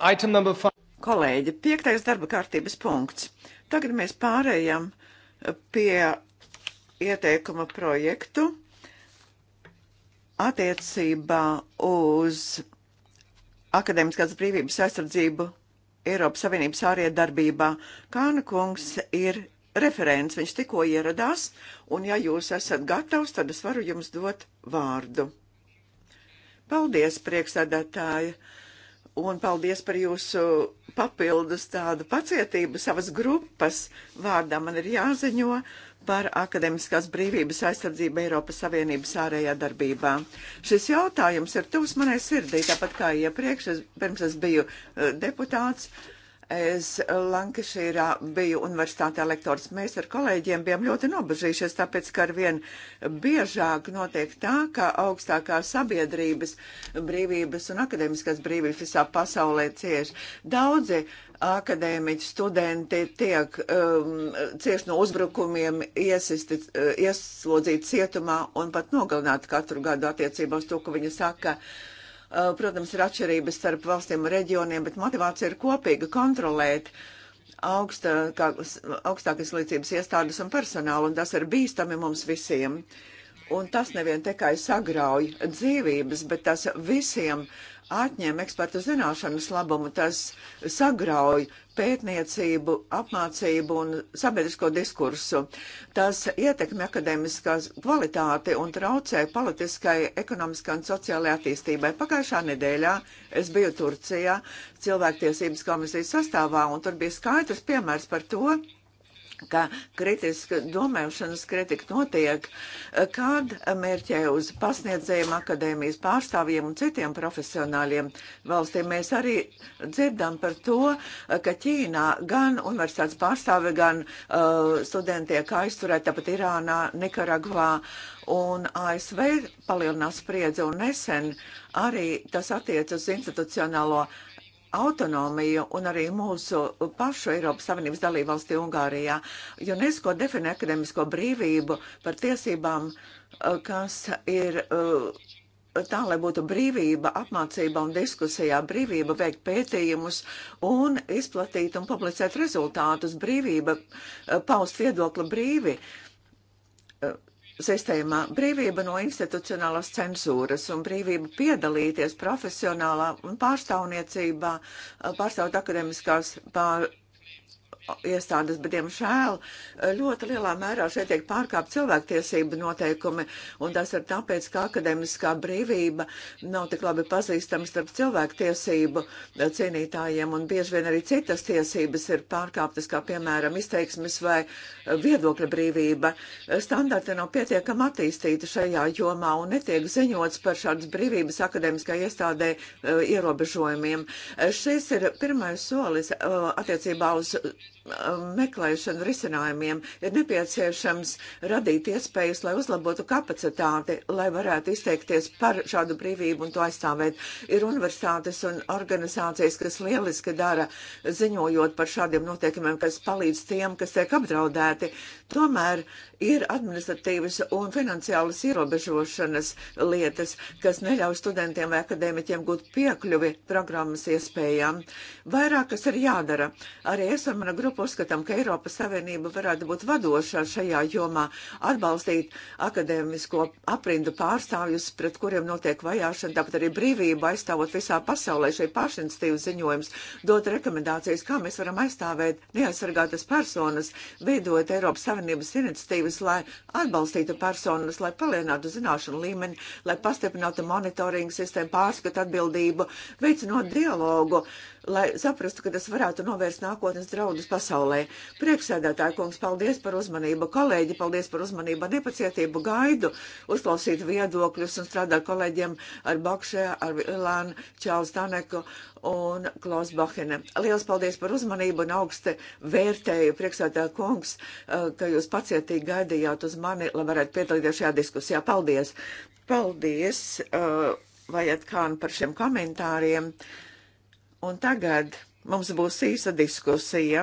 Kolēģi, piektais darba kārtības punkts. Tagad mēs pārējām pie ieteikuma projektu attiecībā uz akadēmiskās brīvības aizsardzību Eiropas Savienības āriet darbībā. Kāna kungs ir referents, viņš tikko ieradās, un ja jūs esat gatavs, tad es varu jums dot vārdu. Paldies, priekšsēdētāji! Uh, un paldies par jūsu papildus tādu pacietību savas grupas vārdā. Man ir jāziņo par akademiskās brīvības aizsardzību Eiropas Savienības ārējā darbībā. Šis jautājums ir tuvs manai sirdī, tāpat kā iepriekš, es, pirms es biju uh, deputāts. Uh, Es Lankašīrā biju universitātē lektors. Mēs ar kolēģiem bijām ļoti nobežījušies, tāpēc, ka arvien biežāk notiek tā, ka augstākās sabiedrības brīvības un akadēmiskās brīvības visā pasaulē cieši. Daudzi akadēmiķi, studenti tiek um, cieši no uzbrukumiem, iesisti, uh, ieslodzīti cietumā un pat nogalināti katru gadu attiecībā uz to, ka viņi saka, ka Eh, protams, ir atšķirības starp valstiem un reģioniem, bet motivācija ir kopīga kontrolēt augsta, kā, augstākas līdzības iestādes un personālu, un tas ir bīstami mums visiem. Un tas nevien tikai sagrauj dzīvības, bet tas visiem atņem ekspertu zināšanas labumu, tas sagrauj pētniecību, apmācību un sabiedrisko diskursu. Tas ietekmē akadēmiskās kvalitāti un traucē politiskai, ekonomiskai un sociālajai attīstībai. Pagājušā nedēļā es biju Turcijā cilvēktiesības komisijas sastāvā, un tur bija skaidrs piemērs par to, ka kritiska domāšanas kritika notiek, eh, kad mērķē uz pasniedzējiem, akadēmijas pārstāvjiem un citiem profesionāļiem valstīm. Mēs arī dzirdam par to, eh, ka Ķīnā gan universitātes pārstāvi, gan uh, studenti tiek aizturēti, tāpat Irānā, Nikaragvā un ASV palielinās spriedzi un nesen arī tas attiec uz institucionālo autonomiju un arī mūsu pašu Eiropas Savienības dalībvalstī Ungārijā. UNESCO definē akademisko brīvību par tiesībām, eh, kas ir eh, tā, lai būtu brīvība apmācībā un diskusijā, brīvība veikt pētījumus un izplatīt un publicēt rezultātus, brīvība eh, paust viedokli brīvi sistēmā brīvība no institucionālās cenzūras un brīvība piedalīties profesionālā un pārstāvniecībā, pārstāvot akademiskās pār, iestādes, bet, diemžēl, ļoti lielā mērā šeit tiek pārkāpt cilvēktiesība noteikumi, un tas ir tāpēc, ka akademiskā brīvība nav tik labi pazīstama starp cilvēktiesību cīnītājiem, un bieži vien arī citas tiesības ir pārkāptas, kā piemēram izteiksmes vai viedokļa brīvība. Standarti nav pietiekami attīstīti šajā jomā, un netiek ziņots par šādas brīvības akademiskā iestādē e, ierobežojumiem. Šis ir pirmais solis e, attiecībā uz Um, meklēšanu risinājumiem ir nepieciešams radīt iespējas, lai uzlabotu kapacitāti, lai varētu izteikties par šādu brīvību un to aizstāvēt. Ir universitātes un organizācijas, kas lieliski dara ziņojot par šādiem noteikumiem, kas palīdz tiem, kas tiek apdraudēti. Tomēr ir administratīvas un finansiālas ierobežošanas lietas, kas neļauj studentiem vai akadēmiķiem gūt piekļuvi programmas iespējām. Vairāk kas ir jādara. Arī es un mana grupa uzskatām, ka Eiropas Savienība varētu būt vadošā šajā jomā, atbalstīt akadēmisko aprindu pārstāvjus, pret kuriem notiek vajāšana, tāpat arī brīvību aizstāvot visā pasaulē šī pašinstīvas ziņojums, dot rekomendācijas, kā mēs varam aizstāvēt neaizsargātas personas, veidot Eiropas Savienību Savienības iniciatīvas, lai atbalstītu personas, lai palielinātu zināšanu līmeni, lai pastiprinātu monitoringu sistēmu, pārskatu atbildību, veicinot dialogu. Uh, lai saprastu, ka tas varētu novērst nākotnes draudus pasaulē. Prieksēdētāji kungs, paldies par uzmanību. Kolēģi, paldies par uzmanību. Nepacietību gaidu uzklausīt viedokļus un strādāt kolēģiem ar Bakšē, ar Ilānu, Čāls Taneku un Klaus Bahene. Lielas paldies par uzmanību un augsti vērtēju, priekšsētā kungs, eh, ka jūs pacietīgi gaidījāt uz mani, lai varētu piedalīties šajā diskusijā. Paldies! Paldies, uh, Vajat Kān, par šiem komentāriem! Uh, Un tagad mums būs īsa diskusija.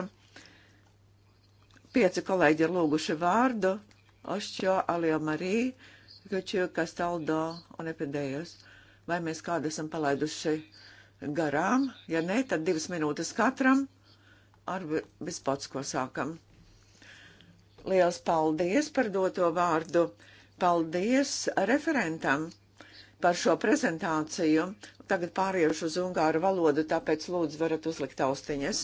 Pieci kolēģi ir lūguši vārdu. Ošķo, Alio Marī, Kaču, Kastaldo un Epidējus. Vai mēs kādu esam palaiduši garām? Ja nē, tad divas minūtes katram ar vispats, ko sākam. Liels paldies par doto vārdu. Paldies referentam par šo prezentāciju tagad pāriešu uz ungāru valodu, tāpēc lūdzu varat uzlikt austiņas.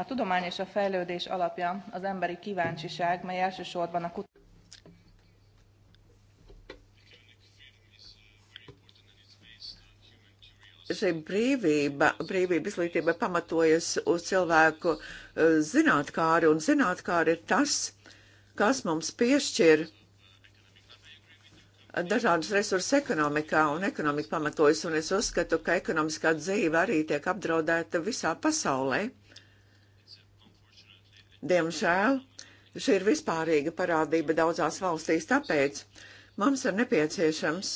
A tudomány és a fejlődés alapja az emberi kíváncsiság, mely elsősorban a kut- šī brīvība, brīvība izglītība pamatojas uz cilvēku eh, zinātkāri, un zinātkāri ir tas, kas mums piešķir dažādus resursus ekonomikā, un ekonomika pamatojas, un es uzskatu, ka ekonomiskā dzīve arī tiek apdraudēta visā pasaulē. Diemžēl šī ir vispārīga parādība daudzās valstīs, tāpēc mums ir nepieciešams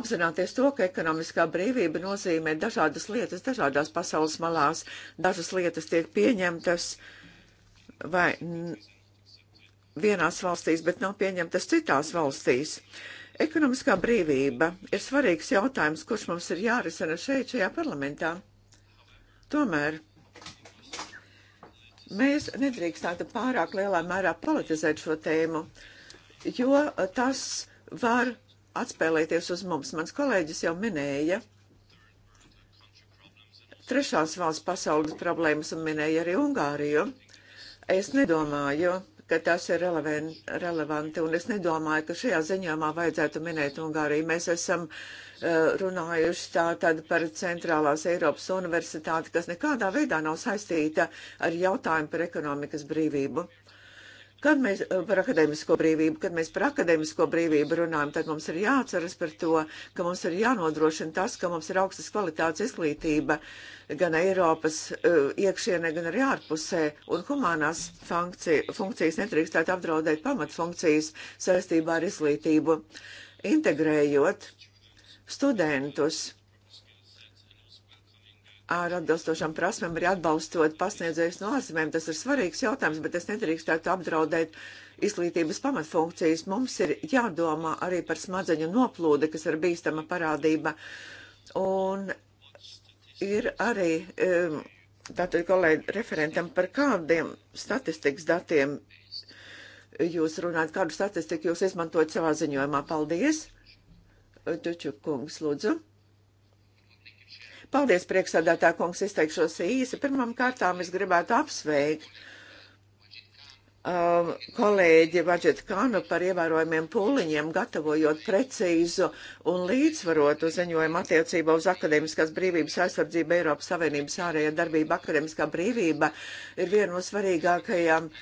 apzināties to, ka ekonomiskā brīvība nozīmē dažādas lietas dažādās pasaules malās, dažas lietas tiek pieņemtas vai vienās valstīs, bet nav pieņemtas citās valstīs. Ekonomiskā brīvība ir svarīgs jautājums, kurš mums ir jārisina šeit, šajā parlamentā. Tomēr mēs nedrīkstētu pārāk lielā mērā politizēt šo tēmu, jo tas var atspēlēties uz mums. Mans kolēģis jau minēja trešās valsts pasaules problēmas un minēja arī Ungāriju. Es nedomāju, ka tas ir relevanti. Un es nedomāju, ka šajā ziņojumā vajadzētu minēt Ungāriju. Mēs esam eh, runājuši tātad par Centrālās Eiropas Universitāti, kas nekādā veidā nav saistīta ar jautājumu par ekonomikas brīvību. Kad mēs eh, par akadēmisko brīvību, kad mēs par akadēmisko brīvību runājam, tad mums ir jāatceras par to, ka mums ir jānodrošina tas, ka mums ir augstas kvalitātes izglītība gan Eiropas eh, iekšienē, gan arī ārpusē, un humānās funkcija, funkcijas nedrīkstētu apdraudēt pamatfunkcijas saistībā ar izglītību, integrējot studentus ar atbilstošām prasmēm, arī atbalstot pasniedzējus no ārzemēm. Tas ir svarīgs jautājums, bet es nedrīkstētu apdraudēt izglītības pamatfunkcijas. Mums ir jādomā arī par smadzeņu noplūde, kas ir bīstama parādība. Un ir arī, tātad kolēģi referentam, par kādiem statistikas datiem jūs runājat, kādu statistiku jūs izmantojat savā ziņojumā. Paldies! Tuču kungs, lūdzu. Paldies, priekšsēdētā kungs, izteikšos īsi. Pirmam kārtām es gribētu apsveikt um, kolēģi Vaģet Kanu par ievērojumiem pūliņiem, gatavojot precīzu un līdzvarotu ziņojumu attiecībā uz akadēmiskās brīvības aizsardzību Eiropas Savienības ārējā darbība. Akadēmiskā brīvība ir viena no svarīgākajām uh,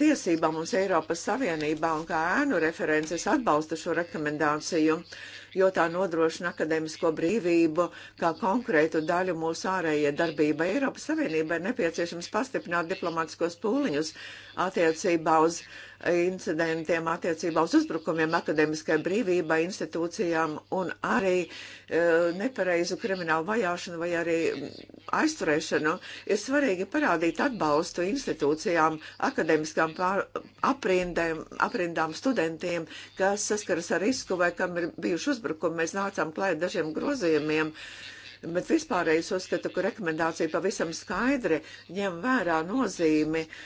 tiesībām mums Eiropas Savienībā, un kā ēnu references atbalsta šo rekomendāciju. Uh, jo tā nodrošina akadēmisko brīvību kā konkrētu daļu mūsu ārējai darbībai. Eiropas Savienībai ir nepieciešams pastiprināt diplomātiskos pūliņus attiecībā uz uh, incidentiem attiecībā uz uzbrukumiem akadēmiskai brīvībai, institūcijām un arī e, nepareizu kriminālu vajāšanu vai arī aizturēšanu. Ir svarīgi parādīt atbalstu institūcijām, akadēmiskām pār, aprindēm, aprindām studentiem, kas saskaras ar risku vai kam ir bijuši uzbrukumi. Mēs nācām klāt dažiem grozījumiem. Bet vispārējais uzskatu, ka rekomendācija pavisam skaidri ņem vērā nozīmi uh,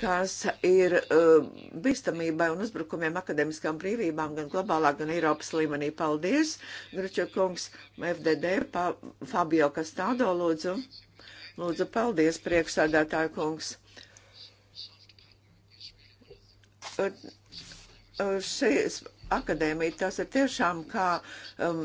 kas ir uh, bīstamībai un uzbrukumiem akadēmiskām brīvībām gan globālā, gan Eiropas līmenī. Paldies, Gručo kungs, FDD, pa, Fabio Kastādo, lūdzu. Lūdzu, paldies, priekšsādātāju kungs. Uh, uh, šis akadēmija, tas ir tiešām kā um,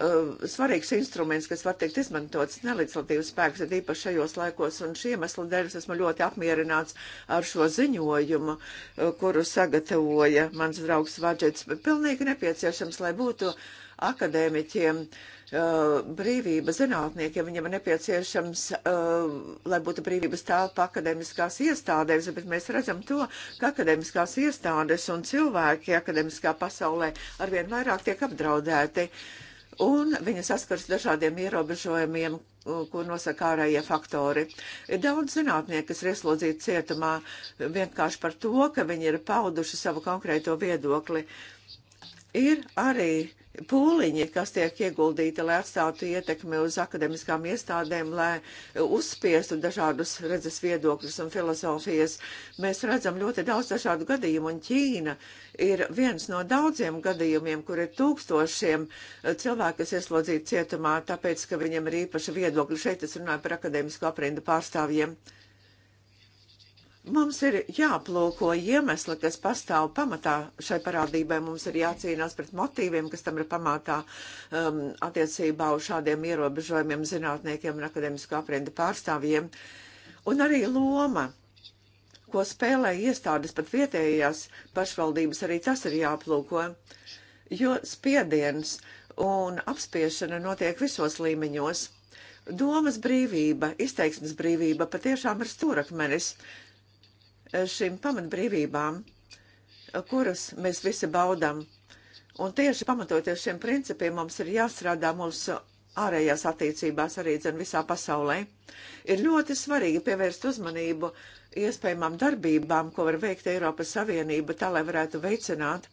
Uh, svarīgs instruments, kas var tikt izmantots nelegislatīvas spēks, ir īpaši šajos laikos, un šī iemesla dēļ es esmu ļoti apmierināts ar šo ziņojumu, uh, kuru sagatavoja mans draugs Vadžets. Pilnīgi nepieciešams, lai būtu akadēmiķiem uh, brīvība zinātniekiem, viņam ir nepieciešams, lai būtu brīvības telpa akadēmiskās iestādēs, bet mēs redzam to, ka akadēmiskās iestādes un cilvēki akadēmiskā pasaulē arvien vairāk tiek apdraudēti. Uh, un viņi saskars dažādiem ierobežojumiem, ko nosaka ārējie faktori. Ir daudz zinātnieku, kas ir ieslodzīti cietumā vienkārši par to, ka viņi ir pauduši savu konkrēto viedokli. Uh, Ir arī pūliņi, kas tiek ieguldīti, lai atstātu ietekmi uz akademiskām iestādēm, lai uzspiestu dažādus redzes viedokļus un filozofijas. Mēs redzam ļoti daudz dažādu gadījumu, un Ķīna ir viens no daudziem gadījumiem, kur ir tūkstošiem eh, cilvēku, kas ieslodzīti cietumā, tāpēc, ka viņiem ir īpaša viedokļa. Šeit es runāju par akadēmisko aprindu pārstāvjiem. Uh, Mums ir jāplūko iemesli, kas pastāv pamatā šai parādībai. Mums ir jācīnās pret motīviem, kas tam ir pamatā um, attiecībā uz šādiem ierobežojumiem zinātniekiem un akadēmisku aprindu pārstāvjiem. Un arī loma, ko spēlē iestādes pat vietējās pašvaldības, arī tas ir jāplūko, jo spiediens un apspiešana notiek visos līmeņos. Domas brīvība, izteiksmes brīvība patiešām ir stūrakmenis šīm pamatbrīvībām, kuras mēs visi baudam. Un tieši pamatoties šiem principiem mums ir jāstrādā mūsu ārējās attiecībās arī dzen visā pasaulē. Ir ļoti svarīgi pievērst uzmanību iespējamām darbībām, ko var veikt Eiropas Savienība, tā lai varētu veicināt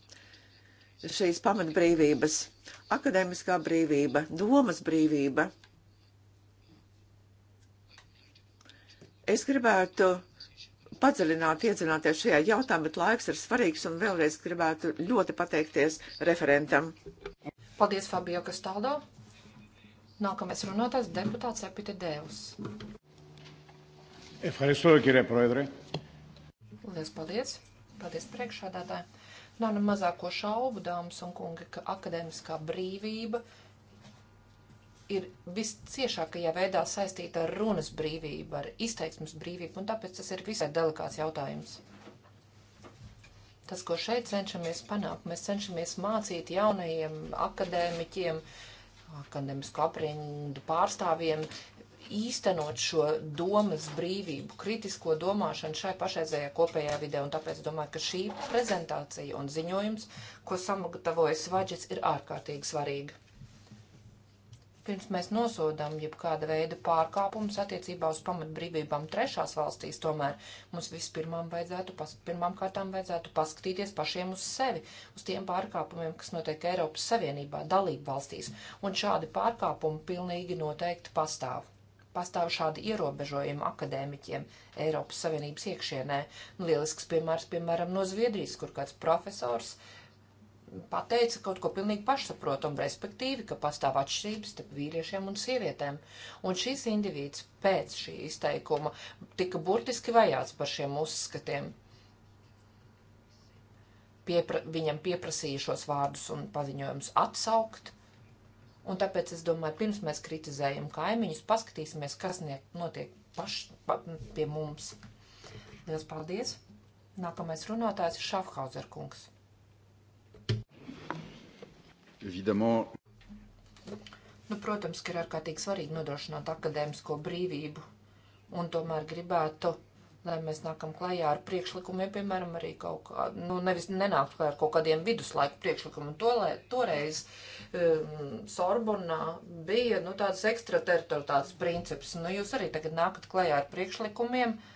šīs pamatbrīvības - akadēmiskā brīvība, domas brīvība. Es gribētu padziļināt, iedziļināties šajā jautājumā, bet laiks ir svarīgs un vēlreiz gribētu ļoti pateikties referentam. Paldies, Fabio Kastaldo. Nākamais runātājs deputāts Epita Dēls. Efharisto, kirē proedre. Lielas paldies. Paldies priekšādātāji. Nav ne mazāko šaubu, dāmas un kungi, ka akadēmiskā brīvība – ir visciešākajā veidā saistīta ar runas brīvību, ar izteiksmes brīvību, un tāpēc tas ir visai delikāts jautājums. Tas, ko šeit cenšamies panākt, mēs cenšamies mācīt jaunajiem akadēmiķiem, akadēmisku aprindu pārstāvjiem, īstenot šo domas brīvību, kritisko domāšanu šai pašreizējā kopējā vidē, un tāpēc domāju, ka šī prezentācija un ziņojums, ko samagatavojas Vaģis, ir ārkārtīgi svarīga. Pirms mēs nosodām jebkāda veida pārkāpumus attiecībā uz pamatbrīvībām trešās valstīs, tomēr mums vispirmām vajadzētu, pirmām kārtām vajadzētu paskatīties pašiem uz sevi, uz tiem pārkāpumiem, kas notiek Eiropas Savienībā, dalību valstīs, un šādi pārkāpumi pilnīgi noteikti pastāv pastāv šādi ierobežojumi akadēmiķiem Eiropas Savienības iekšienē. Nu, lielisks piemērs, piemēram, no Zviedrijas, kur kāds profesors uh, pateica kaut ko pilnīgi pašsaprotamu, respektīvi, ka pastāv atšķirības starp vīriešiem un sievietēm. Un šīs individs pēc šī izteikuma tika burtiski vajāts par šiem uzskatiem. Piepra viņam pieprasīja šos vārdus un paziņojumus atsaukt. Un tāpēc es domāju, pirms mēs kritizējam kaimiņus, paskatīsimies, kas notiek paš, pa, pie mums. Lielas paldies! Nākamais runātājs ir Šafhauser kungs. Évidemment. Nu, protams, ka ir ārkārtīgi svarīgi nodrošināt akadēmisko brīvību, un tomēr gribētu, lai mēs nākam klajā ar priekšlikumiem, piemēram, arī kaut kādu, nu, nevis nenākt klajā ar kaut kādiem viduslaiku priekšlikumiem. To, lai, toreiz um, Sorbonā bija, nu, tāds ekstrateritoritāts princips. Nu, jūs arī tagad nākat klajā ar priekšlikumiem. Uh,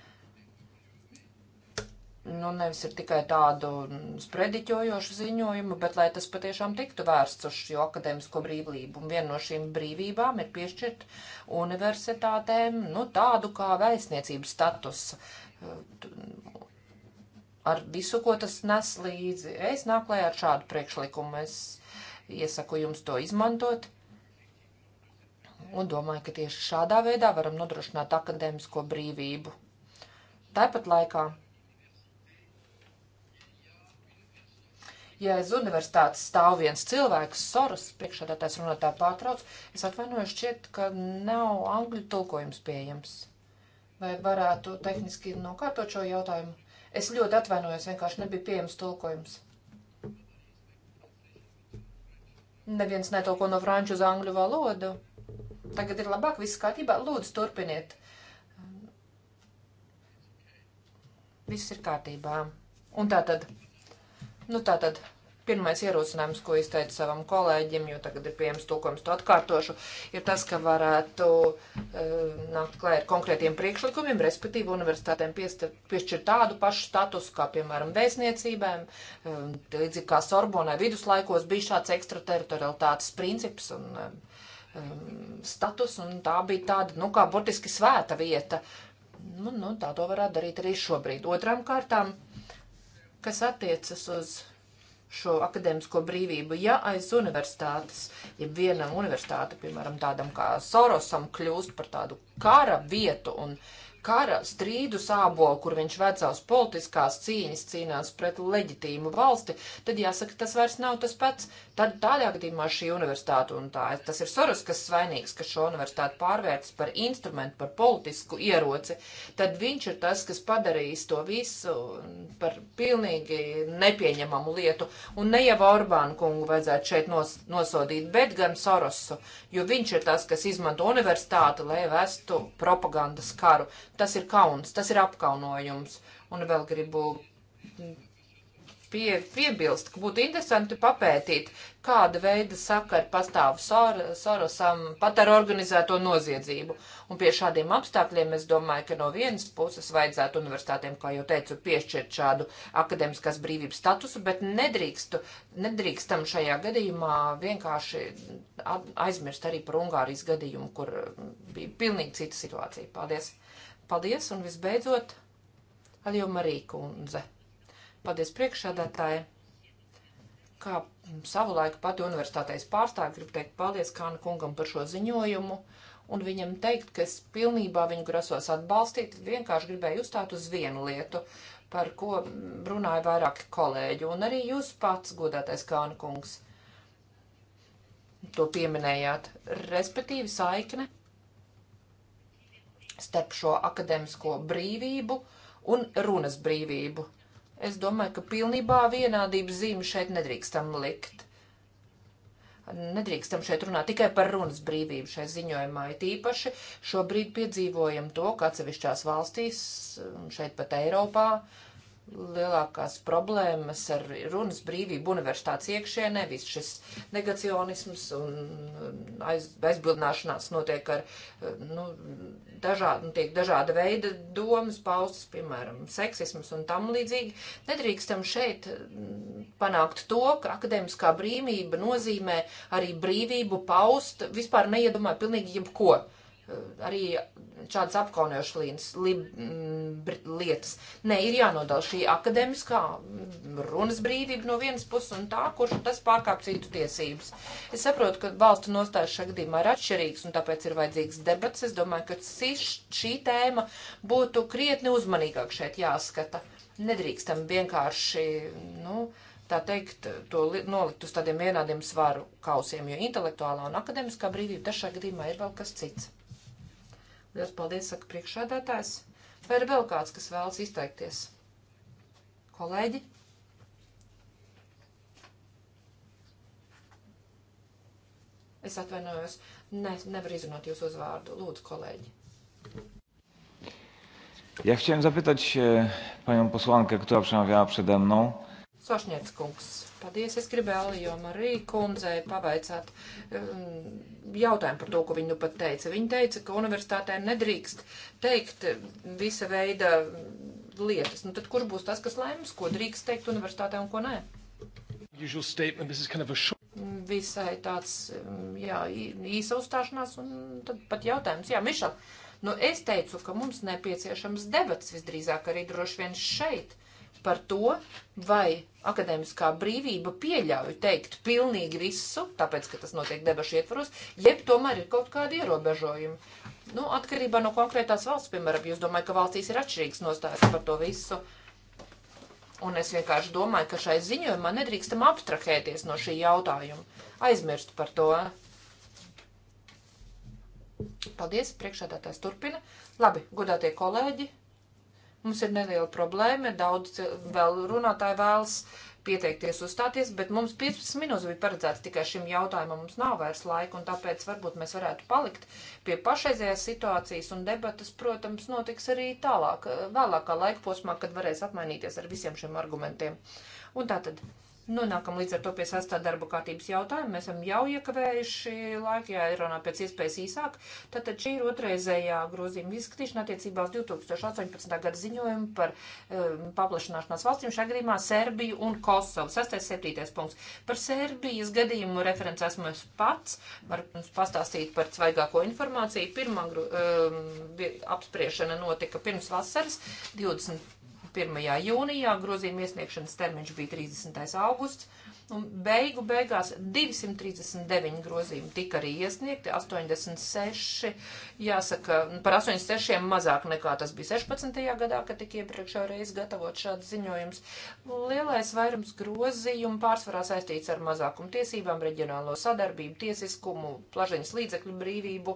nu, nevis ir tikai tādu sprediķojošu ziņojumu, bet lai tas patiešām tiktu vērsts uz šo akadēmisko brīvību. Un viena no šīm brīvībām ir piešķirt universitātēm nu, tādu kā vēstniecības status. Eh, ar visu, ko tas nes līdzi, es nāku klajā ar šādu priekšlikumu. Es iesaku jums to izmantot. Un domāju, ka tieši šādā veidā varam nodrošināt akadēmisko brīvību. Tāpat laikā Ja aiz universitātes stāv viens cilvēks, Soros, priekšādātājs runātā pārtrauc, es atvainojos šķiet, ka nav angļu tulkojums pieejams. Vai varētu tehniski nokārtot šo jautājumu? Es ļoti atvainojos, vienkārši nebija pieejams tulkojums. Neviens netulko no franču uz angļu valodu. Tagad ir labāk, viss kārtībā. Lūdzu, turpiniet. Viss ir kārtībā. Un tā tad Nu, tā tad pirmais ierosinājums, ko izteicu savam kolēģim, jo tagad ir pieejams tūkojums, to atkārtošu, ir tas, ka varētu uh, nākt klāj ar konkrētiem priekšlikumiem, respektīvi universitātēm piešķirt tādu pašu statusu, kā piemēram vēstniecībēm, um, līdzīgi kā Sorbonai viduslaikos bija šāds ekstrateritorialitātes princips un um, status, un tā bija tāda, nu, kā burtiski svēta vieta. Nu, nu, tā to varētu darīt arī šobrīd. Otram kārtām kas attiecas uz šo akadēmisko brīvību. Ja aiz universitātes, ja vienam universitāte, piemēram, tādam kā Sorosam, kļūst par tādu kara vietu un kara strīdu sābolu, kur viņš vecās politiskās cīņas cīnās pret leģitīmu valsti, tad jāsaka, tas vairs nav tas pats tad tādā gadījumā šī universitāte, un tā, tas ir Soros, kas svainīgs, ka šo universitāti pārvērts par instrumentu, par politisku ieroci, tad viņš ir tas, kas padarīs to visu par pilnīgi nepieņemamu lietu. Un ne jau Orbānu kungu vajadzētu šeit nos, nosodīt, bet gan Sorosu, jo viņš ir tas, kas izmanto universitāti, lai vestu propagandas karu. Tas ir kauns, tas ir apkaunojums. Un vēl gribu pie, piebilst, ka būtu interesanti papētīt, kāda veida sakara pastāv sor, Sorosam pat ar organizēto noziedzību. Un pie šādiem apstākļiem es domāju, ka no vienas puses vajadzētu universitātiem, kā jau teicu, piešķirt šādu akadēmiskās brīvības statusu, bet nedrīkstu, nedrīkstam šajā gadījumā vienkārši aizmirst arī par Ungārijas gadījumu, kur bija pilnīgi cita situācija. Paldies! Paldies un visbeidzot! Aljo Marija Kunze. Paldies priekšādātāji! Kā savulaik pati universitātais pārstāvi gribu teikt paldies Kāna kungam par šo ziņojumu un viņam teikt, ka es pilnībā viņu grasos atbalstīt, vienkārši gribēju uzstāt uz vienu lietu, par ko runāja vairāki kolēģi, un arī jūs pats, godātais Kāna kungs, to pieminējāt, respektīvi saikne starp šo akadēmisko brīvību un runas brīvību. Es domāju, ka pilnībā vienādības zīmi šeit nedrīkstam likt. Nedrīkstam šeit runāt tikai par runas brīvību šai ziņojumā. It īpaši šobrīd piedzīvojam to, ka atsevišķās valstīs, šeit pat Eiropā, uh, lielākās problēmas ar runas brīvību universitātes iekšienē, viss šis negacionisms un aiz, aizbildināšanās notiek ar, nu, dažādi, tiek dažāda veida domas paustas, piemēram, seksisms un tam līdzīgi. Nedrīkstam šeit mm, panākt to, ka akadēmiskā brīvība nozīmē arī brīvību paust, vispār neiedomā pilnīgi jebko. Ja arī šādas apkaunojošas mm, lietas. Nē, ir jānodala šī akadēmiskā mm, runas brīvība no vienas puses un tā, kurš tas pārkāp citu tiesības. Es saprotu, ka valstu nostājas šajā gadījumā ir atšķirīgs un tāpēc ir vajadzīgs debats. Es domāju, ka šī tēma būtu krietni uzmanīgāk šeit jāskata. Nedrīkstam vienkārši, nu, tā teikt, to nolikt uz tādiem vienādiem svaru kausiem, jo intelektuālā un akadēmiskā brīvība tašā gadījumā ir vēl kas cits. Liels paldies, saka priekšādātājs. Vai ir vēl kāds, kas vēlas izteikties? Kolēģi? Es atvainojos, ne, nevar izrunāt jūsu uzvārdu. Lūdzu, kolēģi. Ja chciałem zapytać e, panią posłankę, która przemawiała przede mną. Sośniec Kungs. Paldies, es gribēju Alijom arī kundzei pavaicāt um, jautājumu par to, ko viņa nu pat teica. Viņa teica, ka universitātēm nedrīkst teikt visa veida lietas. Nu tad kur būs tas, kas lēms, ko drīkst teikt universitātē un ko nē? Kind of Visai tāds, um, jā, īsa uzstāšanās un tad pat jautājums. Jā, Mišel, nu es teicu, ka mums nepieciešams debats visdrīzāk arī droši vien šeit par to, vai akadēmiskā brīvība pieļauj teikt pilnīgi visu, tāpēc, ka tas notiek debašu ietvaros, jeb tomēr ir kaut kādi ierobežojumi. Nu, atkarībā no konkrētās valsts, piemēram, jūs domājat, ka valstīs ir atšķirīgs nostājas par to visu. Un es vienkārši domāju, ka šai ziņojumā nedrīkstam abstrahēties no šī jautājuma. Aizmirst par to. Paldies, priekšādātājs turpina. Labi, godātie kolēģi. Mums ir neliela problēma, daudz vēl runātāji vēlas pieteikties uzstāties, bet mums 15 minūtes bija paredzēts tikai šim jautājumam, mums nav vairs laika, un tāpēc varbūt mēs varētu palikt pie pašreizējās situācijas, un debatas, protams, notiks arī tālāk, vēlākā laika posmā, kad varēs apmainīties ar visiem šiem argumentiem. Un tātad. Nonākam nu, līdz ar to pie sastā darba kārtības jautājuma. Mēs esam jau iekavējuši laiku, jā, runā pēc iespējas īsāk. Tātad šī ir otrreizējā grozījuma izskatīšana attiecībā uz 2018. gada ziņojumu par um, paplašanāšanās valstīm, šajā gadījumā Serbiju un Kosovu. 6. 7. punkts. Par Serbijas gadījumu referents esmu es pats. Var jums pastāstīt par svaigāko informāciju. Pirmā um, apspriešana notika pirms vasaras 20. 1. jūnijā, grozījuma iesniegšanas termiņš bija 30. augusts, un beigu beigās 239 grozījumi tika arī iesniegti, 86, jāsaka, par 86 mazāk nekā tas bija 16. gadā, kad tika iepriekšā reiz gatavot šāds ziņojums. Lielais vairums grozījumu pārsvarā saistīts ar mazākumu tiesībām, reģionālo sadarbību, tiesiskumu, plašiņas līdzekļu brīvību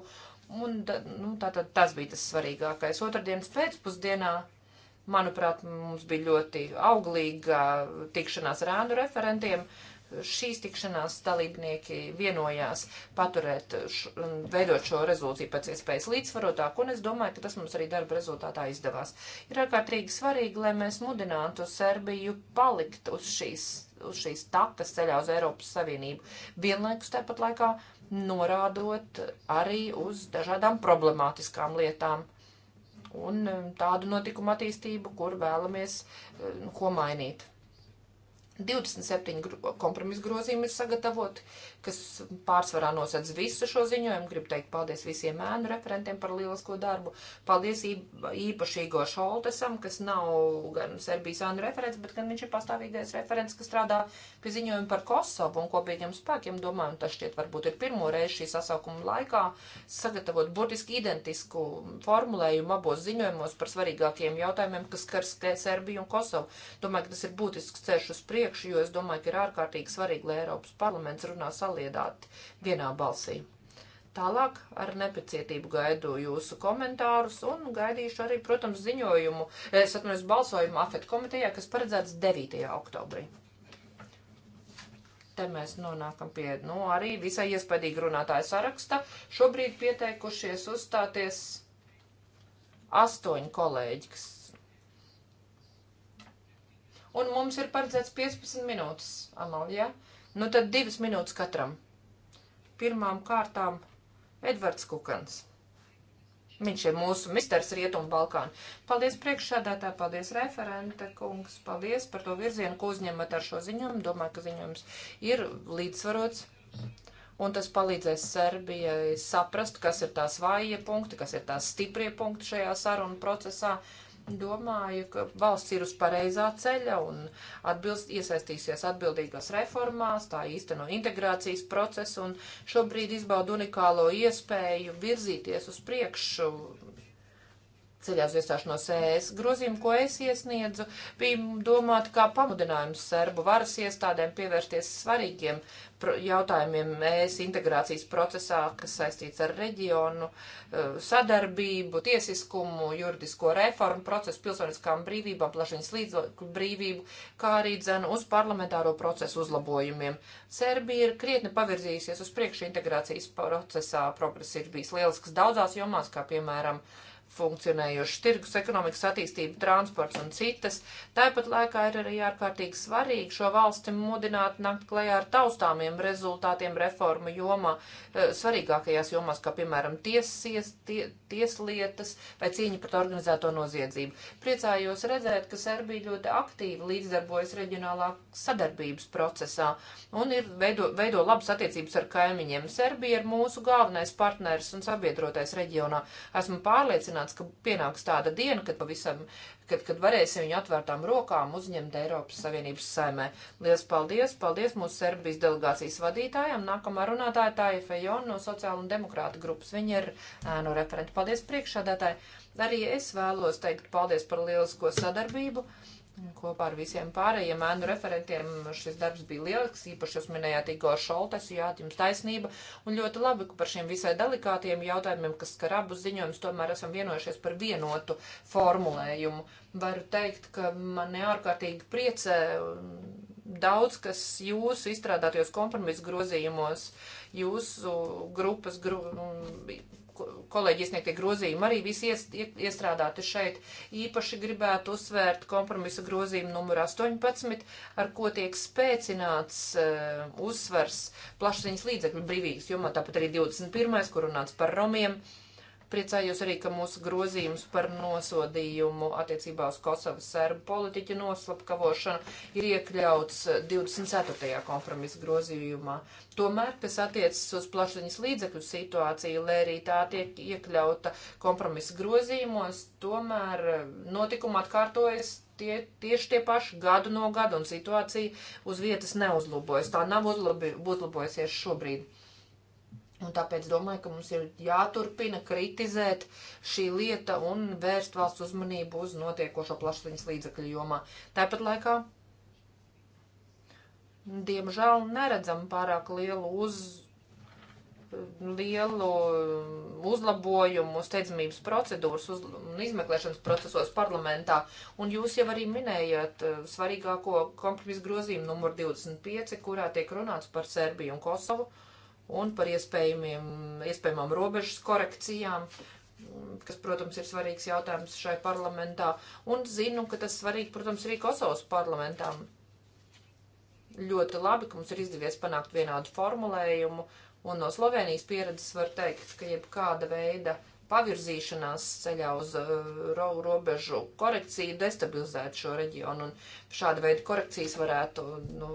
Un, nu, tā, tā, tas bija tas svarīgākais. Otradienas pēcpusdienā Manuprāt, mums bija ļoti auglīga tikšanās ar ēnu referentiem. Šīs tikšanās dalībnieki vienojās paturēt, š, veidot šo rezolūciju pēc iespējas līdzsvarotāku, un es domāju, ka tas mums arī darba rezultātā izdevās. Ir ārkārtīgi svarīgi, lai mēs mudinātu Serbiju palikt uz šīs, uz šīs takas ceļā uz Eiropas Savienību. Vienlaikus tāpat laikā norādot arī uz dažādām problemātiskām lietām un um, tādu notikumu attīstību, kur vēlamies uh, nu, ko mainīt. 27 kompromisu grozījumi ir sagatavoti, kas pārsvarā nosedz visu šo ziņojumu. Gribu teikt paldies visiem ēnu referentiem par lielisko darbu. Paldies īpaši Igo Šoltesam, kas nav gan Serbijas ēnu referents, bet gan viņš ir pastāvīgais referents, kas strādā pie ziņojuma par Kosovu un kopīgiem spēkiem. Domāju, tas šķiet varbūt ir pirmo reizi šī sasaukuma laikā sagatavot burtiski identisku formulējumu abos ziņojumos par svarīgākiem jautājumiem, kas skar Serbiju un Kosovu. Domāju, ka tas ir būtisks ceļš uz priekšu, jo es domāju, ka ir ārkārtīgi svarīgi, lai Eiropas parlaments runā salīdzinājumu saliedāti vienā balsī. Tālāk ar nepacietību gaidu jūsu komentārus un gaidīšu arī, protams, ziņojumu, eh, es atminos balsojumu afetu komitejā, kas paredzēts 9. oktobrī. Te mēs nonākam pie, nu, arī visai iespaidīgi runātāju saraksta. Šobrīd pieteikušies uzstāties astoņi kolēģi, kas un mums ir paredzēts 15 minūtes, Amalija. Ja? Nu tad divas minūtes katram. Pirmām kārtām Edvards Kukans. Viņš ir mūsu misters Rietumu Balkānu. Paldies priekšsādātā, paldies referenta kungs, paldies par to virzienu, ko uzņemat ar šo ziņojumu. Domāju, ka ziņojums ir līdzsvarots. Un tas palīdzēs Serbijai saprast, kas ir tās vājie punkti, kas ir tās stiprie punkti šajā sarunu procesā. Uh, domāju, ka valsts ir uz pareizā ceļa un atbilst, iesaistīsies atbildīgās reformās, tā īsteno integrācijas procesu un šobrīd izbauda unikālo iespēju virzīties uz priekšu ceļā uz iestāšanos ES. Grozījumi, ko es iesniedzu, bija domāti kā pamudinājums serbu varas iestādēm pievērsties svarīgiem jautājumiem mēs integrācijas procesā, kas saistīts ar reģionu, e, sadarbību, tiesiskumu, juridisko reformu procesu, pilsoniskām brīvībām, plašiņas līdzekļu brīvību, kā arī dzenu uz parlamentāro procesu uzlabojumiem. Serbija ir krietni pavirzījusies uz priekšu integrācijas procesā, progress ir bijis lielisks daudzās jomās, kā piemēram funkcionējošs tirgus, ekonomikas attīstība, transports un citas. Tāpat laikā ir arī ārkārtīgi svarīgi šo valsti mudināt nakt klajā ar taustāmiem rezultātiem reformu jomā, eh, svarīgākajās jomās, kā piemēram tiesies, tie, tieslietas vai cīņa pret organizēto noziedzību. Priecājos redzēt, ka Serbija ļoti aktīvi līdzdarbojas reģionālā sadarbības procesā un ir veido, veido labas attiecības ar kaimiņiem. Serbija ir mūsu galvenais partners un sabiedrotais reģionā. Esmu pārliecināts, pārliecināts, ka pienāks tāda diena, kad pavisam, kad, kad varēsim viņu atvērtām rokām uzņemt Eiropas Savienības saimē. Lielas paldies! Paldies mūsu Serbijas delegācijas vadītājām! Nākamā runātāja tā ir Fejona no Sociāla un Demokrāta grupas. Viņa ir ēnu no referenta. Paldies priekšādātāji! Arī es vēlos teikt paldies par lielisko sadarbību. Uh, Kopā ar visiem pārējiem ēnu referentiem šis darbs bija lielisks, īpaši jūs minējāt Igor Šoltes, jā, jums taisnība, un ļoti labi, ka par šiem visai delikātiem jautājumiem, kas skar abus ziņojumus, tomēr esam vienojušies par vienotu formulējumu. Varu teikt, ka mani ārkārtīgi priecē um, daudz, kas jūsu izstrādātajos kompromisu grozījumos, jūsu grupas gru kolēģi iesniegtie grozījumi arī visi iestrādāti šeit. Īpaši gribētu uzsvērt kompromisa grozījumu numur 18, ar ko tiek spēcināts uh, eh, uzsvers plašsaziņas līdzekļu brīvības jomā, tāpat arī 21, kur runāts par romiem. Uh, Priecājos arī, ka mūsu grozījums par nosodījumu attiecībā uz Kosovas serbu politiķu noslapkavošanu ir iekļauts 24. kompromisa grozījumā. Tomēr, kas attiecas uz plašsaziņas līdzekļu situāciju, lai arī tā tiek iekļauta kompromisa grozījumos, tomēr eh, notikumi atkārtojas tie, tieši tie paši gadu no gada, un situācija uz vietas neuzlabojas. Tā nav uzlabi, uzlabojusies šobrīd. Un tāpēc domāju, ka mums ir jāturpina kritizēt šī lieta un vērst valsts uzmanību uz notiekošo plašsaziņas līdzakļu jomā. Tāpat laikā, diemžēl, neredzam pārāk lielu, uz, lielu uzlabojumu steidzamības procedūras uz, un izmeklēšanas procesos parlamentā. Un jūs jau arī minējāt eh, svarīgāko kompromisu grozījumu numur 25, kurā tiek runāts par Serbiju un Kosovu un par iespējamām robežas korekcijām, kas, protams, ir svarīgs jautājums šai parlamentā. Un zinu, ka tas svarīgi, protams, arī Kosovas parlamentām. Ļoti labi, ka mums ir izdevies panākt vienādu formulējumu, un no Slovenijas pieredzes var teikt, ka jebkāda veida uh, pavirzīšanās ceļā uz eh, ro robežu korekciju destabilizētu šo reģionu, un šāda veida korekcijas varētu, nu,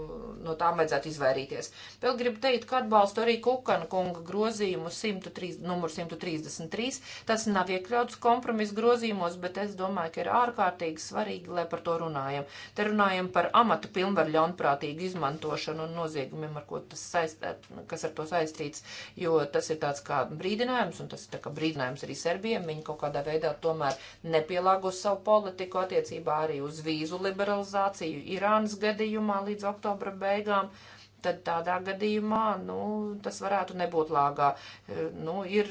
no tām vajadzētu izvairīties. Vēl gribu teikt, ka atbalstu arī Kukana kunga grozījumu 103, numur 133. Tas nav iekļauts kompromisu grozījumos, bet es domāju, ka ir ārkārtīgi svarīgi, lai par to runājam. Te runājam par amatu pilnvaru ļaunprātīgu izmantošanu un noziegumiem, ar ko tas saistē, kas ar to saistīts, jo tas ir tāds kā brīdinājums, un tas ir tā kā brīdinājums protams, arī Serbijam. Viņi kaut kādā veidā tomēr nepielāgo savu politiku attiecībā arī uz vīzu liberalizāciju Irānas gadījumā līdz oktobra beigām. Tad tādā gadījumā, nu, tas varētu nebūt lāgā. E, nu, ir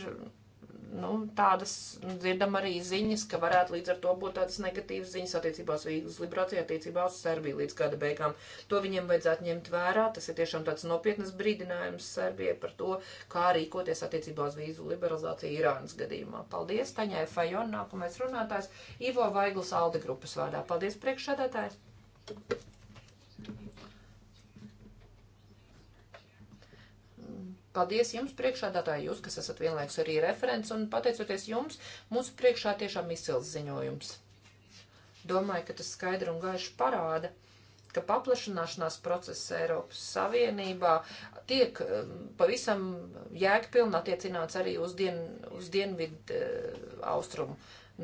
nu, tādas nu, dzirdam arī ziņas, ka varētu līdz ar to būt tādas negatīvas ziņas attiecībās uz Liberāciju, attiecībā uz Serbiju līdz gada beigām. To viņiem vajadzētu ņemt vērā. Tas ir tiešām tāds nopietnas brīdinājums Serbijai par to, kā rīkoties attiecībā uz vīzu liberalizāciju Irānas gadījumā. Paldies, Taņai Fajon, nākamais runātājs, Ivo Vaigls Alde grupas vārdā. Paldies, priekšsēdētājs! Paldies jums, priekšādātāji, jūs, kas esat vienlaiks arī referents, un pateicoties jums, mūsu priekšā tiešām izcils ziņojums. Domāju, ka tas skaidri un gaiši parāda, ka paplašanāšanās process Eiropas Savienībā tiek um, pavisam jēgpilni attiecināts arī uz, dien, uz dienvidu uh, austrumu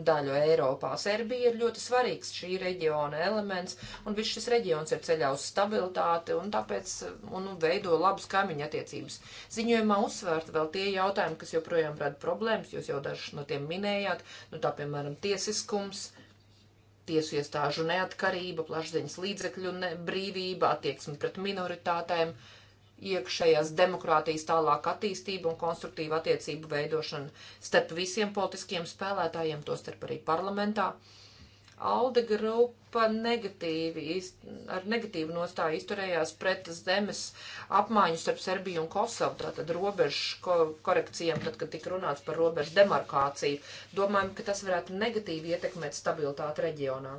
daļu Eiropā. Serbija ir ļoti svarīgs šī reģiona elements, un viss šis reģions ir ceļā uz stabilitāti, un tāpēc un nu, veido labas kaimiņa attiecības. Ziņojumā uzsvērt vēl tie jautājumi, kas joprojām rada problēmas, jūs jau dažus no tiem minējāt, nu tā piemēram tiesiskums, tiesu iestāžu neatkarība, plašsaziņas līdzekļu ne, brīvība, attieksme pret minoritātēm. Uh, iekšējās demokrātijas tālāk attīstību un konstruktīvu attiecību veidošanu starp visiem politiskiem spēlētājiem, tostarp arī parlamentā. Alde grupa negatīvi, ar negatīvu nostāju izturējās pret zemes apmaiņu starp Serbiju un Kosovu, tātad robežu ko korekcijām, tad, kad tika runāts par robežu demarkāciju. Domājam, ka tas varētu negatīvi ietekmēt stabilitāti reģionā.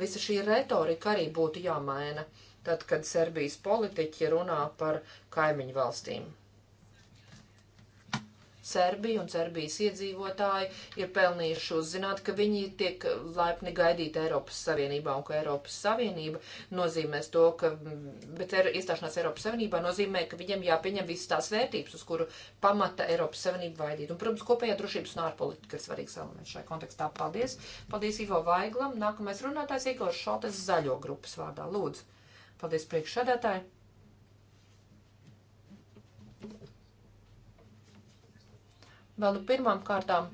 Visa šī retorika arī būtu jāmaina, tad, kad Serbijas politiķi runā par kaimiņu valstīm. Serbiju un Serbijas iedzīvotāji ir pelnījuši uzzināt, ka viņi tiek laipni gaidīti Eiropas Savienībā un ka Eiropas Savienība nozīmēs to, ka, bet er, iestāšanās Eiropas Savienībā nozīmē, ka viņiem jāpieņem visas tās vērtības, uz kuru pamata Eiropas Savienība vaidīt. Un, protams, kopējā drošības un ārpolitika ir svarīgs elements šajā kontekstā. Paldies! Paldies Ivo Vaiglam! Nākamais runātājs Igors Šoltes zaļo grupas vārdā. Lūdzu! Paldies priekšsēdētāji! Vēl pirmām kārtām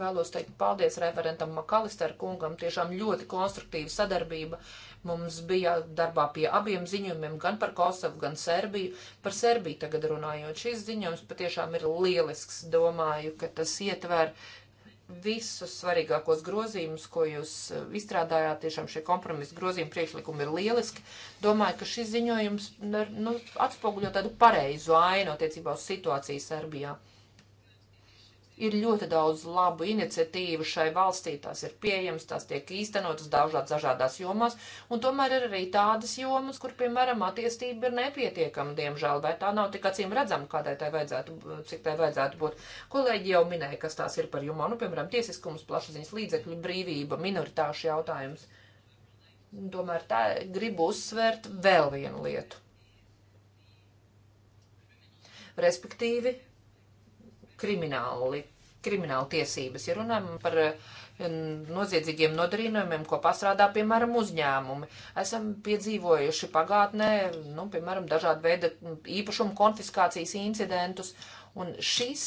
vēlos teikt paldies referentam Makalister kungam, tiešām ļoti konstruktīva sadarbība. Mums bija darbā pie abiem ziņojumiem, gan par Kosovu, gan Serbiju. Par Serbiju tagad runājot, šis ziņojums patiešām ir lielisks. Domāju, ka tas ietver visus svarīgākos grozījumus, ko jūs eh, izstrādājāt. Tiešām šie kompromisa grozījumi priekšlikumi ir lieliski. Domāju, ka šis ziņojums nu, atspoguļo tādu pareizu ainu attiecībā uz situāciju Serbijā. Ir ļoti daudz labu iniciatīvu šai valstī, tās ir pieejamas, tās tiek īstenotas dažādas, dažādās jomās, un tomēr ir arī tādas jomas, kur, piemēram, attīstība ir nepietiekama, diemžēl, vai tā nav tik acīm redzama, kādai tai vajadzētu, cik tai vajadzētu būt. Kolēģi jau minēja, kas tās ir par jomām, nu, piemēram, tiesiskums, plašsaziņas līdzekļu brīvība, minoritāšu jautājums. Tomēr tā gribu uzsvērt vēl vienu lietu. Respektīvi, krimināli, krimināla tiesības. Ja runājam par eh, noziedzīgiem nodarījumiem, ko pastrādā, piemēram, uzņēmumi, esam piedzīvojuši pagātnē, nu, piemēram, dažādu veidu īpašumu konfiskācijas incidentus, un šis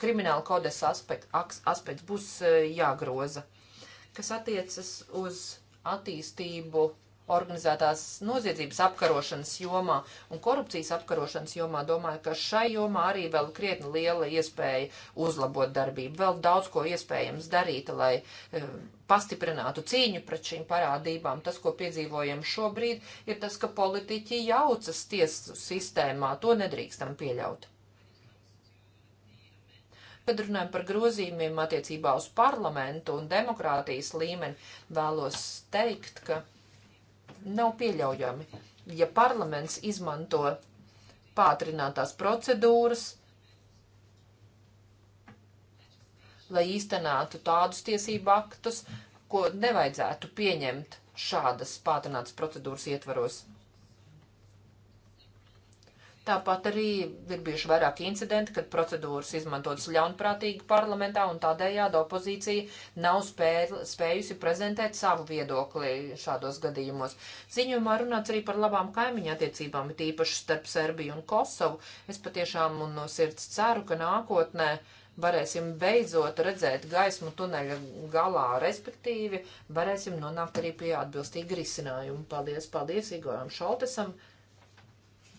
krimināla kodesa aspekts, aspekts būs eh, jāgroza, kas attiecas uz attīstību organizētās noziedzības apkarošanas jomā un korupcijas apkarošanas jomā, domāju, ka šai jomā arī vēl krietni liela iespēja uzlabot darbību. Vēl daudz ko iespējams darīt, lai e, pastiprinātu cīņu pret šīm parādībām. Tas, ko piedzīvojam šobrīd, ir tas, ka politiķi jaucas tiesu sistēmā. To nedrīkstam pieļaut. Kad runājam par grozījumiem attiecībā uz parlamentu un demokrātijas līmeni, vēlos teikt, ka nav pieļaujami. Ja parlaments izmanto pātrinātās procedūras, lai īstenātu tādus tiesību aktus, ko nevajadzētu pieņemt šādas pātrinātas procedūras ietvaros. Tāpat arī ir bijuši vairāki incidenti, kad procedūras izmantotas ļaunprātīgi parlamentā un tādējādi opozīcija nav spē, spējusi prezentēt savu viedokli šādos gadījumos. Ziņojumā runāts arī par labām kaimiņu attiecībām, tīpaši starp Serbiju un Kosovu. Es patiešām un no sirds ceru, ka nākotnē varēsim beidzot redzēt gaismu tuneļa galā, respektīvi varēsim nonākt arī pie atbilstīga risinājuma. Paldies, paldies Igoram Šoltesam!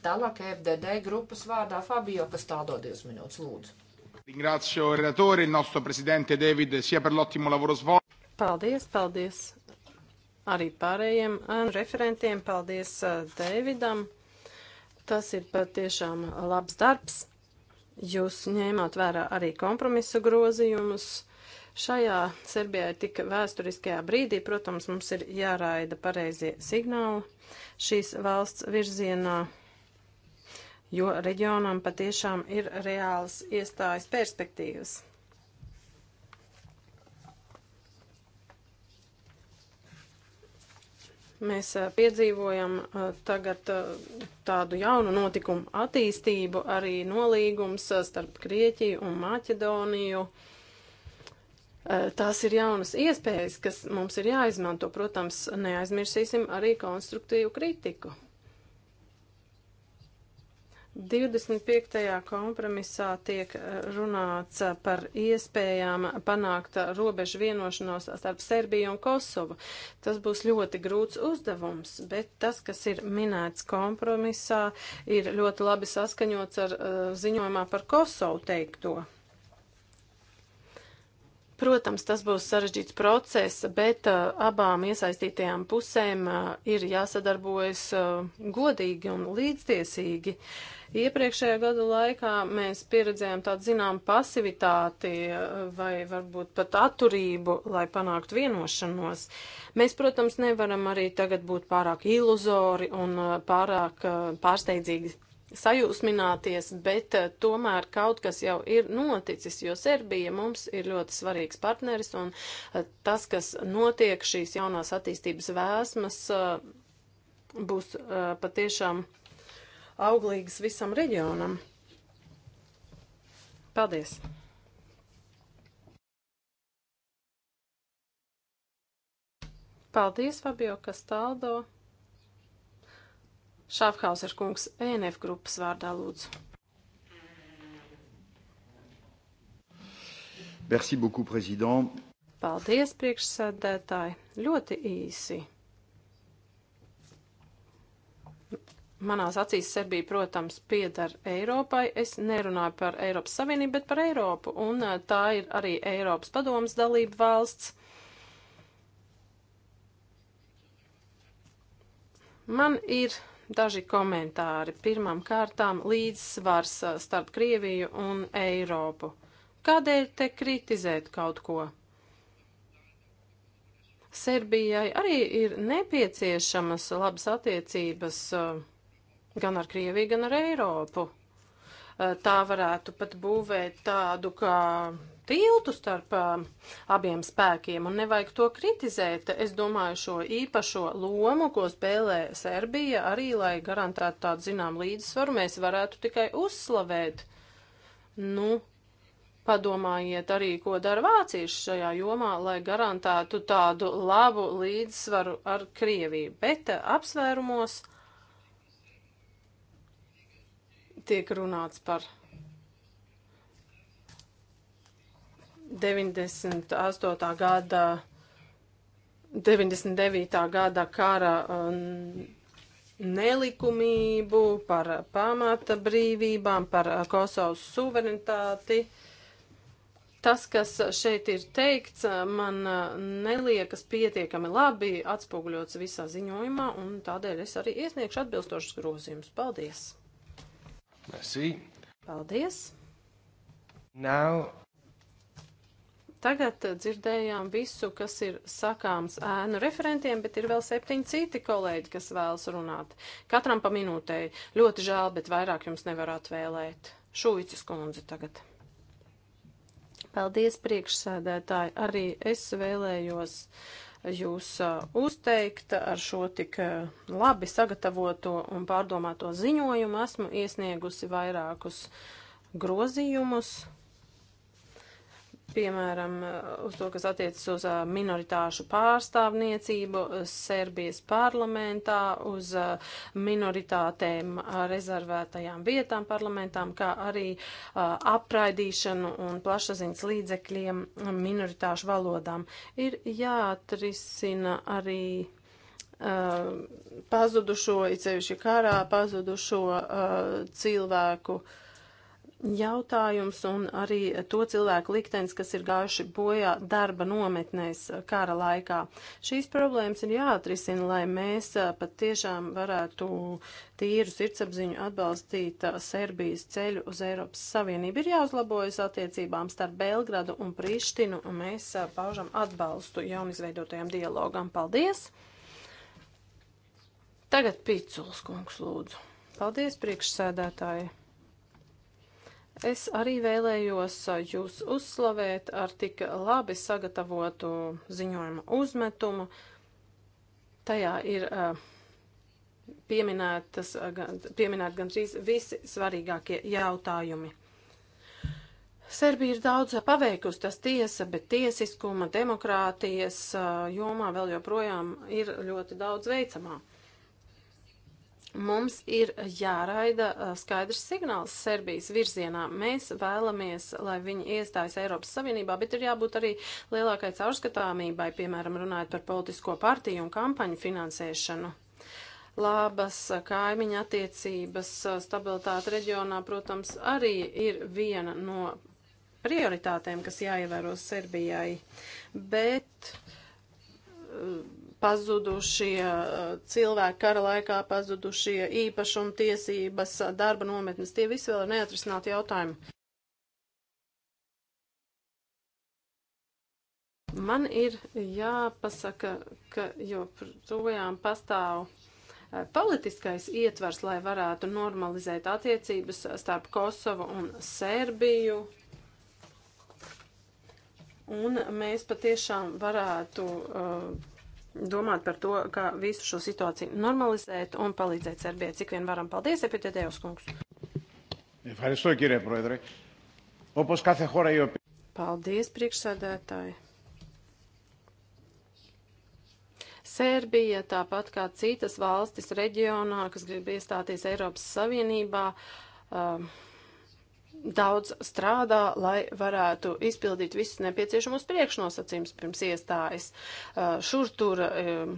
Tālāk FDD grupas vārdā Fabio Kastaldo 2 minūtes lūdzu. Ringrazio il relatore, il nostro presidente David, sia per l'ottimo lavoro svolto. Paldies, paldies arī pārējiem referentiem. Paldies uh, Davidam. Tas ir patiešām labs darbs. Jūs ņēmāt vērā arī kompromisu grozījumus. Šajā Serbijā ir tik vēsturiskajā brīdī, protams, mums ir jāraida pareizie signāli šīs valsts virzienā jo reģionam patiešām ir reāls iestājas perspektīvas. Mēs eh, piedzīvojam eh, tagad eh, tādu jaunu notikumu attīstību, arī nolīgums starp Grieķiju un Maķedoniju. Tās ir jaunas iespējas, kas mums ir jāizmanto. Protams, neaizmirsīsim arī konstruktīvu kritiku. 25. kompromisā tiek eh, runāts eh, par iespējām panākt eh, robežu vienošanos starp Serbiju un Kosovu. Tas būs ļoti grūts uzdevums, bet tas, kas ir minēts kompromisā, ir ļoti labi saskaņots ar ziņojumā par Kosovu teikto. Protams, tas būs sarežģīts process, bet uh, abām iesaistītajām pusēm uh, ir jāsadarbojas uh, godīgi un līdztiesīgi. Iepriekšējā gada laikā mēs pieredzējām tādu zinām pasivitāti uh, vai varbūt pat atturību, lai panāktu vienošanos. Mēs, protams, nevaram arī tagad būt pārāk iluzori un uh, pārāk uh, pārsteidzīgi sajūsmināties, bet eh, tomēr kaut kas jau ir noticis, jo Serbija mums ir ļoti svarīgs partneris un eh, tas, kas notiek šīs jaunās attīstības vēsmas, eh, būs patiešām auglīgas visam reģionam. Paldies! Paldies, Fabio Kastaldo! Šāfhauser kungs, ENF grupas vārdā lūdzu. Merci beaucoup, prezident. Paldies, priekšsēdētāji. Ļoti īsi. Manās acīs Serbija, protams, piedara Eiropai. Es nerunāju par Eiropas Savienību, bet par Eiropu. Un eh, tā ir arī Eiropas padomas dalība valsts. Man ir Daži komentāri. Pirmām kārtām līdzsvars uh, starp Krieviju un Eiropu. Kādēļ te kritizēt kaut ko? Serbijai arī ir nepieciešamas labas attiecības uh, gan ar Krieviju, gan ar Eiropu. Uh, tā varētu pat būvēt tādu kā tiltu starp uh, abiem spēkiem un nevajag to kritizēt. Es domāju šo īpašo lomu, ko spēlē Serbija, arī, lai garantētu tādu zinām līdzsvaru, mēs varētu tikai uzslavēt. Nu, Padomājiet arī, ko dara vācieši šajā jomā, lai garantētu tādu labu līdzsvaru ar Krieviju. Bet uh, apsvērumos tiek runāts par 98. gada, 99. gada kara um, nelikumību, par pamata brīvībām, par uh, Kosovas suverenitāti. Tas, kas šeit ir teikts, uh, man uh, neliekas pietiekami labi atspoguļots visā ziņojumā, un tādēļ es arī iesniegšu atbilstošas grozījumus. Paldies! Merci. Paldies! Now Tagad dzirdējām visu, kas ir sakāms ēnu referentiem, bet ir vēl septiņi citi kolēģi, kas vēlas runāt. Katram pa minūtei. Ļoti žēl, bet vairāk jums nevar atvēlēt. Šūicis kundze tagad. Paldies, priekšsēdētāji. Arī es vēlējos jūs uh, uzteikt ar šo tik uh, labi sagatavoto un pārdomāto ziņojumu. Esmu iesniegusi vairākus grozījumus piemēram, eh, uz to, kas attiecas uz eh, minoritāšu pārstāvniecību eh, Serbijas parlamentā, uz minoritātēm rezervētajām vietām parlamentām, kā arī apraidīšanu un plašsaziņas līdzekļiem minoritāšu valodām. Ir jāatrisina arī pazudušo, it sevišķi karā pazudušo uh, cilvēku uh, jautājums un arī to cilvēku liktenis, kas ir gājuši bojā darba nometnēs kara laikā. Šīs problēmas ir jāatrisina, lai mēs uh, pat tiešām varētu tīru sirdsapziņu atbalstīt uh, Serbijas ceļu uz Eiropas Savienību. Ir jāuzlabojas attiecībām starp Belgradu un Prištinu, un mēs uh, paužam atbalstu jaunizveidotajam dialogam. Paldies! Tagad Piculs kungs lūdzu. Paldies, priekšsēdētāji! Es arī vēlējos jūs uzslavēt ar tik labi sagatavotu ziņojumu uzmetumu. Tajā ir pieminētas, pieminēt gandrīz visi svarīgākie jautājumi. Serbija ir daudz paveikusi, tas tiesa, bet tiesiskuma, demokrātijas jomā vēl joprojām ir ļoti daudz veicamā. Mums ir jāraida skaidrs signāls Serbijas virzienā. Mēs vēlamies, lai viņi iestājas Eiropas Savienībā, bet ir jābūt arī lielākai caurskatāmībai, piemēram, runājot par politisko partiju un kampaņu finansēšanu. Labas kaimiņa attiecības, stabilitāte reģionā, protams, arī ir viena no prioritātēm, kas jāievēro Serbijai. Bet pazudušie eh, cilvēki kara laikā, pazudušie īpašuma tiesības, eh, darba nometnes, tie visi vēl ir neatrisināti jautājumi. Man ir jāpasaka, ka joprojām pastāv eh, politiskais ietvers, lai varētu normalizēt attiecības starp Kosovu un Sērbiju. Un mēs patiešām varētu uh, domāt par to, kā visu šo situāciju normalizēt un palīdzēt Serbijai, cik vien varam. Paldies, Epitēdējos kungs! Ευχαριστώ, κύριε Πρόεδρε. Όπως κάθε χώρα η οποία... Paldies, priekšsēdētāji! Sērbija, tāpat kā citas valstis reģionā, kas grib iestāties Eiropas Savienībā, uh, daudz strādā, lai varētu izpildīt visus nepieciešamos priekšnosacījumus pirms iestājas. Uh, šur tur um,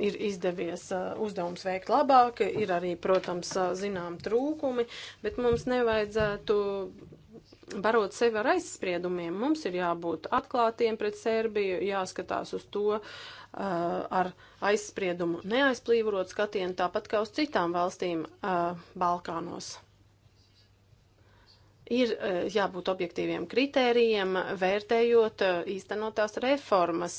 ir izdevies uh, uzdevums veikt labāk, ir arī, protams, uh, zinām trūkumi, bet mums nevajadzētu barot sevi ar aizspriedumiem. Mums ir jābūt atklātiem pret Serbiju, jāskatās uz to ar aizspriedumu neaizplīvot skatienu, tāpat kā uz citām valstīm Balkānos. Ir eh, jābūt objektīviem kritērijiem, vērtējot eh, īstenotās reformas.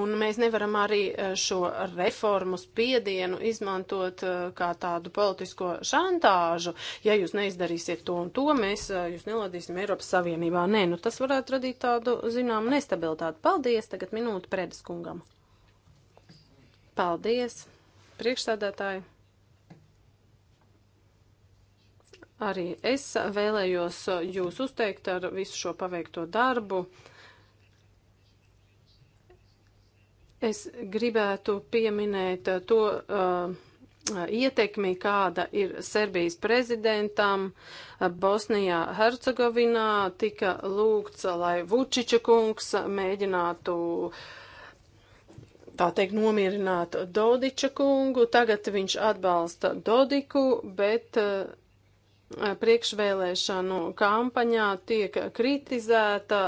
Un mēs nevaram arī eh, šo reformu spiedienu izmantot kā tādu politisko šantāžu. Ja jūs neizdarīsiet to un to, mēs jūs nelādīsim Eiropas Savienībā. Nē, nu tas varētu radīt tādu, zinām, nestabilitāti. Paldies, tagad minūte predeskungam. Paldies priekšstādātāji. Arī es vēlējos jūs uzteikt ar visu šo paveikto darbu. Es gribētu pieminēt to uh, ietekmi, kāda ir Serbijas prezidentam Bosnijā Hercegovinā. Tika lūgts, lai Vučiča kungs mēģinātu uh, tā teikt, nomierināt Dodiča kungu. Tagad viņš atbalsta Dodiku, bet eh, priekšvēlēšanu kampaņā tiek kritizēta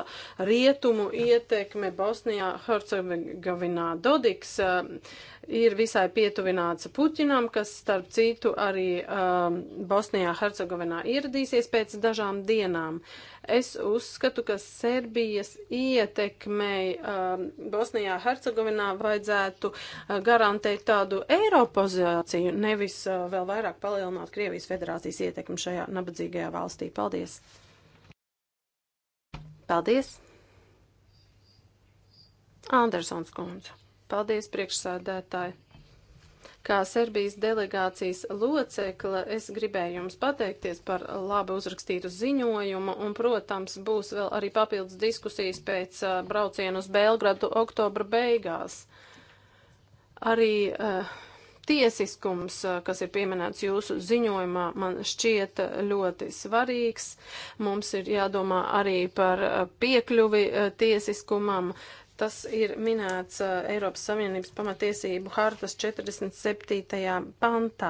rietumu ietekme Bosnijā, Hercegovinā. Dodiks eh, ir visai pietuvināts Puķinam, kas starp citu arī um, Bosnijā Hercegovinā ieradīsies pēc dažām dienām. Es uzskatu, ka Serbijas ietekmei um, Bosnijā Hercegovinā vajadzētu uh, garantēt tādu eiropozāciju, nevis uh, vēl vairāk palielināt Krievijas federācijas ietekmi šajā nabadzīgajā valstī. Paldies! Paldies! Andersons kundze. Paldies, priekšsādētāji! Kā Serbijas delegācijas locekle, es gribēju jums pateikties par labi uzrakstītu ziņojumu, un, protams, būs vēl arī papildus diskusijas pēc uh, brauciena uz Belgradu oktobra beigās. Arī uh, tiesiskums, kas ir pieminēts jūsu ziņojumā, man šķiet ļoti svarīgs. Mums ir jādomā arī par piekļuvi tiesiskumam, Tas ir minēts uh, Eiropas Savienības pamatiesību hartas 47. pantā.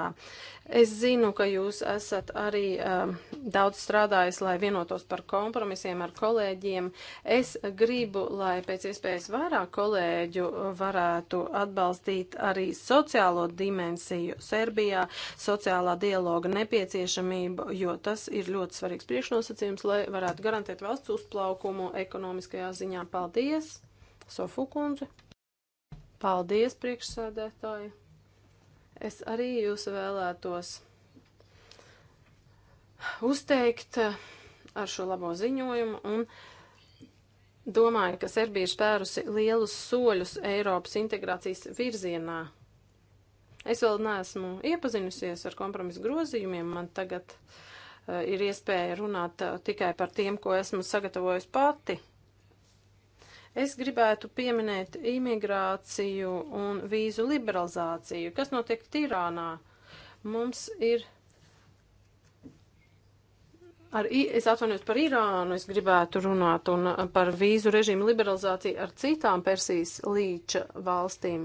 Es zinu, ka jūs esat arī um, daudz strādājis, lai vienotos par kompromisiem ar kolēģiem. Es gribu, lai pēc iespējas vairāk kolēģu varētu atbalstīt arī sociālo dimensiju Serbijā, sociālā dialoga nepieciešamību, jo tas ir ļoti svarīgs priekšnosacījums, lai varētu garantēt valsts uzplaukumu ekonomiskajā ziņā. Paldies! Sofu kundze. Paldies, priekšsēdētāji. Es arī jūs vēlētos uzteikt eh, ar šo labo ziņojumu un domāju, ka Serbija ir spērusi lielus soļus Eiropas integrācijas virzienā. Es vēl neesmu iepazinusies ar kompromisu grozījumiem, man tagad uh, ir iespēja runāt uh, tikai par tiem, ko esmu sagatavojusi pati. Es gribētu pieminēt imigrāciju un vīzu liberalizāciju. Kas notiek Tirānā? Mums ir. Ar, es atvainojos par Irānu, es gribētu runāt un par vīzu režīmu liberalizāciju ar citām Persijas līča valstīm.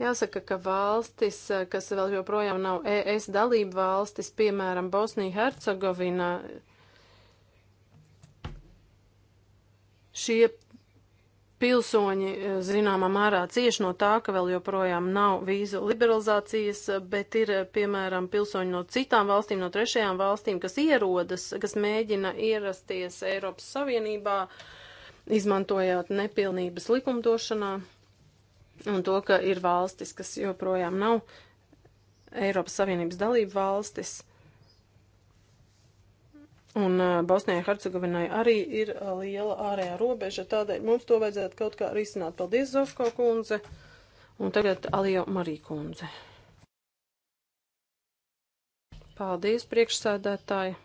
Jāsaka, ka valstis, kas vēl joprojām nav ES dalība valstis, piemēram, Bosnija-Hercegovina, Šie pilsoņi eh, zināmā mērā cieš no tā, ka vēl joprojām nav vīzu liberalizācijas, eh, bet ir, eh, piemēram, pilsoņi no citām valstīm, no trešajām valstīm, kas ierodas, kas mēģina ierasties Eiropas Savienībā, izmantojot nepilnības likumdošanā un to, ka ir valstis, kas joprojām nav Eiropas Savienības dalība valstis. Un uh, Bosnijai Hercegovinai arī ir uh, liela ārējā robeža, tādēļ mums to vajadzētu kaut kā risināt. Paldies, Zofko kundze! Un tagad Alijo Marija kundze. Paldies, priekšsēdētāji!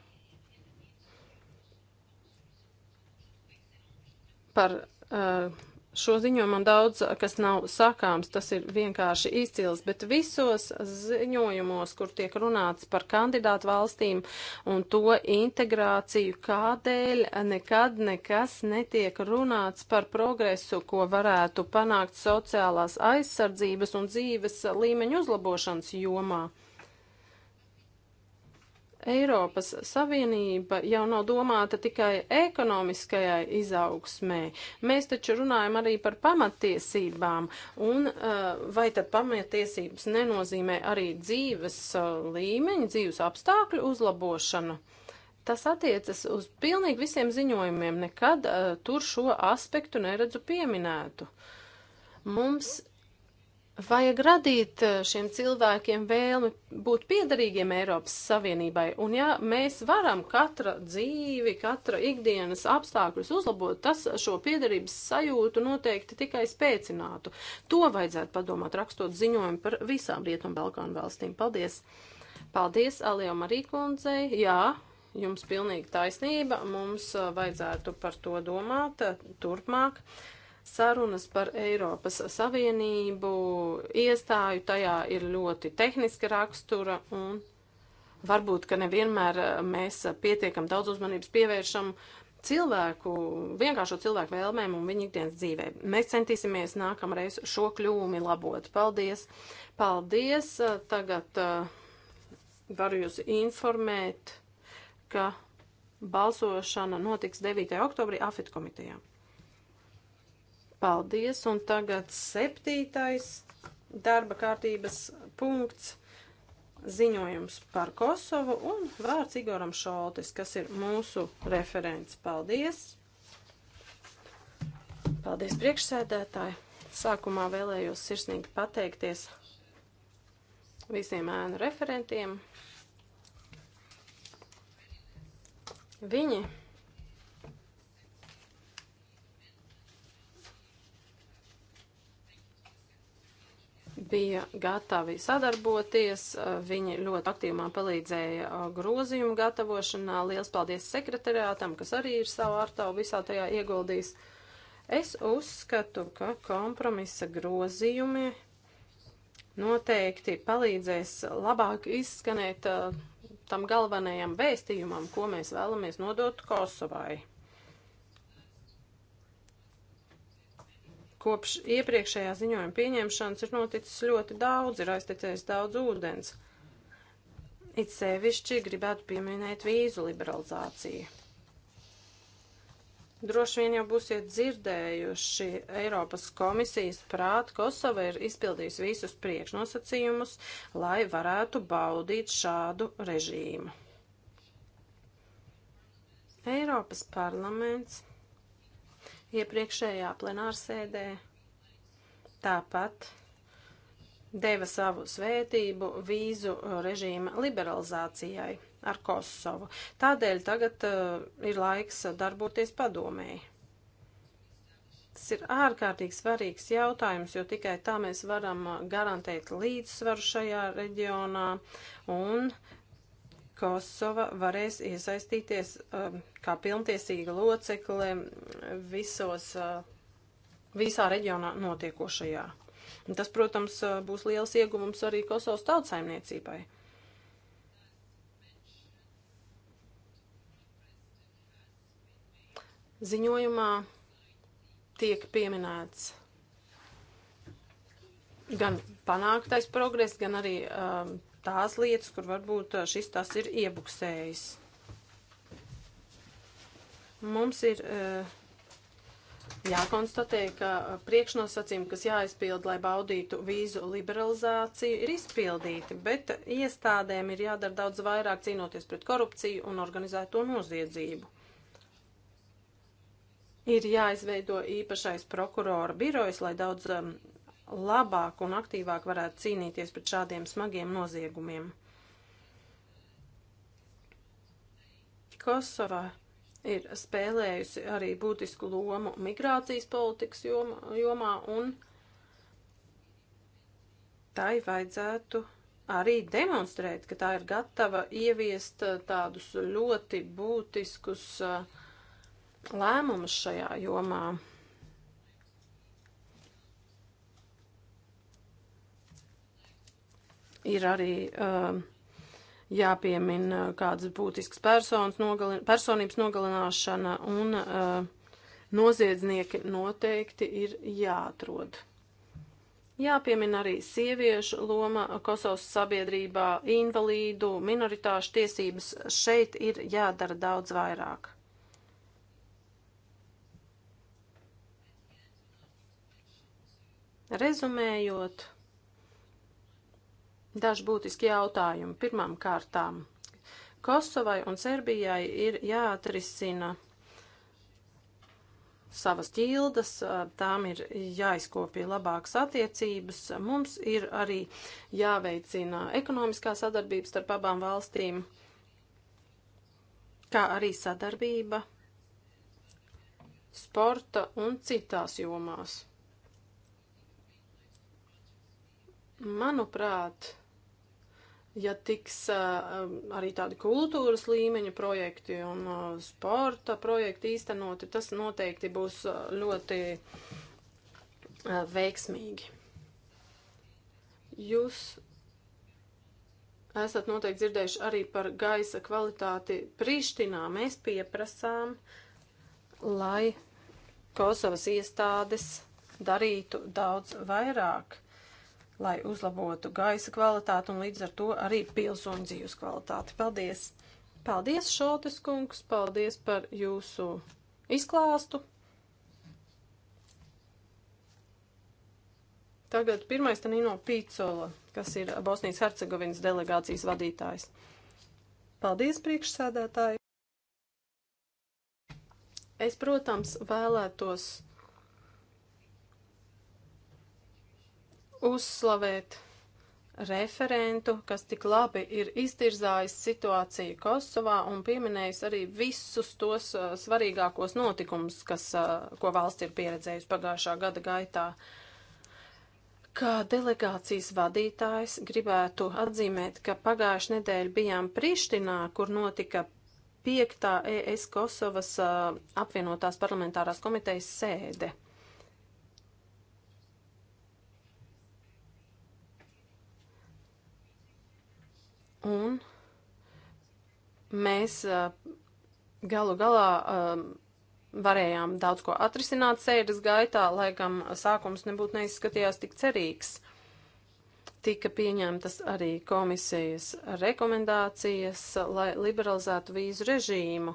Par uh, šo ziņojumu man daudz, kas nav sakāms, tas ir vienkārši izcils, bet visos ziņojumos, kur tiek runāts par kandidātu valstīm un to integrāciju, kādēļ nekad nekas netiek runāts par progresu, ko varētu panākt sociālās aizsardzības un dzīves līmeņu uzlabošanas jomā. Eiropas Savienība jau nav domāta tikai ekonomiskajai izaugsmē. Mēs taču runājam arī par pamatiesībām, un eh, vai tad pamatiesības nenozīmē arī dzīves eh, līmeņa, dzīves apstākļu uzlabošanu? Tas attiecas uz pilnīgi visiem ziņojumiem, nekad uh, tur šo aspektu neredzu pieminētu. Mums Vajag radīt eh, šiem cilvēkiem vēlmi būt piederīgiem Eiropas Savienībai, un ja mēs varam katra dzīvi, katra ikdienas apstākļus uzlabot, tas šo piederības sajūtu noteikti tikai spēcinātu. To vajadzētu padomāt rakstot ziņojumu par visām Rietumbalkānu valstīm. Paldies! Paldies, Alija Marīkundzei! Jā, jums pilnīgi taisnība, mums eh, vajadzētu par to domāt eh, turpmāk. Sarunas par Eiropas Savienību iestāju tajā ir ļoti tehniska rakstura un varbūt, ka nevienmēr eh, mēs pietiekam daudz uzmanības pievēršam cilvēku, vienkāršo cilvēku vēlmēm un viņu ikdienas dzīvē. Mēs centīsimies nākamreiz šo kļūmi labot. Paldies! Paldies! Tagad eh, varu jūs informēt, ka balsošana notiks 9. oktobrī AFIT komitejā. Paldies, un tagad septītais darba kārtības punkts ziņojums par Kosovu un vārds Igoram Šoltis, kas ir mūsu referents. Paldies! Paldies priekšsēdētāji! Sākumā vēlējos sirsnīgi pateikties visiem ēnu referentiem. Viņi bija gatavi sadarboties, eh, viņi ļoti aktīvumā palīdzēja eh, grozījumu gatavošanā. Liels paldies sekretariātam, kas arī ir savu ārtavu visā tajā ieguldījis. Es uzskatu, ka kompromisa grozījumi noteikti palīdzēs labāk izskanēt eh, tam galvenajam vēstījumam, ko mēs vēlamies nodot Kosovai. Kopš iepriekšējā ziņojuma pieņemšanas ir noticis ļoti daudz, ir aiztecējis daudz ūdens. It sevišķi gribētu pieminēt vīzu liberalizāciju. Droši vien jau būsiet dzirdējuši Eiropas komisijas prāt, Kosova ir izpildījusi visus priekšnosacījumus, lai varētu baudīt šādu režīmu. Eiropas parlaments iepriekšējā plenārsēdē. Tāpat deva savu svētību vīzu režīma liberalizācijai ar Kosovu. Tādēļ tagad uh, ir laiks darboties padomēji. Tas ir ārkārtīgi svarīgs jautājums, jo tikai tā mēs varam uh, garantēt līdzsvaru šajā reģionā un Kosova varēs iesaistīties um, kā pilntiesīga locekle visos, uh, visā reģionā notiekošajā. Un tas, protams, uh, būs liels ieguvums arī Kosovas tautsaimniecībai. Ziņojumā tiek pieminēts gan panāktais progress, gan arī um, tās lietas, kur varbūt šis tas ir iebuksējis. Mums ir jākonstatē, ka priekšnosacījumi, kas jāizpild, lai baudītu vīzu liberalizāciju, ir izpildīti, bet iestādēm ir jādara daudz vairāk cīnoties pret korupciju un organizēto noziedzību. Ir jāizveido īpašais prokurora birojs, lai daudz um, labāk un aktīvāk varētu cīnīties pret šādiem smagiem noziegumiem. Kosova ir spēlējusi arī būtisku lomu migrācijas politikas jomā, jomā un tai vajadzētu arī demonstrēt, ka tā ir gatava ieviest uh, tādus ļoti būtiskus uh, lēmumus šajā jomā. Ir arī um, uh, jāpiemina kādas būtiskas personas, nogalin personības nogalināšana un uh, noziedznieki noteikti ir jāatrod. Jāpiemina arī sieviešu loma Kosovas sabiedrībā, invalīdu, minoritāšu tiesības. Šeit ir jādara daudz vairāk. Rezumējot, Daži būtiski jautājumi. Pirmām kārtām Kosovai un Serbijai ir jāatrisina savas ķildas, tām ir jāizkopja labākas attiecības. Mums ir arī jāveicina ekonomiskā sadarbība starp abām valstīm, kā arī sadarbība sporta un citās jomās. Manuprāt, ja tiks arī tādi kultūras līmeņa projekti un sporta projekti īstenoti, tas noteikti būs ļoti veiksmīgi. Jūs esat noteikti dzirdējuši arī par gaisa kvalitāti Prištinā. Mēs pieprasām, lai Kosovas iestādes darītu daudz vairāk lai uzlabotu gaisa kvalitāti un līdz ar to arī pilsoņu dzīves kvalitāti. Paldies! Paldies, Šoltes kungs! Paldies par jūsu izklāstu! Tagad pirmais Tanino Pīcola, kas ir Bosnijas Hercegovinas delegācijas vadītājs. Paldies, priekšsēdētāji! Es, protams, vēlētos uzslavēt referentu, kas tik labi ir iztirzājis situāciju Kosovā un pieminējis arī visus tos uh, svarīgākos notikumus, kas, uh, ko valsts ir pieredzējusi pagājušā gada gaitā. Kā delegācijas vadītājs gribētu atzīmēt, ka pagājušajā nedēļā bijām Prištinā, kur notika 5. ES Kosovas uh, apvienotās parlamentārās komitejas sēde. Un mēs galu galā varējām daudz ko atrisināt sēdes gaitā, lai gan sākums nebūtu neizskatījās tik cerīgs tika pieņemtas arī komisijas rekomendācijas, lai liberalizētu vīzu režīmu.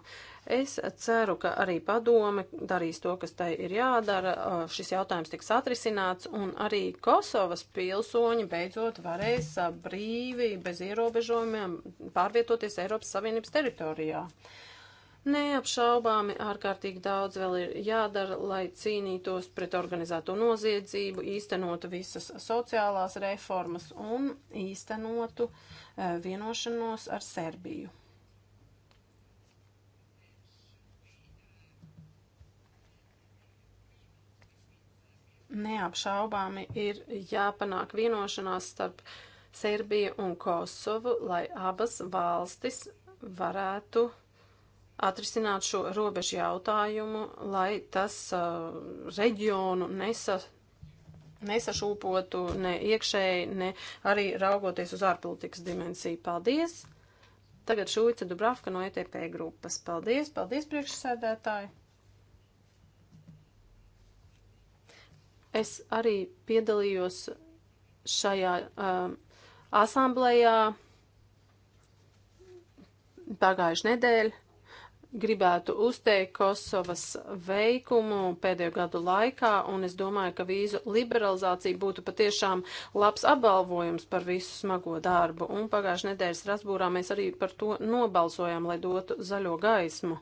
Es ceru, ka arī padome darīs to, kas tai ir jādara, šis jautājums tiks atrisināts un arī Kosovas pilsoņi beidzot varēs brīvi, bez ierobežojumiem pārvietoties Eiropas Savienības teritorijā. Uh, Neapšaubāmi ārkārtīgi daudz vēl ir jādara, lai cīnītos pret organizēto noziedzību, īstenotu visas sociālās reformas un īstenotu e, vienošanos ar Serbiju. Neapšaubāmi ir jāpanāk vienošanās starp Serbiju un Kosovu, lai abas valstis varētu atrisināt šo robežu jautājumu, lai tas uh, reģionu nesa, nesašūpotu ne iekšēji, ne arī raugoties uz ārpolitikas dimensiju. Paldies! Tagad Šūica Dubravka no ETP grupas. Paldies, paldies priekšsēdētāji! Es arī piedalījos šajā uh, asamblējā pagājušajā nedēļā gribētu uzteikt Kosovas veikumu pēdējo gadu laikā, un es domāju, ka vīzu liberalizācija būtu patiešām labs apbalvojums par visu smago darbu, un pagājušajā nedēļā Strasbūrā mēs arī par to nobalsojām, lai dotu zaļo gaismu.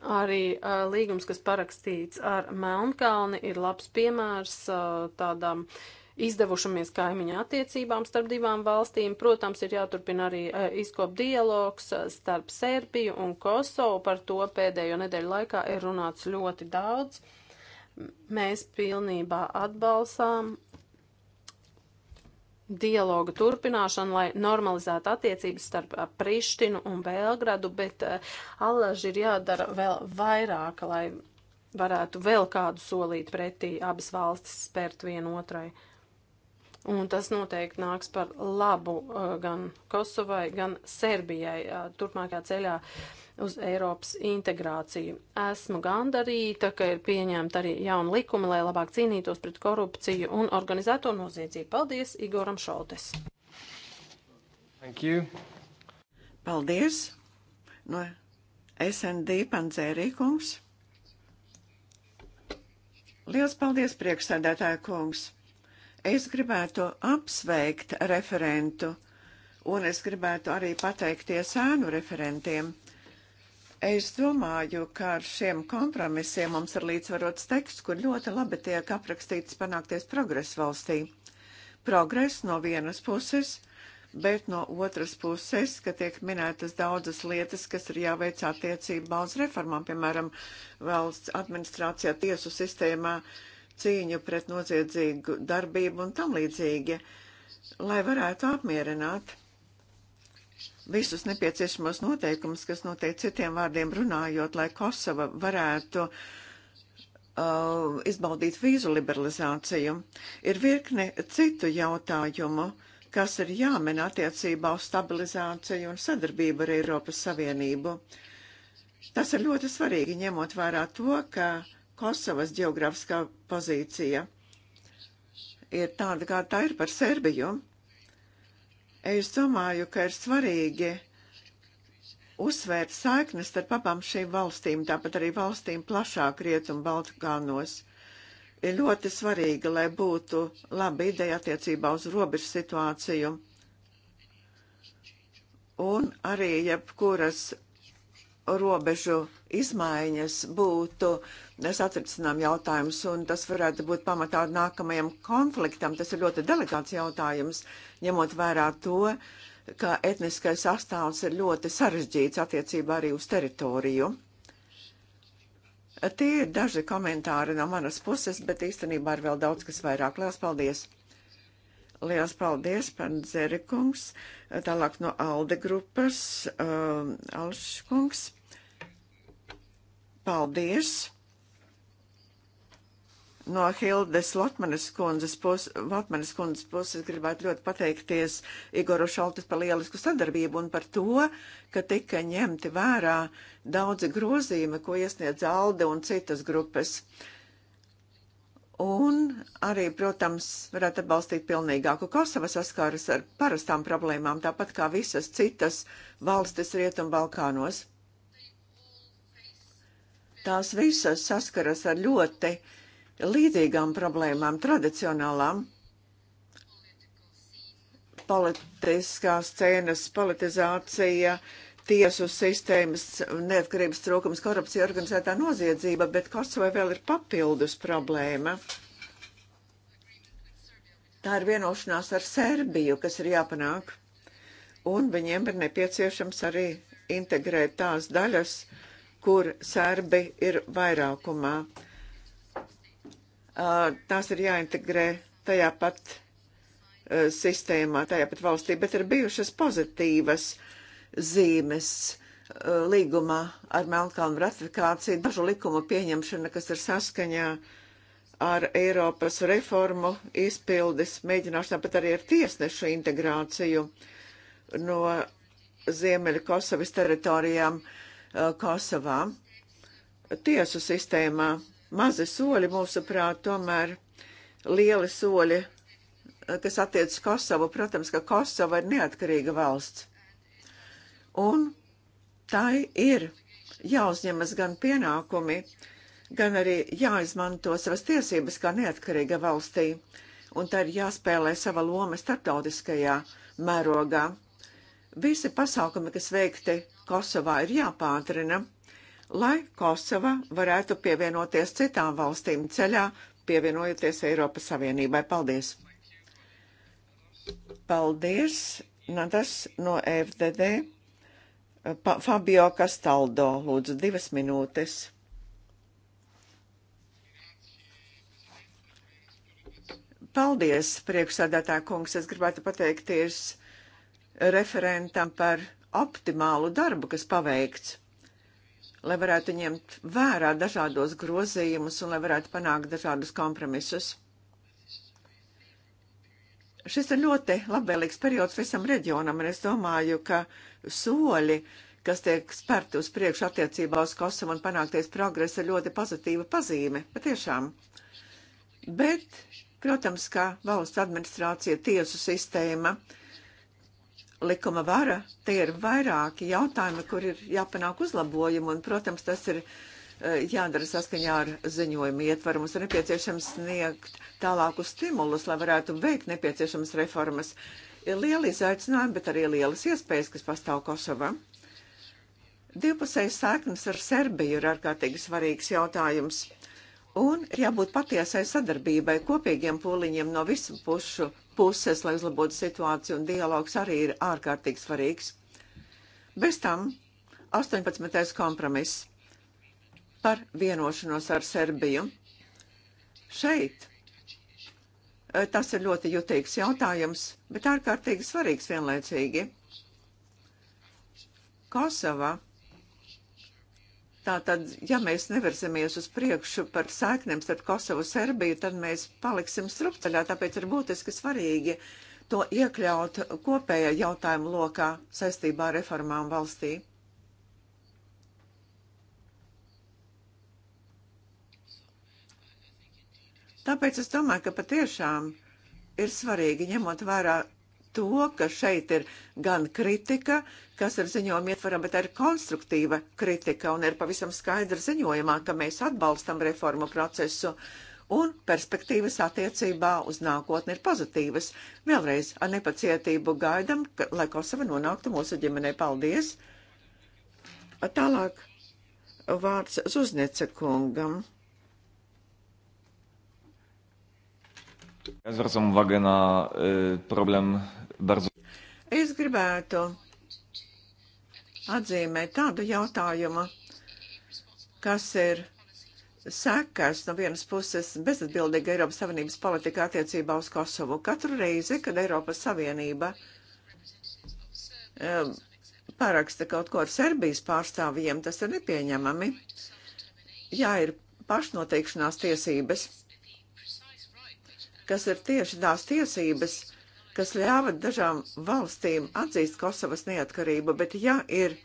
Arī uh, līgums, kas parakstīts ar Melnkalni, ir labs piemērs uh, tādām uh, izdevušamies kaimiņa attiecībām starp divām valstīm. Protams, ir jāturpina arī eh, izkop dialogs eh, starp Serbiju un Kosovu. Par to pēdējo nedēļu laikā ir runāts ļoti daudz. Mēs pilnībā atbalstām dialoga turpināšanu, lai normalizētu attiecības starp eh, Prištinu un Belgradu, bet Allaži ir jādara vēl vairāk, lai varētu vēl kādu solīt pretī abas valstis spērt vienotrai. otrai. Un tas noteikti nāks par labu uh, gan Kosovai, gan Serbijai uh, turpmākajā ceļā uz Eiropas integrāciju. Esmu gandarīta, ka ir pieņemta arī jauna likuma, lai labāk cīnītos pret korupciju un organizēto noziedzību. Paldies Igoram Šoltes! Thank you. Paldies! No SND Pandzērīkums. Liels paldies, priekšsēdētāja kungs! Es gribētu apsveikt referentu, un es gribētu arī pateikties ēnu referentiem. Es domāju, ka ar šiem kompromisiem mums ir līdzvarots teksts, kur ļoti labi tiek aprakstīts panākties progress valstī. Progress no vienas puses, bet no otras puses, ka tiek minētas daudzas lietas, kas ir jāveic attiecībā uz reformām, piemēram, valsts administrācijā, tiesu sistēmā, uh, cīņu pret noziedzīgu darbību un tam līdzīgi, lai varētu apmierināt visus nepieciešamos noteikumus, kas noteikti citiem vārdiem runājot, lai Kosova varētu uh, izbaudīt vīzu liberalizāciju. Ir virkne citu jautājumu, kas ir jāmen attiecībā uz stabilizāciju un sadarbību ar Eiropas Savienību. Tas ir ļoti svarīgi, ņemot vērā to, ka uh, Kosovas geogrāfiskā pozīcija ir tāda, kā tā ir par Serbiju. Es domāju, ka ir svarīgi uzsvērt saiknes starp abām šīm valstīm, tāpat arī valstīm plašāk Rietumu Baltkānos. Ir ļoti svarīgi, lai būtu laba ideja attiecībā uz robežu situāciju un arī jebkuras robežu izmaiņas būtu Mēs atrisinām jautājumus, un tas varētu būt pamatā nākamajam konfliktam. Tas ir ļoti delikāts jautājums, ņemot vērā to, ka etniskais sastāvs ir ļoti sarežģīts attiecībā arī uz teritoriju. Tie ir daži komentāri no manas puses, bet īstenībā ir vēl daudz, kas vairāk. Lielas paldies! Liels paldies, Pandzerikungs, tālāk no Alde grupas, um, Alškungs. Paldies! no Hildes Latmanes kundzes, pus, Latmanes kundzes puses gribētu ļoti pateikties Igoru Šaltis par lielisku sadarbību un par to, ka tika ņemti vērā daudzi grozījumi, ko iesniedz Alde un citas grupas. Un arī, protams, varētu atbalstīt pilnīgāku Kosova saskaras ar parastām problēmām, tāpat kā visas citas valstis Rietumbalkānos. Tās visas saskaras ar ļoti uh, līdzīgām problēmām, tradicionālām politiskā scēnas politizācija, tiesu sistēmas, neatkarības trūkums, korupcija, organizētā noziedzība, bet Kosovai vēl ir papildus problēma. Tā ir vienošanās ar Serbiju, kas ir jāpanāk, un viņiem ir nepieciešams arī integrēt tās daļas, kur serbi ir vairākumā tās ir jāintegrē tajā pat sistēmā, tajā pat valstī, bet ir bijušas pozitīvas zīmes līgumā ar Melnkalnu ratifikāciju, dažu likumu pieņemšana, kas ir saskaņā ar Eiropas reformu izpildes mēģināšanu, bet arī ar tiesnešu integrāciju no Ziemeļa Kosovas teritorijām Kosovā tiesu sistēmā mazi soļi, mūsuprāt, tomēr lieli soļi, kas attiec uz Kosovu. Protams, ka Kosova ir neatkarīga valsts. Un tai ir jāuzņemas gan pienākumi, gan arī jāizmanto savas tiesības kā neatkarīga valstī, un tā ir jāspēlē sava loma starptautiskajā mērogā. Visi pasākumi, kas veikti Kosovā, ir jāpātrina lai Kosova varētu pievienoties citām valstīm ceļā, pievienojoties Eiropas Savienībai. Paldies! Paldies! Nadas no FDD. Pa, Fabio Castaldo, lūdzu, divas minūtes. Paldies, priekšsādātā kungs. Es gribētu pateikties referentam par optimālu darbu, kas paveikts lai varētu ņemt vērā dažādos grozījumus un lai varētu panākt dažādus kompromisus. Šis ir ļoti labvēlīgs periods visam reģionam, un es domāju, ka soļi, kas tiek spērti uz priekšu attiecībā uz Kosovu un panākties progresa, ir ļoti pozitīva pazīme, patiešām. Bet, protams, kā valsts administrācija, tiesu sistēma, uh, likuma vara, tie ir vairāki jautājumi, kur ir jāpanāk uzlabojumi, un, protams, tas ir eh, jādara saskaņā ar ziņojumu ietvaru. Mums ir nepieciešams sniegt tālāku stimulus, lai varētu veikt nepieciešamas reformas. Ir lieli izaicinājumi, bet arī lielas iespējas, kas pastāv Kosovā. Divpusējas sēknes ar Serbiju ir ārkārtīgi svarīgs jautājums. Un ir jābūt patiesai sadarbībai, kopīgiem pūliņiem no visu pušu puses, lai uzlabotu situāciju, un dialogs arī ir ārkārtīgi svarīgs. Bez tam 18. kompromiss par vienošanos ar Serbiju. Šeit eh, tas ir ļoti jutīgs jautājums, bet ārkārtīgi svarīgs vienlaicīgi. Kosova Tātad, ja mēs nevirzamies uz priekšu par sēknēm starp Kosovu un Serbiju, tad mēs paliksim strupceļā, tāpēc ir būtiski svarīgi to iekļaut kopējā jautājuma lokā saistībā ar reformām valstī. Tāpēc es domāju, ka patiešām ir svarīgi ņemot vērā to, ka šeit ir gan kritika, kas ir ziņojuma ietvaram, bet arī konstruktīva kritika un ir pavisam skaidra ziņojumā, ka mēs atbalstam reformu procesu un perspektīvas attiecībā uz nākotni ir pozitīvas. Vēlreiz ar nepacietību gaidam, ka, lai Kosova nonāktu mūsu ģimenei. Paldies! Tālāk vārds Zuzniece kungam. Ja zwracam uwagę na y, e, problem bardzo. Es gribētu atzīmēt tādu jautājumu, kas ir sekas no vienas puses bezatbildīga Eiropas Savienības politika attiecībā uz Kosovu. Katru reizi, kad Eiropas Savienība um, paraksta kaut ko ar Serbijas pārstāvjiem, tas ir nepieņemami. Jā, ir pašnoteikšanās tiesības, kas ir tieši tās tiesības, kas ļāva dažām valstīm atzīst Kosovas neatkarību, bet ja ir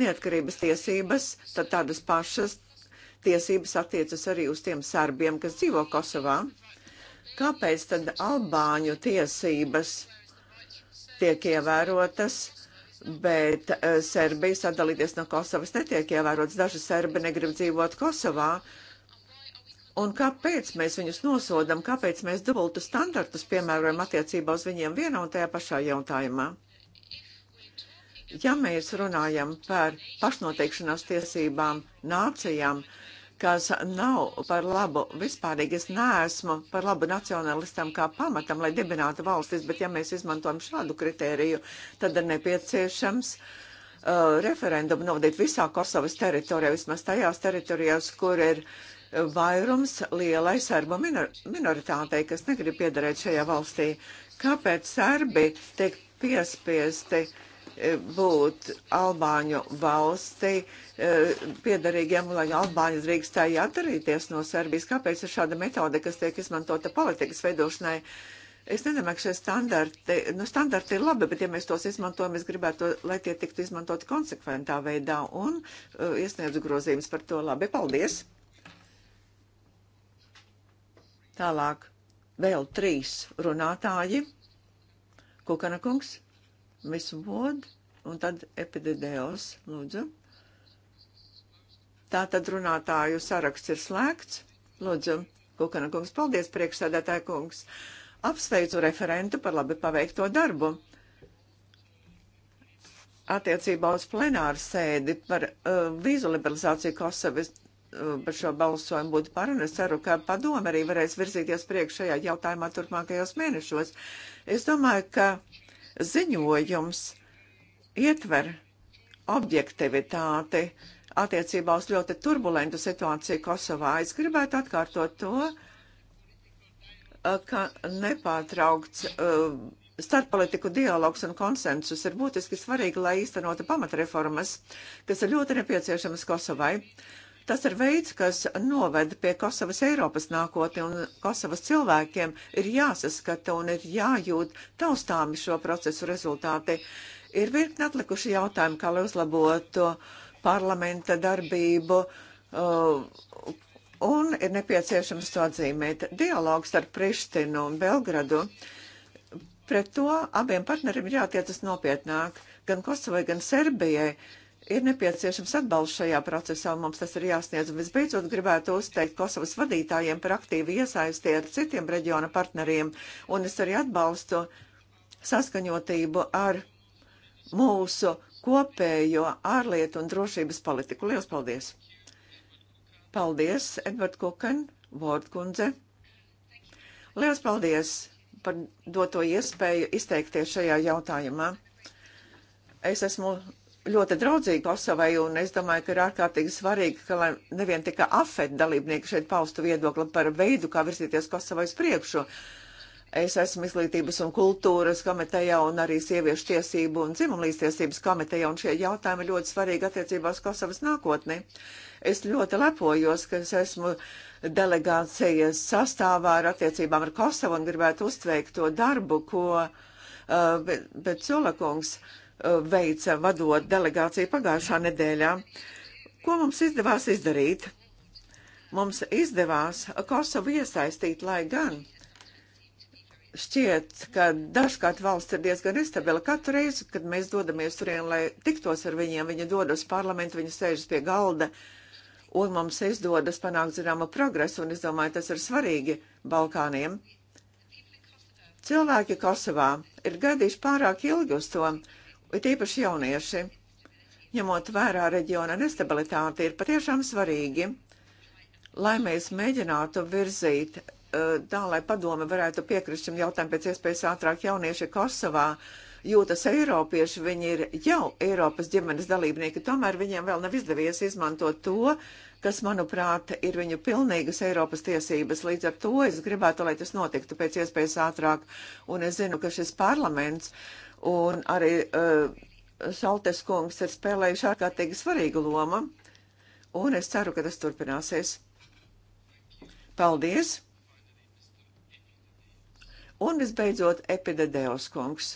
neatkarības tiesības, tad tādas pašas tiesības attiecas arī uz tiem serbiem, kas dzīvo Kosovā. Kāpēc tad albāņu tiesības tiek ievērotas, bet eh, Serbijas atdalīties no Kosovas netiek ievērotas? Daži serbi negrib dzīvot Kosovā, uh, Un kāpēc mēs viņus nosodam, kāpēc mēs dubultu standartus piemērojam attiecībā uz viņiem vienā un tajā pašā jautājumā? Ja mēs runājam par pašnoteikšanās tiesībām nācijām, kas nav par labu vispārīgi. Es neesmu par labu nacionalistam kā pamatam, lai dibinātu valstis, bet ja mēs izmantojam šādu kritēriju, tad ir nepieciešams uh, referendumu novadīt visā Kosovas teritorijā, vismaz tajās teritorijās, kur ir vairums lielai serbu minor minoritātei, kas negrib piederēt šajā valstī. Kāpēc serbi tiek piespiesti eh, būt Albāņu valstī eh, piedarīgiem, lai Albāņi drīkstēja atdarīties no Serbijas? Kāpēc ir šāda metode, kas tiek izmantota politikas veidošanai? Es nedomāju, ka šie standarti, nu, standarti ir labi, bet, ja mēs tos izmantojam, es gribētu, lai tie tiktu izmantoti konsekventā veidā un uh, iesniedzu grozījumus par to. Labi, paldies! Tālāk vēl trīs runātāji. Kukana kungs, Misvod un tad Epidēdeos, lūdzu. Tātad runātāju saraksts ir slēgts. Lūdzu, Kukana kungs, paldies priekšsēdētāja kungs. Apsveicu referentu par labi paveikto darbu attiecībā uz plenāru sēdi par uh, vīzu liberalizāciju Kosovas Uh, par šo balsojumu būtu par, un es ceru, ka padome arī varēs virzīties priekš šajā jautājumā turpmākajos mēnešos. Es domāju, ka ziņojums ietver objektivitāti attiecībā uz ļoti turbulentu situāciju Kosovā. Es gribētu atkārtot to, uh, ka nepārtraukts uh, starppolitiku dialogs un konsensus ir būtiski svarīgi, lai īstenotu pamatreformas, kas ir ļoti nepieciešamas Kosovai. Uh, Tas ir veids, kas noved pie Kosovas Eiropas nākotni, un Kosovas cilvēkiem ir jāsaskata un ir jājūt taustāmi šo procesu rezultāti. Ir virkni atlikuši jautājumi, kā lai uzlabotu parlamenta darbību. Uh, un ir nepieciešams to atzīmēt. Dialogs ar Prištinu un Belgradu. Pret to abiem partneriem jātiecas nopietnāk. Gan Kosovai, gan Serbijai ir nepieciešams atbalsts šajā procesā, un mums tas ir jāsniedz. Un visbeidzot, gribētu uzteikt Kosovas vadītājiem par aktīvu iesaisti ar citiem reģiona partneriem, un es arī atbalstu saskaņotību ar mūsu kopējo ārlietu un drošības politiku. Lielas paldies! Paldies, Edvard Kukan, Vordkundze! Lielas paldies par doto iespēju izteikties šajā jautājumā! Es esmu ļoti draudzīgi Kosovai, un es domāju, ka ir ārkārtīgi svarīgi, ka lai nevien tikai afet dalībnieki šeit paustu viedokli par veidu, kā virzīties Kosovai uz priekšu. Es esmu izglītības un kultūras komiteja un arī sieviešu tiesību un dzimumlīstiesības komiteja, un šie jautājumi ļoti svarīgi attiecībās Kosovas nākotni. Es ļoti lepojos, ka es esmu delegācijas sastāvā ar attiecībām ar Kosovu un gribētu uztveikt to darbu, ko uh, Betsola bet kungs. Uh, Uh, veica vadot delegāciju pagājušā nedēļā. Ko mums izdevās izdarīt? Mums izdevās Kosovu iesaistīt, lai gan šķiet, ka dažkārt valsts ir diezgan nestabila. Katru reizi, kad mēs dodamies turien, lai tiktos ar viņiem, viņi dodas parlamentu, viņi sēžas pie galda, un mums izdodas panākt zināmu progresu, un es domāju, tas ir svarīgi Balkāniem. Cilvēki Kosovā ir gaidījuši pārāk ilgi uz to it īpaši jaunieši, ņemot vērā reģiona nestabilitāti, ir patiešām svarīgi, lai mēs mēģinātu virzīt eh, tā, lai padome varētu piekrist šim jautājumam pēc iespējas ātrāk jaunieši Kosovā jūtas eiropieši, viņi ir jau Eiropas ģimenes dalībnieki, tomēr viņiem vēl nav izdevies izmantot to, kas, manuprāt, ir viņu pilnīgas Eiropas tiesības. Līdz ar to es gribētu, lai tas notiktu pēc iespējas ātrāk, un es zinu, ka šis parlaments uh, un arī uh, Šaltes kungs ir spēlējuši ārkārtīgi svarīgu lomu, un es ceru, ka tas turpināsies. Paldies! Un visbeidzot, Epidēdeus kungs.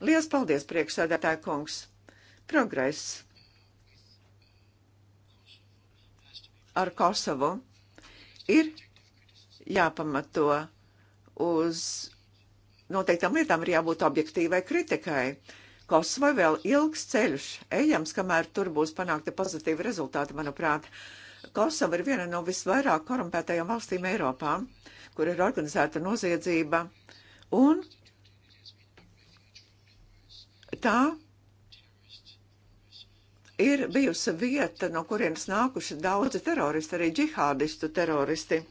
Lielas paldies, priekšsēdētāja kungs! Progress ar Kosovu ir jāpamato uz noteiktām lietām ir jābūt objektīvai kritikai. Kosova vēl ilgs ceļš, ejams, kamēr tur būs panākti pozitīvi rezultāti, manuprāt. Kosova ir viena no visvairāk korumpētajām valstīm Eiropā, kur ir organizēta noziedzība, un tā ir bijusi vieta, no kurienes nākuši daudzi teroristi, arī džihādistu teroristi.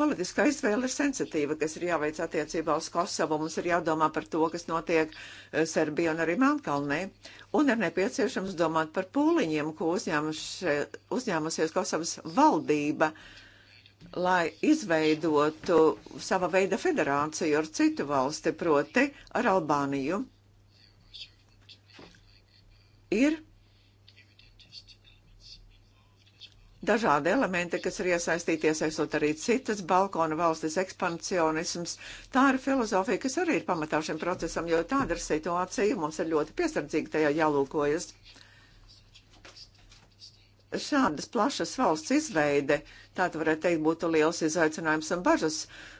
Politiskā izvēle ir sensitīva, kas ir jāveic attiecībā uz Kosovu. Mums ir jādomā par to, kas notiek eh, Serbijā un arī Melnkalnē. Un ir nepieciešams domāt par pūliņiem, ko uzņēmusies Kosovas valdība, lai izveidotu sava veida federāciju ar citu valsti, proti ar Albāniju. Ir dažādi elementi, kas ir iesaistīti, iesaistot arī citas balkona valstis ekspansionisms. Tā ir filozofija, kas arī ir pamatā šim procesam, jo tāda ir situācija, mums ir ļoti piesardzīgi tajā jālūkojas. Šādas plašas valsts izveide, tā varētu teikt, būtu liels izaicinājums un bažas,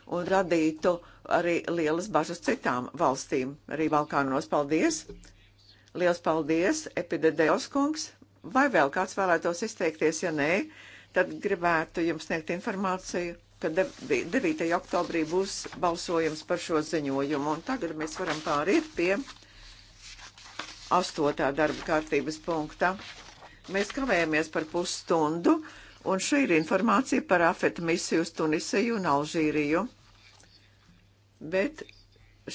un radītu arī lielas bažas citām valstīm, arī Balkānos. Paldies! Liels paldies, Epidēdeos kungs! Vai vēl kāds vēlētos izteikties, ja nē, tad gribētu jums sniegt informāciju, ka 9. oktobrī būs balsojums par šo ziņojumu. Un tagad mēs varam pāriet pie 8. darba kārtības punktā. Mēs kavējamies par pusstundu, un šī ir informācija par afeta misiju uz Tunisiju un Alžīriju. Bet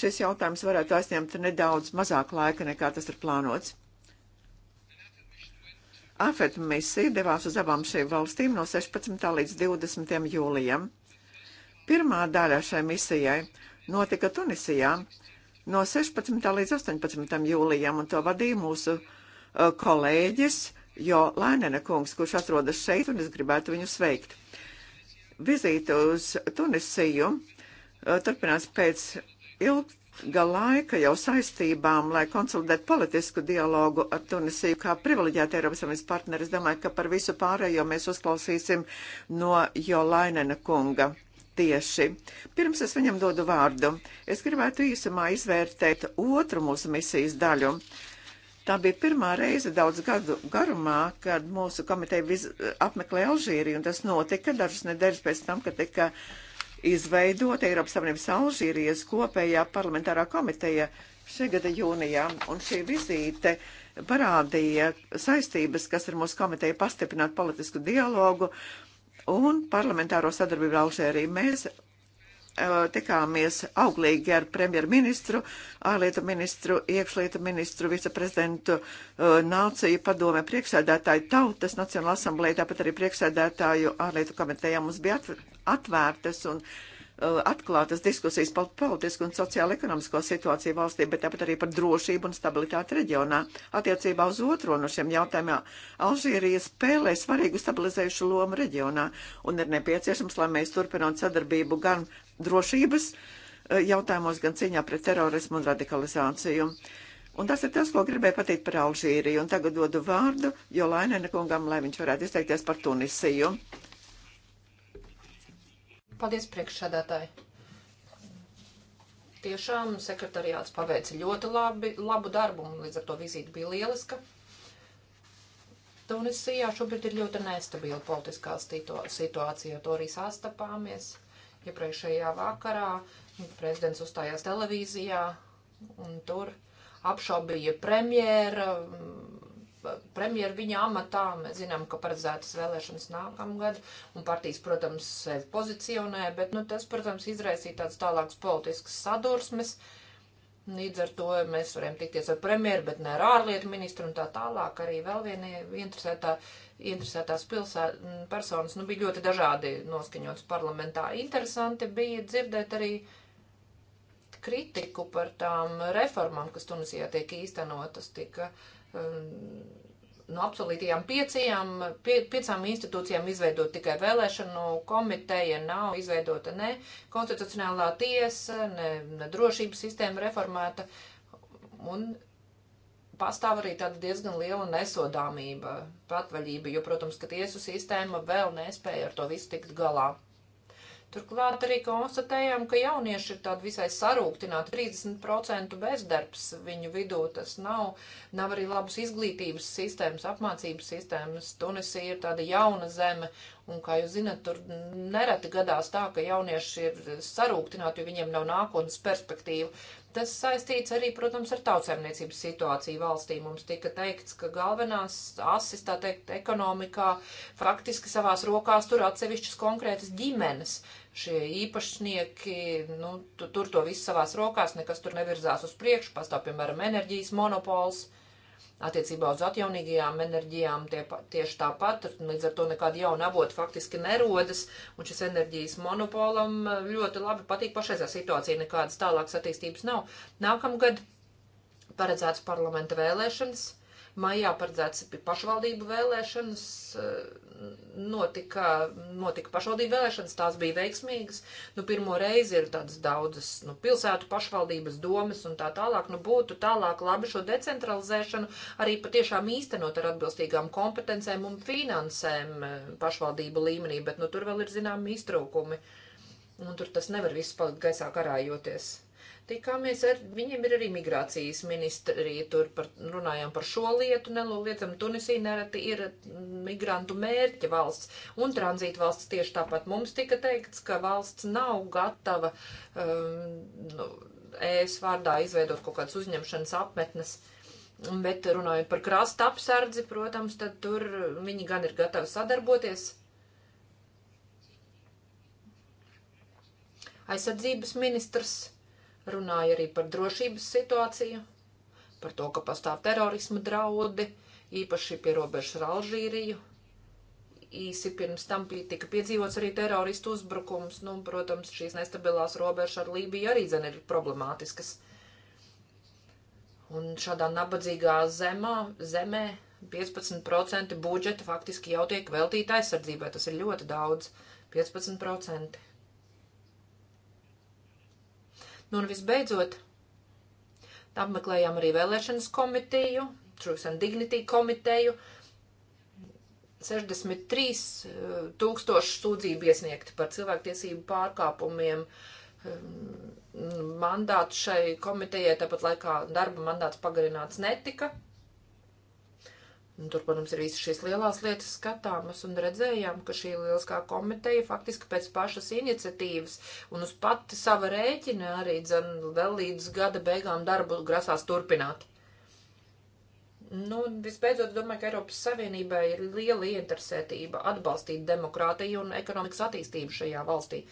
šis jautājums varētu aizņemt nedaudz mazāk laika, nekā tas ir plānots. AFET misija devās uz abām šīm valstīm no 16. līdz 20. jūlijam. Pirmā daļa šai misijai notika Tunisijā no 16. līdz 18. jūlijam, un to vadīja mūsu uh, kolēģis Jo Lainene kungs, kurš atrodas šeit, un es gribētu viņu sveikt. Vizīte uz Tunisiju uh, turpinās pēc ilg gala laika jau saistībām, lai konsolidētu politisku dialogu ar Tunisiju kā privileģētu Eiropas Savienības partneri. Es domāju, ka par visu pārējo mēs uzklausīsim no Jolainena kunga. Tieši. Pirms es viņam dodu vārdu, es gribētu īsumā izvērtēt otru mūsu misijas daļu. Tā bija pirmā reize daudz gadu garumā, kad mūsu komiteja apmeklēja Alžīriju, un tas notika dažas nedēļas pēc tam, kad tika uh, izveidot Eiropas Savienības Alžīrijas kopējā parlamentārā komiteja šī gada jūnijā, un šī vizīte parādīja saistības, kas ir mūsu komiteja pastiprināt politisku dialogu un parlamentāro sadarbību Alžērī. Mēs Eh, tikāmies auglīgi ar premjerministru, ārlietu ministru, iekšlietu ministru, viceprezidentu, eh, nāciju padome, priekšsēdētāju tautas Nacionāla asamblēja, tāpat arī priekšsēdētāju ārlietu komitejā mums bija atvērtas un uh, Uh, atklātas diskusijas par politisku un sociālo-ekonomisko situāciju valstī, bet tāpat arī par drošību un stabilitāti reģionā. Attiecībā uz otro no šiem jautājumiem Alžīrija spēlē svarīgu stabilizējušu lomu reģionā un ir nepieciešams, lai mēs turpinām sadarbību gan drošības uh, jautājumos, gan cīņā pret terorismu un radikalizāciju. Un tas ir tas, ko gribēju pateikt par Alžīriju. Un tagad dodu vārdu Jolainēna kungam, lai viņš varētu izteikties par Tunisiju. Paldies, priekšsēdētāji. Tiešām sekretariāts paveica ļoti labi, labu darbu, un līdz ar to vizīte bija lieliska. Tunisijā šobrīd ir ļoti nestabila politiskā situācija, to arī sastapāmies. Iepriekšējā vakarā prezidents uzstājās televīzijā, un tur apšaubīja premjera premjeru viņa amatā. Mēs zinām, ka paredzētas vēlēšanas nākamgad, un partijas, protams, sevi pozicionē, bet nu, tas, protams, izraisīja tādas tālākas politiskas sadursmes. Līdz ar to mēs varējām tikties ar premjeru, bet ne ar ārlietu ministru un tā tālāk. Arī vēl viena interesētā, interesētās pilsēt, personas nu, bija ļoti dažādi noskaņots parlamentā. Interesanti bija dzirdēt arī kritiku par tām reformām, kas Tunisijā tiek īstenotas. Tika uh, Um, no absolūtajām piecajām, pie, piecām institūcijām izveidot tikai vēlēšanu komiteja, nav izveidota ne konstitucionālā tiesa, ne, ne drošības sistēma reformēta, un pastāv arī tāda diezgan liela nesodāmība, patvaļība, jo, protams, ka tiesu sistēma vēl nespēja ar to visu tikt galā. Turklāt arī konstatējām, ka jaunieši ir tādi visai sarūktināti, 30% bezdarbs viņu vidū, tas nav, nav arī labas izglītības sistēmas, apmācības sistēmas. Tunisija ir tāda jauna zeme, un, kā jūs zinat, tur nereti gadās tā, ka jaunieši ir sarūktināti, jo viņiem nav nākotnes perspektīva tas saistīts arī, protams, ar tautsēmniecības situāciju valstī. Mums tika teikts, ka galvenās asis, tā teikt, ekonomikā faktiski savās rokās tur atsevišķas konkrētas ģimenes. Šie īpašnieki, nu, tur to viss savās rokās, nekas tur nevirzās uz priekšu, pastāv, piemēram, enerģijas monopols. Uh, Attiecībā uz atjaunīgajām enerģijām tie, tieši tāpat, līdz ar to nekāda jauna avota faktiski nerodas, un šis enerģijas monopolam e, ļoti labi patīk pašreizā situācija, nekādas tālākas attīstības nav. Nākamgad paredzēts parlamenta vēlēšanas. Uh, Maijā paredzēts pašvaldību vēlēšanas, eh, notika, notika pašvaldību vēlēšanas, tās bija veiksmīgas. Nu, pirmo reizi ir tādas daudzas nu, pilsētu pašvaldības domas un tā tālāk. Nu, būtu tālāk labi šo decentralizēšanu arī patiešām īstenot ar atbilstīgām kompetencēm un finansēm eh, pašvaldību līmenī, bet nu, tur vēl ir zināmi iztrūkumi. Un tur tas nevar viss palikt gaisā karājoties tikāmies ar, viņiem ir arī migrācijas ministrija, tur par, runājām par šo lietu, nelūliecam, Tunisija nereti ir migrantu mērķa valsts un tranzīta valsts tieši tāpat. Mums tika teikts, ka valsts nav gatava um, nu, ES vārdā izveidot kaut kādas uzņemšanas apmetnes. Bet runājot par krasta apsardzi, protams, tad tur viņi gan ir gatavi sadarboties, aizsardzības ministrs runāja arī par drošības situāciju, par to, ka pastāv terorisma draudi, īpaši pie robežas ar Alžīriju. Īsi pirms tam tika piedzīvots arī teroristu uzbrukums. Nu, protams, šīs nestabilās robežas ar Lībiju arī zina ir problemātiskas. Un šādā nabadzīgā zemā, zemē 15% budžeta faktiski jau tiek veltīta aizsardzībai. Tas ir ļoti daudz - 15%. Nu un visbeidzot, apmeklējām arī vēlēšanas komitiju, Truth and Dignity komiteju. 63 eh, tūkstoši sūdzību iesniegti par cilvēktiesību pārkāpumiem. Ehm, mandāts šai komitejai tāpat laikā darba mandāts pagarināts netika. Un tur, protams, ir visas šīs lielās lietas skatāmas un redzējām, ka šī lieliskā komiteja faktiski pēc pašas iniciatīvas un uz pati sava rēķina arī dzen, vēl līdz gada beigām darbu grasās turpināt. Nu, visbeidzot, domāju, ka Eiropas Savienībai ir liela interesētība atbalstīt demokrātiju un ekonomikas attīstību šajā valstī.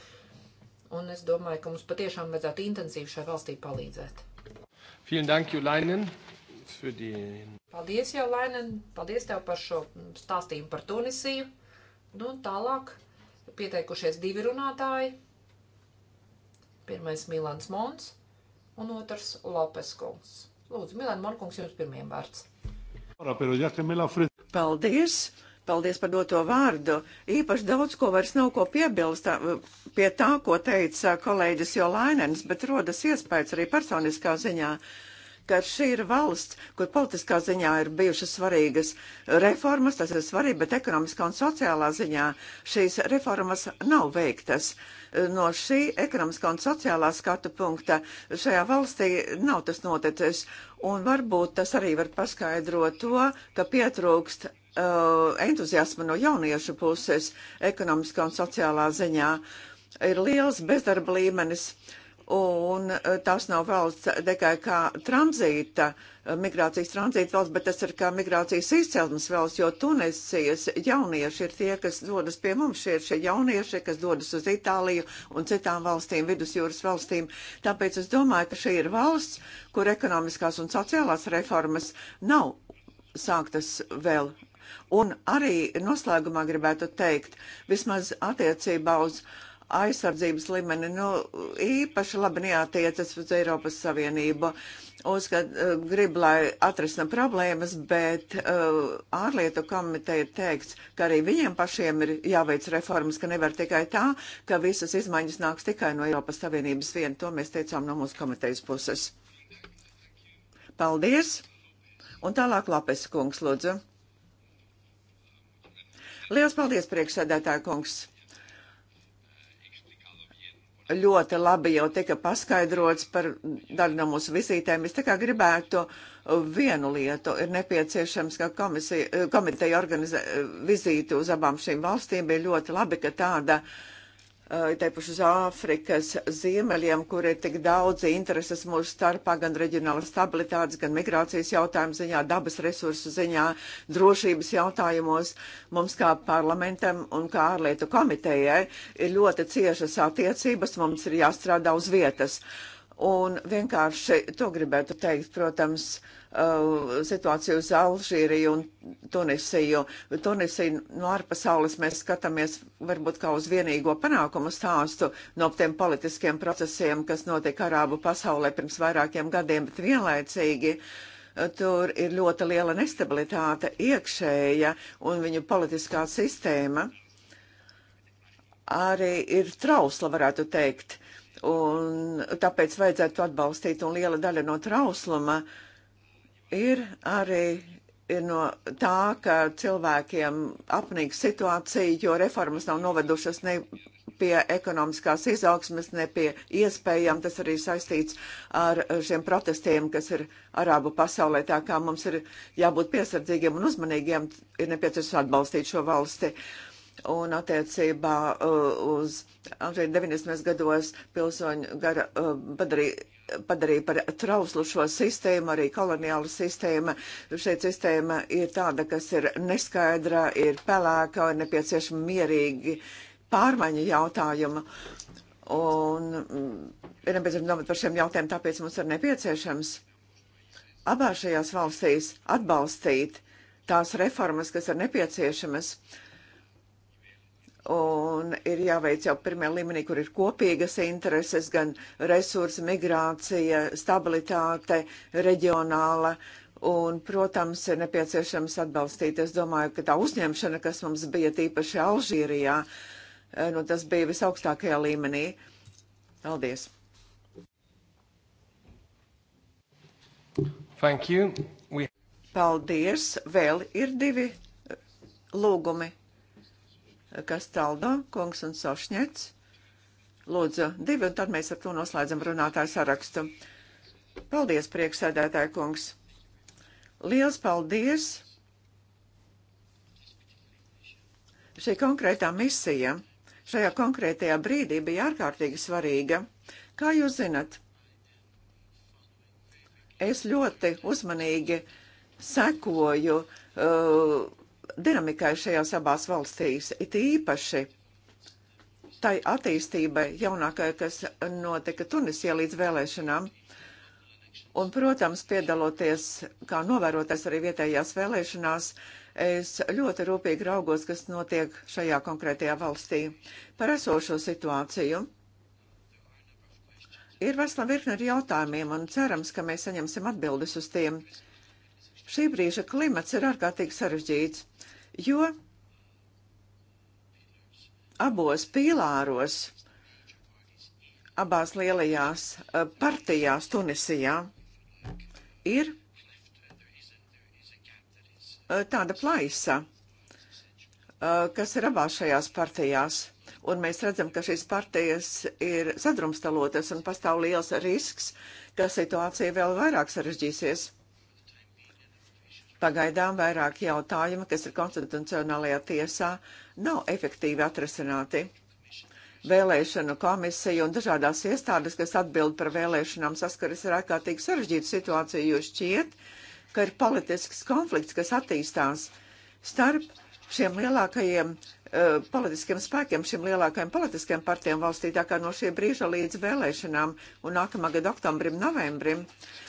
Un es domāju, ka mums patiešām vajadzētu intensīvi šai valstī palīdzēt. Vielen Dank, Julainen. Paldies, jau Lainen, paldies tev par šo stāstījumu par Tunisiju. Nu, tālāk pieteikušies divi runātāji. Pirmais Milans Mons un otrs Lopes Kungs. Lūdzu, Milan Monkungs, jums pirmiem vārds. Paldies! Paldies par doto vārdu. Īpaši daudz ko vairs nav ko piebilst pie tā, ko teica kolēģis Jolainens, bet rodas iespējas arī personiskā ziņā, ka šī ir valsts, kur politiskā ziņā ir bijušas svarīgas reformas, tas ir svarīgi, bet ekonomiskā un sociālā ziņā šīs reformas nav veiktas. No šī ekonomiskā un sociālā skatu punkta šajā valstī nav tas noticis, un varbūt tas arī var paskaidrot to, ka pietrūkst uh, entuziasma no jauniešu puses ekonomiskā un sociālā ziņā. Ir liels bezdarba līmenis. Uh, un e, tas nav valsts tikai kā tranzīta, e, migrācijas tranzīta valsts, bet tas ir kā migrācijas izcelsmes valsts, jo Tunisijas jaunieši ir tie, kas dodas pie mums, šie ir šie jaunieši, kas dodas uz Itāliju un citām valstīm, vidusjūras valstīm. Tāpēc es domāju, ka šī ir valsts, kur ekonomiskās un sociālās reformas nav sāktas vēl. Un arī noslēgumā gribētu teikt, vismaz attiecībā uz uh, aizsardzības līmeni nu, īpaši labi neatiecas uz Eiropas Savienību. Uzskat, eh, grib, lai atrisina problēmas, bet uh, ārlietu komiteja ir teikts, ka arī viņiem pašiem ir jāveic reformas, ka nevar tikai tā, ka visas izmaiņas nāks tikai no Eiropas Savienības viena. To mēs teicām no mūsu komitejas puses. Paldies! Un tālāk Lapes kungs, lūdzu. Liels paldies, priekšsēdētāja kungs! ļoti labi jau tika paskaidrots par daļu no mūsu vizītēm. Es tikai gribētu vienu lietu. Ir nepieciešams, ka komisija, komiteja organizē vizīti uz abām šīm valstīm. Bija ļoti labi, ka tāda uh, Eh, Teipuši uz Āfrikas ziemeļiem, kur ir tik daudz intereses mūsu starpā, gan reģionālas stabilitātes, gan migrācijas jautājumu ziņā, dabas resursu ziņā, drošības jautājumos. Mums kā parlamentam un kā ārlietu komitejai ir ļoti ciešas attiecības, mums ir jāstrādā uz vietas. Uh, Un vienkārši to gribētu teikt, protams, uh, situāciju uz Alžīriju un Tunisiju. Tunisiju no ārpasaules mēs skatāmies varbūt kā uz vienīgo panākumu stāstu no tiem politiskiem procesiem, kas notika Arābu pasaulē pirms vairākiem gadiem, bet vienlaicīgi uh, tur ir ļoti liela nestabilitāte iekšēja un viņu politiskā sistēma arī ir trausla, varētu teikt Un tāpēc vajadzētu atbalstīt, un liela daļa no trausluma ir arī ir no tā, ka cilvēkiem apnīk situācija, jo reformas nav novedušas ne pie ekonomiskās izaugsmes, ne pie iespējām. Tas arī saistīts ar šiem protestiem, kas ir Arābu pasaulē. Tā kā mums ir jābūt piesardzīgiem un uzmanīgiem, ir nepieciešams atbalstīt šo valsti. Uh, un attiecībā uh, uz 90. gados pilsoņu gara uh, padarīja padarīja par trauslu šo sistēmu, arī koloniālu sistēmu. Šeit sistēma ir tāda, kas ir neskaidra, ir pelēka, ir nepieciešama mierīgi pārmaiņa jautājuma. Un mm, ir nepieciešams domāt par šiem jautājumiem, tāpēc mums ir nepieciešams abās šajās valstīs atbalstīt tās reformas, kas ir nepieciešamas. Uh, Un ir jāveic jau pirmajā līmenī, kur ir kopīgas intereses, gan resursi, migrācija, stabilitāte, reģionāla. Un, protams, ir nepieciešams atbalstīt. Es domāju, ka tā uzņemšana, kas mums bija tīpaši Alžīrijā, eh, nu, tas bija visaugstākajā līmenī. Paldies! Thank you. We... Paldies! Vēl ir divi eh, lūgumi Kastaldo, kungs un Sošņets. Lūdzu, divi, un tad mēs ar to noslēdzam runātāju sarakstu. Paldies, prieksēdētāji kungs! Liels paldies! Šī konkrētā misija šajā konkrētajā brīdī bija ārkārtīgi svarīga. Kā jūs zinat, es ļoti uzmanīgi sekoju uh, dinamikai šajās abās valstīs, it īpaši tai attīstībai jaunākai, kas notika Tunisijā līdz vēlēšanām. Un, protams, piedaloties kā novēroties arī vietējās vēlēšanās, es ļoti rūpīgi raugos, kas notiek šajā konkrētajā valstī par esošo situāciju. Ir vesela virkne ar jautājumiem, un cerams, ka mēs saņemsim atbildes uz tiem. Uh, Šī brīža klimats ir ārkārtīgi sarežģīts, jo abos pīlāros, abās lielajās eh, partijās Tunisijā ir eh, tāda plaisa, eh, kas ir abās šajās partijās. Un mēs redzam, ka šīs partijas ir sadrumstalotas un pastāv liels risks, ka situācija vēl vairāk sarežģīsies. Pagaidām vairāk jautājumu, kas ir konstitucionālajā tiesā, nav efektīvi atrasināti. Vēlēšanu komisija un dažādās iestādes, kas atbild par vēlēšanām, saskaras ar ārkārtīgi sarežģītu situāciju, jo šķiet, ka ir politisks konflikts, kas attīstās starp šiem lielākajiem uh, Eh, politiskiem spēkiem, šiem lielākajiem politiskiem partijām valstī, tā kā no šī brīža līdz vēlēšanām un nākamā gada oktobrim, novembrim,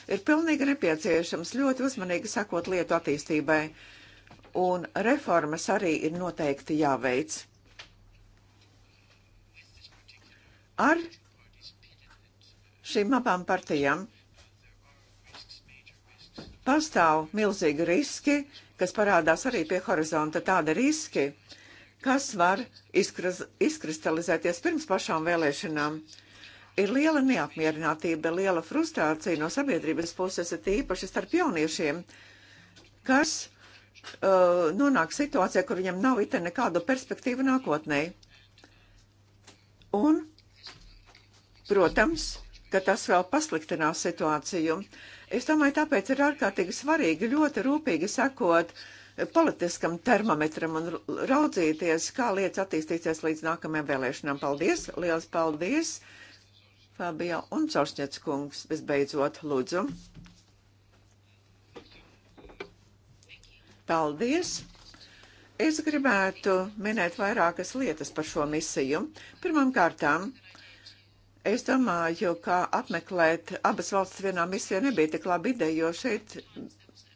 ir pilnīgi nepieciešams ļoti uzmanīgi sekot lietu attīstībai, un reformas arī ir noteikti jāveic. Ar šīm abām partijām pastāv milzīgi riski, kas parādās arī pie horizonta tāda riski, uh, kas var izkraz, izkristalizēties pirms pašām vēlēšanām. Ir liela neapmierinātība, liela frustrācija no sabiedrības puses, tīpaši starp jauniešiem, kas uh, nonāk situācijā, kur viņam nav ite nekādu perspektīvu nākotnē. Un, protams, ka tas vēl pasliktinās situāciju. Es domāju, tāpēc ir ārkārtīgi svarīgi ļoti rūpīgi sekot uh, politiskam termometram un raudzīties, kā lietas attīstīsies līdz nākamajām vēlēšanām. Paldies! Liels paldies! Fabio un Caušņets kungs, visbeidzot, lūdzu. Paldies! Es gribētu minēt vairākas lietas par šo misiju. Pirmām kārtām, es domāju, ka apmeklēt abas valstis vienā misijā nebija tik laba ideja, jo šeit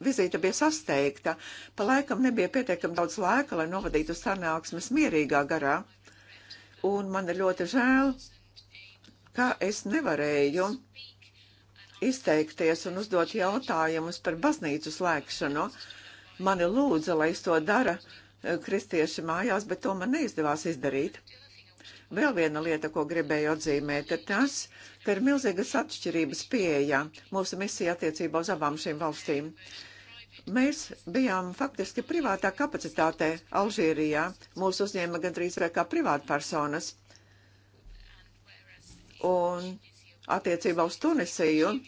Vizīte bija sasteigta, pa laikam nebija pietiekami daudz laika, lai novadītu sanāksmes mierīgā garā. Un man ir ļoti žēl, ka es nevarēju izteikties un uzdot jautājumus par baznīcu slēgšanu. Mani lūdza, lai es to dara eh, kristieši mājās, bet to man neizdevās izdarīt. Vēl viena lieta, ko gribēju atzīmēt, ir tas, ka ir milzīgas atšķirības pieejā mūsu misija attiecībā uz abām šīm valstīm. Mēs bijām faktiski privātā kapacitātē Alžīrijā. Mūsu uzņēma gandrīz vai kā privātpersonas. Un attiecībā uz Tunisiju uh,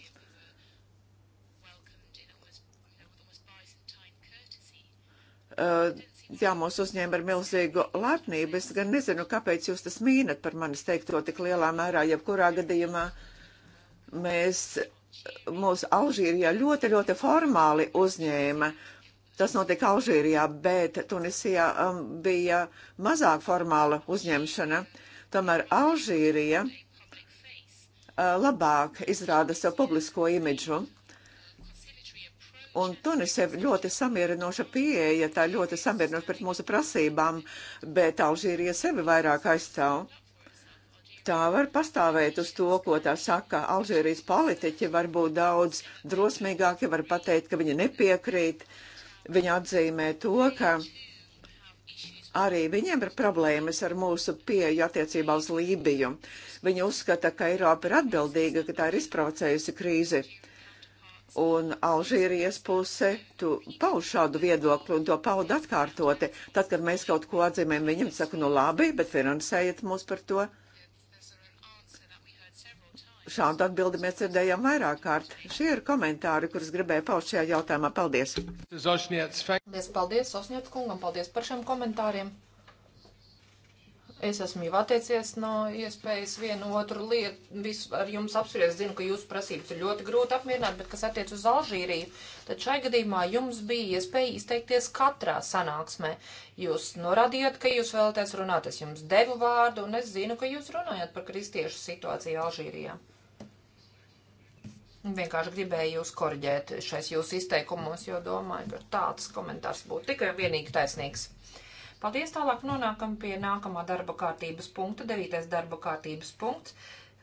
jā, mūs uzņēma ar milzīgu lepnību. Es gan nezinu, kāpēc jūs tas mīnat par manis teikto tik lielā mērā, jebkurā gadījumā mēs mūsu Alžīrijā ļoti, ļoti formāli uzņēma. Tas notika Alžīrijā, bet Tunisijā um, bija mazāk formāla uzņemšana. Tomēr Alžīrija uh, labāk izrāda savu publisko imidžu. Un Tunisija ļoti samierinoša pieeja, tā ļoti samierinoša pret mūsu prasībām, bet Alžīrija sevi vairāk aizstāv tā var pastāvēt uz to, ko tā saka. Alžērijas politiķi var būt daudz drosmīgāki, var pateikt, ka viņi nepiekrīt. Viņa atzīmē to, ka arī viņiem ir problēmas ar mūsu pieeju attiecībā uz Lībiju. Viņa uzskata, ka Eiropa ir atbildīga, ka tā ir izprocējusi krīzi. Un Alžīrijas puse tu pauž šādu viedokli un to paud atkārtoti. Tad, kad mēs kaut ko atzīmēm, viņam saka, nu labi, bet finansējiet mūs par to. Uh, Šādu atbildi mēs dzirdējām vairāk kārt. Šie ir komentāri, kurus gribēju paust šajā jautājumā. Paldies! Paldies, paldies Osņets kungam, paldies par šiem komentāriem. Es esmu jau attiecies no iespējas vienu otru lietu, visu ar jums apspriest. Zinu, ka jūsu prasības ir ļoti grūti apmierināt, bet kas attiec uz Alžīriju, tad šai gadījumā jums bija iespēja izteikties katrā sanāksmē. Jūs norādījāt, ka jūs vēlaties runāt, es jums devu vārdu, un es zinu, ka jūs runājat par kristiešu situāciju Alžīrijā. Vienkārši gribēju jūs korģēt šais jūsu izteikumos, jo domāju, ka tāds komentārs būtu tikai un vienīgi taisnīgs. Paldies, tālāk nonākam pie nākamā darba kārtības punkta, devītais darba kārtības punkts.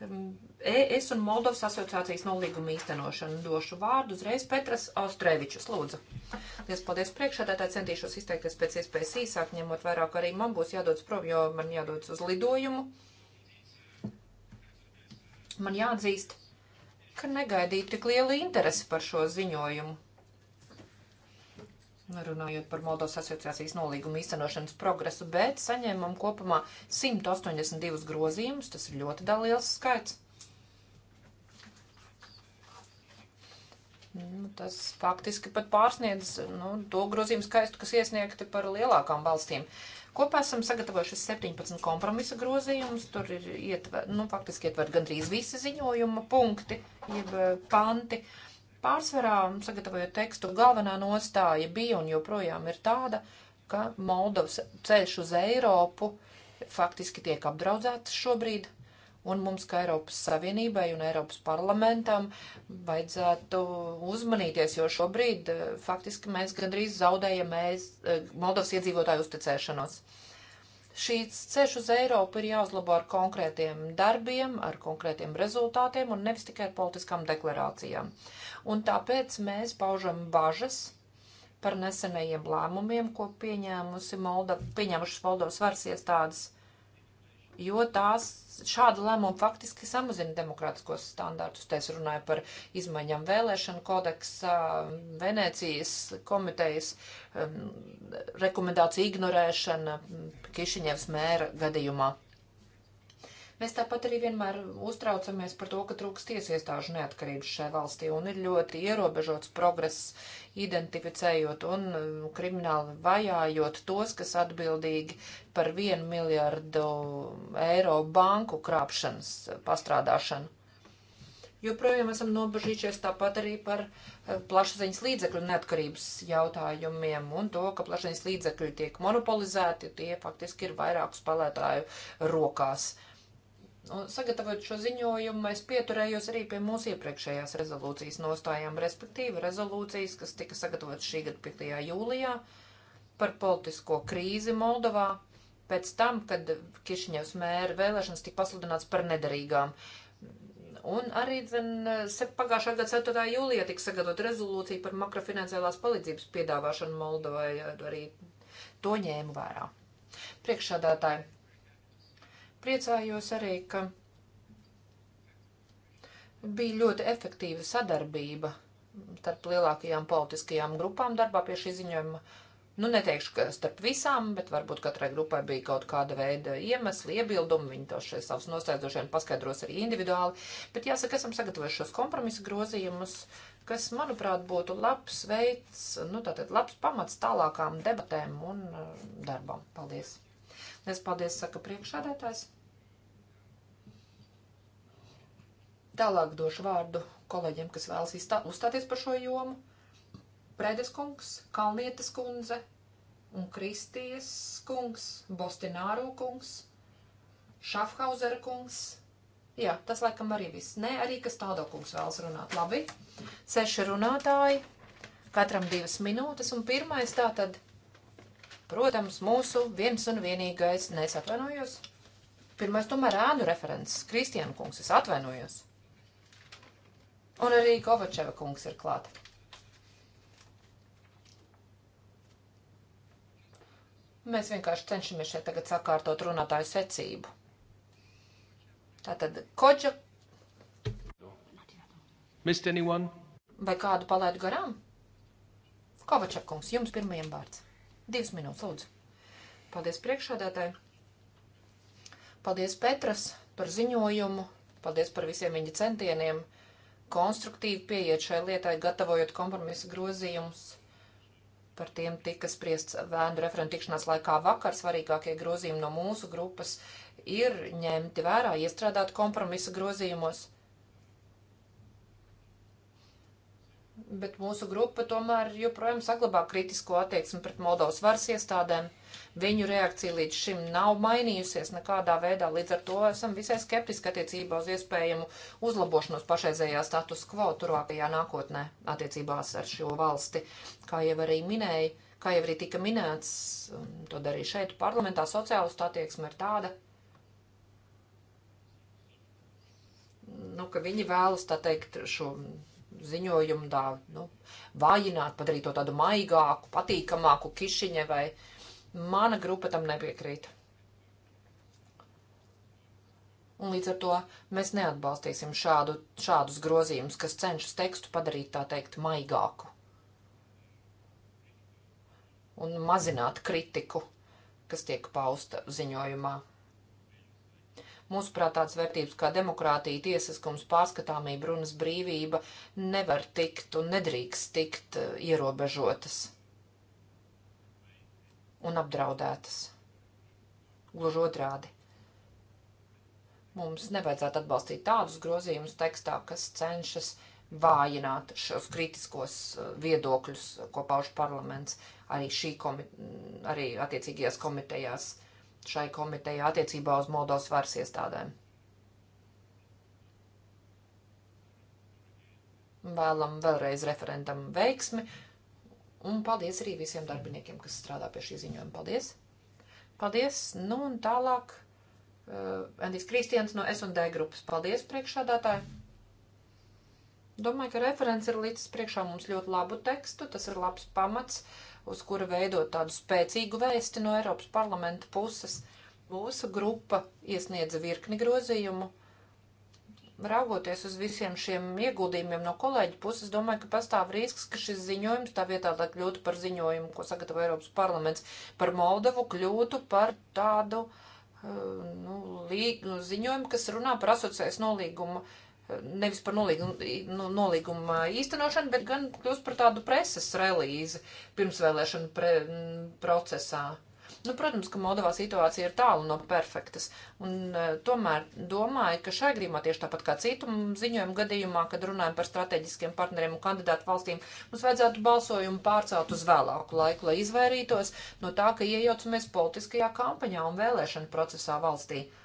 Mm, ES un Moldovas asociācijas nolīguma īstenošanu došu vārdu uzreiz Petras Austrevičus, lūdzu. Lies paldies priekšādātāji, centīšos izteikties pēc iespējas īsāk, ņemot vairāk arī man būs jādodas prom, jo man jādodas uz lidojumu. Man jāatzīst, ka negaidīju tik lielu interesi par šo ziņojumu. Nu, runājot par Moldovas asociācijas nolīgumu īstenošanas progresu, bet saņēmām kopumā 182 grozījumus. Tas ir ļoti liels skaits. Nu, tas faktiski pat pārsniedz nu, to grozījumu skaistu, kas iesniegti par lielākām valstīm. Uh, Kopā esam sagatavojuši 17 kompromisa grozījumus, tur ir ietver, nu, faktiski ietver gandrīz visi ziņojuma punkti, jeb eh, panti. Pārsvarā sagatavojot tekstu, galvenā nostāja bija un joprojām ir tāda, ka Moldovas ceļš uz Eiropu faktiski tiek apdraudzēts šobrīd Un mums, kā Eiropas Savienībai un Eiropas parlamentam, vajadzētu uzmanīties, jo šobrīd eh, faktiski mēs gandrīz zaudējam mēs, eh, Moldovas iedzīvotāju uzticēšanos. Šīs ceļš uz Eiropu ir jāuzlabo ar konkrētiem darbiem, ar konkrētiem rezultātiem un nevis tikai ar politiskām deklarācijām. Un tāpēc mēs paužam bažas par nesenajiem lēmumiem, ko pieņēmusi Molda, pieņēmušas Moldovas varas iestādes jo tās šāda lēmuma faktiski samazina demokrātiskos standārtus. Te es runāju par izmaiņām vēlēšanu kodeksā, Venēcijas komitejas um, rekomendāciju ignorēšana Kišiņevs mēra gadījumā. Mēs tāpat arī vienmēr uztraucamies par to, ka trūks tiesiestāžu neatkarības šai valstī un ir ļoti ierobežots progress identificējot un um, krimināli vajājot tos, kas atbildīgi par vienu miljardu eiro banku krāpšanas uh, pastrādāšanu. Joprojām esam nobežījušies tāpat arī par uh, plašsaziņas līdzekļu neatkarības jautājumiem un to, ka plašsaziņas līdzekļi tiek monopolizēti, tie faktiski ir vairāku spēlētāju rokās. Uh, Un nu, sagatavot šo ziņojumu, mēs pieturējos arī pie mūsu iepriekšējās rezolūcijas nostājām, respektīvi rezolūcijas, kas tika sagatavotas šī gada 5. jūlijā par politisko krīzi Moldovā, pēc tam, kad Kišņevs mēra vēlēšanas tika pasludināts par nedarīgām. Un arī zin, pagājušā gada 4. jūlijā tika sagatavot rezolūcija par makrofinanciālās palīdzības piedāvāšanu Moldovai, arī to ņēmu vērā. Priekšādātāji Priecājos arī, ka bija ļoti efektīva sadarbība starp lielākajām politiskajām grupām darbā pie šī ziņojuma. Nu, neteikšu, ka starp visām, bet varbūt katrai grupai bija kaut kāda veida iemesli, iebildumi. Viņi to šeit savus noslēdzošiem paskaidros arī individuāli. Bet jāsaka, esam sagatavojuši šos kompromisu grozījumus, kas, manuprāt, būtu labs veids, nu, tātad labs pamats tālākām debatēm un uh, darbam. Paldies! Es paldies, saka priekšādētājs. Tālāk došu vārdu kolēģiem, kas vēlas izstā, uzstāties par šo jomu. Prēdes kungs, Kalnietes kundze un Kristies kungs, Bostināru kungs, Šafhauser kungs. Jā, tas laikam arī viss. Nē, arī kas tādā kungs vēlas runāt. Labi, seši runātāji, katram divas minūtes un pirmais tātad Protams, mūsu viens un vienīgais nesatvainojos. Pirmais tomēr ēnu referents Kristiāna kungs, es atvainojos. Un arī Kovačeva kungs ir klāt. Mēs vienkārši cenšamies šeit tagad sakārtot runātāju secību. Tātad Koģa. Missed anyone? Vai kādu palaidu garām? Kovačev kungs, jums pirmajam vārds. Divas minūtes, lūdzu. Paldies priekšādātāji. Paldies Petras par ziņojumu. Paldies par visiem viņa centieniem. Konstruktīvi pieiet šai lietai, gatavojot kompromisa grozījumus. Par tiem tika spriests vēnu referentu tikšanās laikā vakar. Svarīgākie grozījumi no mūsu grupas ir ņemti vērā, iestrādāti kompromisa grozījumos. bet mūsu grupa tomēr joprojām saglabā kritisko attieksmi pret Moldovas varas iestādēm. Viņu reakcija līdz šim nav mainījusies nekādā veidā, līdz ar to esam visai skeptiski attiecībā uz iespējamu uzlabošanos pašreizējā status quo turākajā nākotnē attiecībās ar šo valsti. Kā jau arī minēja, kā jau arī tika minēts, to darīja šeit parlamentā, sociālistu attieksme ir tāda, nu, ka viņi vēlas, tā teikt, šo ziņojumu tā, nu, vājināt, padarīt to tādu maigāku, patīkamāku kišiņa vai mana grupa tam nepiekrīt. Un līdz ar to mēs neatbalstīsim šādu, šādus grozījumus, kas cenšas tekstu padarīt tā teikt maigāku un mazināt kritiku, kas tiek pausta ziņojumā. Mūsuprāt, tādas vērtības kā demokrātija, tiesiskums, pārskatāmība, runas brīvība nevar tikt un nedrīkst tikt eh, ierobežotas un apdraudētas. Gluži otrādi. Mums nevajadzētu atbalstīt tādus grozījumus tekstā, kas cenšas vājināt šos kritiskos eh, viedokļus, ko pauž parlaments arī, šī, komi arī attiecīgajās komitejās. Uh, šai komitejai attiecībā uz Moldovas varas iestādēm. Vēlam vēlreiz referentam veiksmi un paldies arī visiem darbiniekiem, kas strādā pie šī ziņojuma. Paldies! Paldies! Nu un tālāk uh, Endijs Kristians no S&D grupas. Paldies priekšādātāji! Domāju, ka referents ir līdz priekšā mums ļoti labu tekstu, tas ir labs pamats. Uh, uz kura veidot tādu spēcīgu vēsti no Eiropas parlamenta puses. Mūsu grupa iesniedza virkni grozījumu. Raugoties uz visiem šiem ieguldījumiem no kolēģa puses, domāju, ka pastāv risks, ka šis ziņojums tā vietā, lai kļūtu par ziņojumu, ko sagatavo Eiropas parlaments par Moldavu, kļūtu par tādu uh, nu, lī, nu, ziņojumu, kas runā par asociēs nolīgumu uh, nevis par nolīgumu, nu, nolīgumu īstenošanu, bet gan kļūst par tādu preses relīzi pirmsvēlēšanu pre, procesā. Nu, protams, ka Moldovā situācija ir tālu no perfektas, un uh, tomēr domāju, ka šai grīmā tieši tāpat kā citu ziņojumu gadījumā, kad runājam par strateģiskiem partneriem un kandidātu valstīm, mums vajadzētu balsojumu pārcelt uz vēlāku laiku, lai izvairītos no tā, ka iejaucamies politiskajā kampaņā un vēlēšanu procesā valstī. Uh,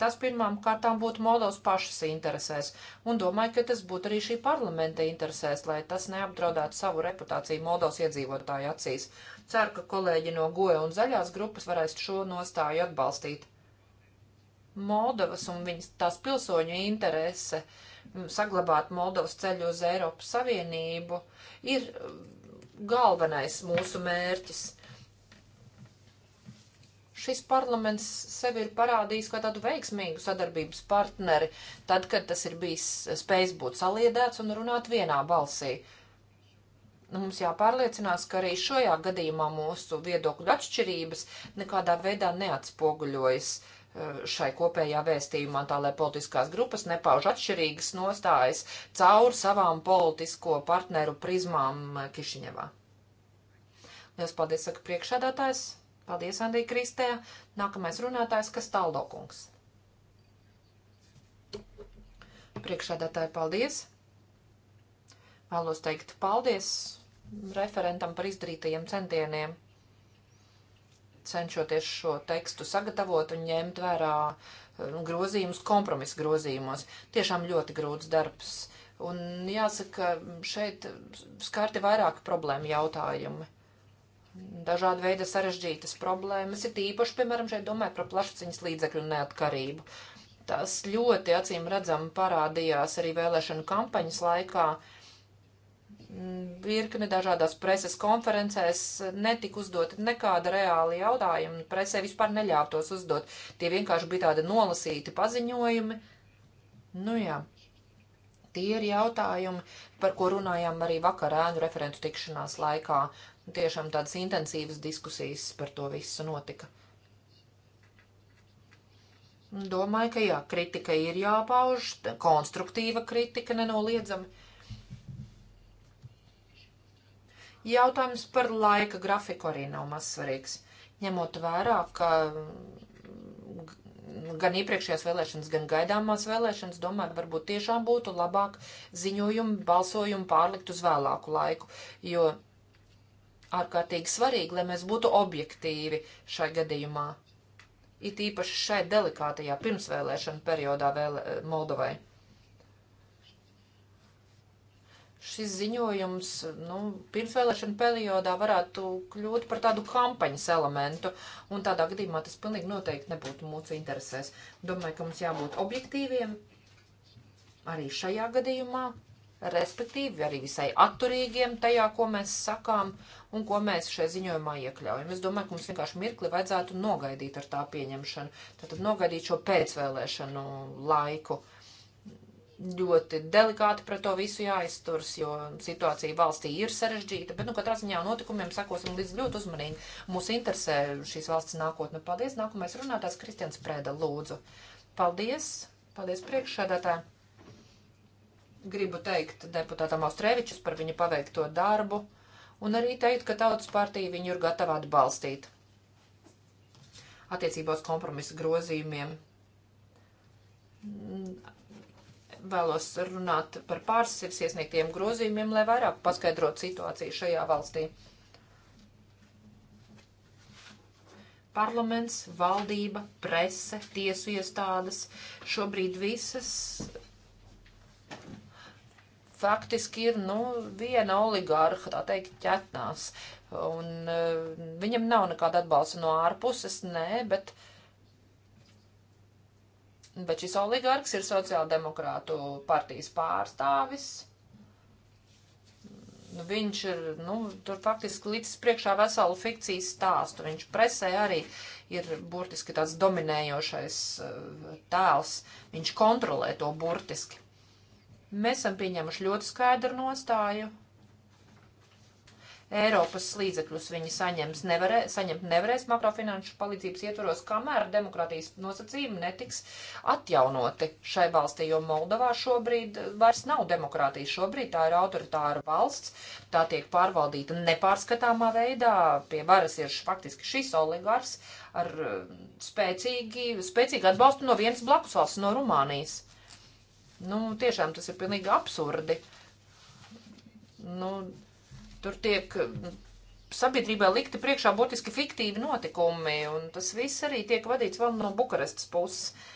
Tas pirmām kārtām būtu Moldovas pašas interesēs, un domāju, ka tas būtu arī šī parlamenta interesēs, lai tas neapdraudētu savu reputāciju Moldovas iedzīvotāju acīs. Ceru, ka kolēģi no Goja un Zaļās grupas varēs šo nostāju atbalstīt. Moldovas un viņas tās pilsoņu interese mm, saglabāt Moldovas ceļu uz Eiropas Savienību ir mm, galvenais mūsu mērķis Šis parlaments sevi ir parādījis kā tādu veiksmīgu sadarbības partneri, tad, kad tas ir bijis spējis būt saliedēts un runāt vienā balsī. Nu, mums jāpārliecinās, ka arī šajā gadījumā mūsu viedokļu atšķirības nekādā veidā neatspoguļojas eh, šai kopējā vēstījumā, tā lai politiskās grupas nepauž atšķirīgas nostājas caur savām politisko partneru prizmām Kišiņevā. Lielas paldies, saka priekšādātājs. Paldies, Andija Kristē. Nākamais runātājs, kas taldokungs. Priekšādātāji, paldies. Vēlos teikt paldies referentam par izdarītajiem centieniem cenšoties šo tekstu sagatavot un ņemt vērā um, grozījumus, kompromisu grozījumos. Tiešām ļoti grūts darbs. Un jāsaka, šeit skarti vairāk problēmu jautājumi dažāda veida sarežģītas problēmas, ir īpaši, piemēram, šeit domājot par plašsaziņas līdzekļu neatkarību. Tas ļoti acīm redzam parādījās arī vēlēšanu kampaņas laikā. Mm, Virkni dažādās preses konferencēs netika uzdoti nekāda reāla jautājuma, presē vispār neļāvtos uzdot. Tie vienkārši bija tādi nolasīti paziņojumi. Nu jā, tie ir jautājumi, par ko runājām arī vakar ēnu referentu tikšanās laikā, tiešām tādas intensīvas diskusijas par to visu notika. Domāju, ka jā, kritika ir jāpauž, konstruktīva kritika nenoliedzami. Jautājums par laika grafiku arī nav maz svarīgs, ņemot vērā, ka gan iepriekšējās vēlēšanas, gan gaidāmās vēlēšanas, domāju, varbūt tiešām būtu labāk ziņojumu, balsojumu pārlikt uz vēlāku laiku, jo ārkārtīgi svarīgi, lai mēs būtu objektīvi šai gadījumā. It īpaši šai delikātajā pirmsvēlēšana periodā vēlē, eh, Moldovai. Šis ziņojums, nu, pirmsvēlēšana periodā varētu kļūt par tādu kampaņas elementu, un tādā gadījumā tas pilnīgi noteikti nebūtu mūsu interesēs. Domāju, ka mums jābūt objektīviem arī šajā gadījumā, respektīvi arī visai atturīgiem tajā, ko mēs sakām un ko mēs šai ziņojumā iekļaujam. Es domāju, ka mums vienkārši mirkli vajadzētu nogaidīt ar tā pieņemšanu, tātad nogaidīt šo pēcvēlēšanu laiku. Ļoti delikāti pret to visu jāizturas, jo situācija valstī ir sarežģīta, bet, nu, katrā ziņā notikumiem sakosim līdz ļoti uzmanīgi. Mūs interesē šīs valsts nākotne. Paldies! Nākamais runātājs Kristians Prēda, lūdzu. Paldies! Paldies priekšsēdētāji! Gribu teikt deputātam Austrēvičus par viņa paveikto darbu un arī teikt, ka tautas partija viņu ir gatava atbalstīt attiecībos kompromisa grozījumiem. Vēlos runāt par pāris sirds iesniegtiem grozījumiem, lai vairāk paskaidrotu situāciju šajā valstī. Parlaments, valdība, prese, tiesu iestādes šobrīd visas faktiski ir, nu, viena oligārha, tā teikt, ķetnās. Un uh, viņam nav nekāda atbalsta no ārpuses, nē, bet, bet šis oligārks ir sociāldemokrātu partijas pārstāvis. Nu, viņš ir, nu, tur faktiski līdz priekšā veselu fikcijas stāstu. Viņš presē arī ir burtiski tāds dominējošais uh, tēls. Viņš kontrolē to burtiski. Mēs esam pieņēmuši ļoti skaidru nostāju. Eiropas līdzekļus viņi saņems nevarē, saņemt nevarēs makrofinanšu palīdzības ietvaros, kamēr demokrātijas nosacījumi netiks atjaunoti šai valstī, jo Moldovā šobrīd vairs nav demokrātija. Šobrīd tā ir autoritāra valsts, tā tiek pārvaldīta nepārskatāmā veidā, pie varas ir faktiski šis oligars ar eh, spēcīgi, spēcīgu atbalstu no vienas blakus valsts, no Rumānijas. Nu, tiešām tas ir pilnīgi absurdi. Nu, tur tiek mm, sabiedrībā likti priekšā būtiski fiktīvi notikumi, un tas viss arī tiek vadīts vēl no Bukarestas puses.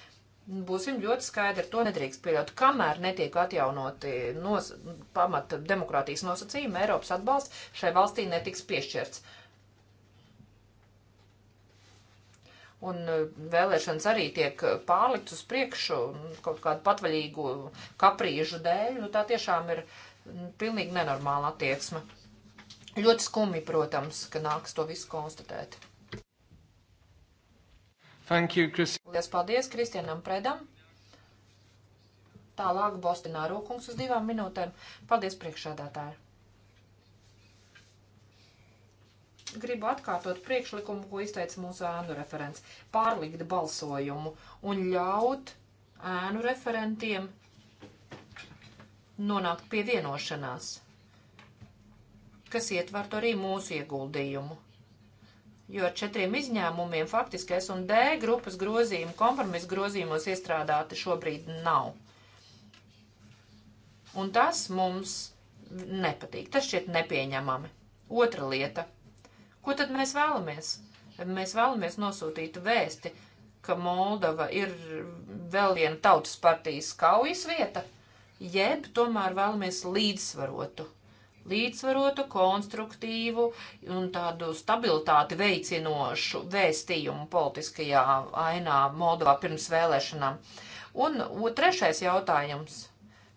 Būsim ļoti skaidri, to nedrīkst pieļaut. Kamēr netiek atjaunoti nos, pamata demokrātijas nosacījumi, Eiropas atbalsts šai valstī netiks piešķirts. Uh, un e, vēlēšanas arī tiek pārlikts uz priekšu kaut kādu patvaļīgu kaprīžu dēļ, nu tā tiešām ir pilnīgi nenormāla attieksme. Ļoti skumi, protams, ka nāks to visu konstatēt. Thank you, Kristina. Lielas paldies Kristianam Predam. Tālāk Bostinā Rūkungs uz divām minūtēm. Paldies priekšādātāji. gribu atkārtot priekšlikumu, ko izteica mūsu ēnu referents - pārlikt balsojumu un ļaut ēnu referentiem nonākt pie vienošanās, kas ietvert arī mūsu ieguldījumu. Jo ar četriem izņēmumiem faktiski S un D grupas grozījumu kompromisu grozījumos iestrādāti šobrīd nav. Un tas mums nepatīk. Tas šķiet nepieņemami. Otra lieta Ko tad mēs vēlamies? Mēs vēlamies nosūtīt vēsti, ka Moldova ir vēl viena tautas partijas kaujas vieta, jeb tomēr vēlamies līdzsvarotu, līdzsvarotu, konstruktīvu un tādu stabilitāti veicinošu vēstījumu politiskajā ainā Moldovā pirms vēlēšanām. Un o, trešais jautājums.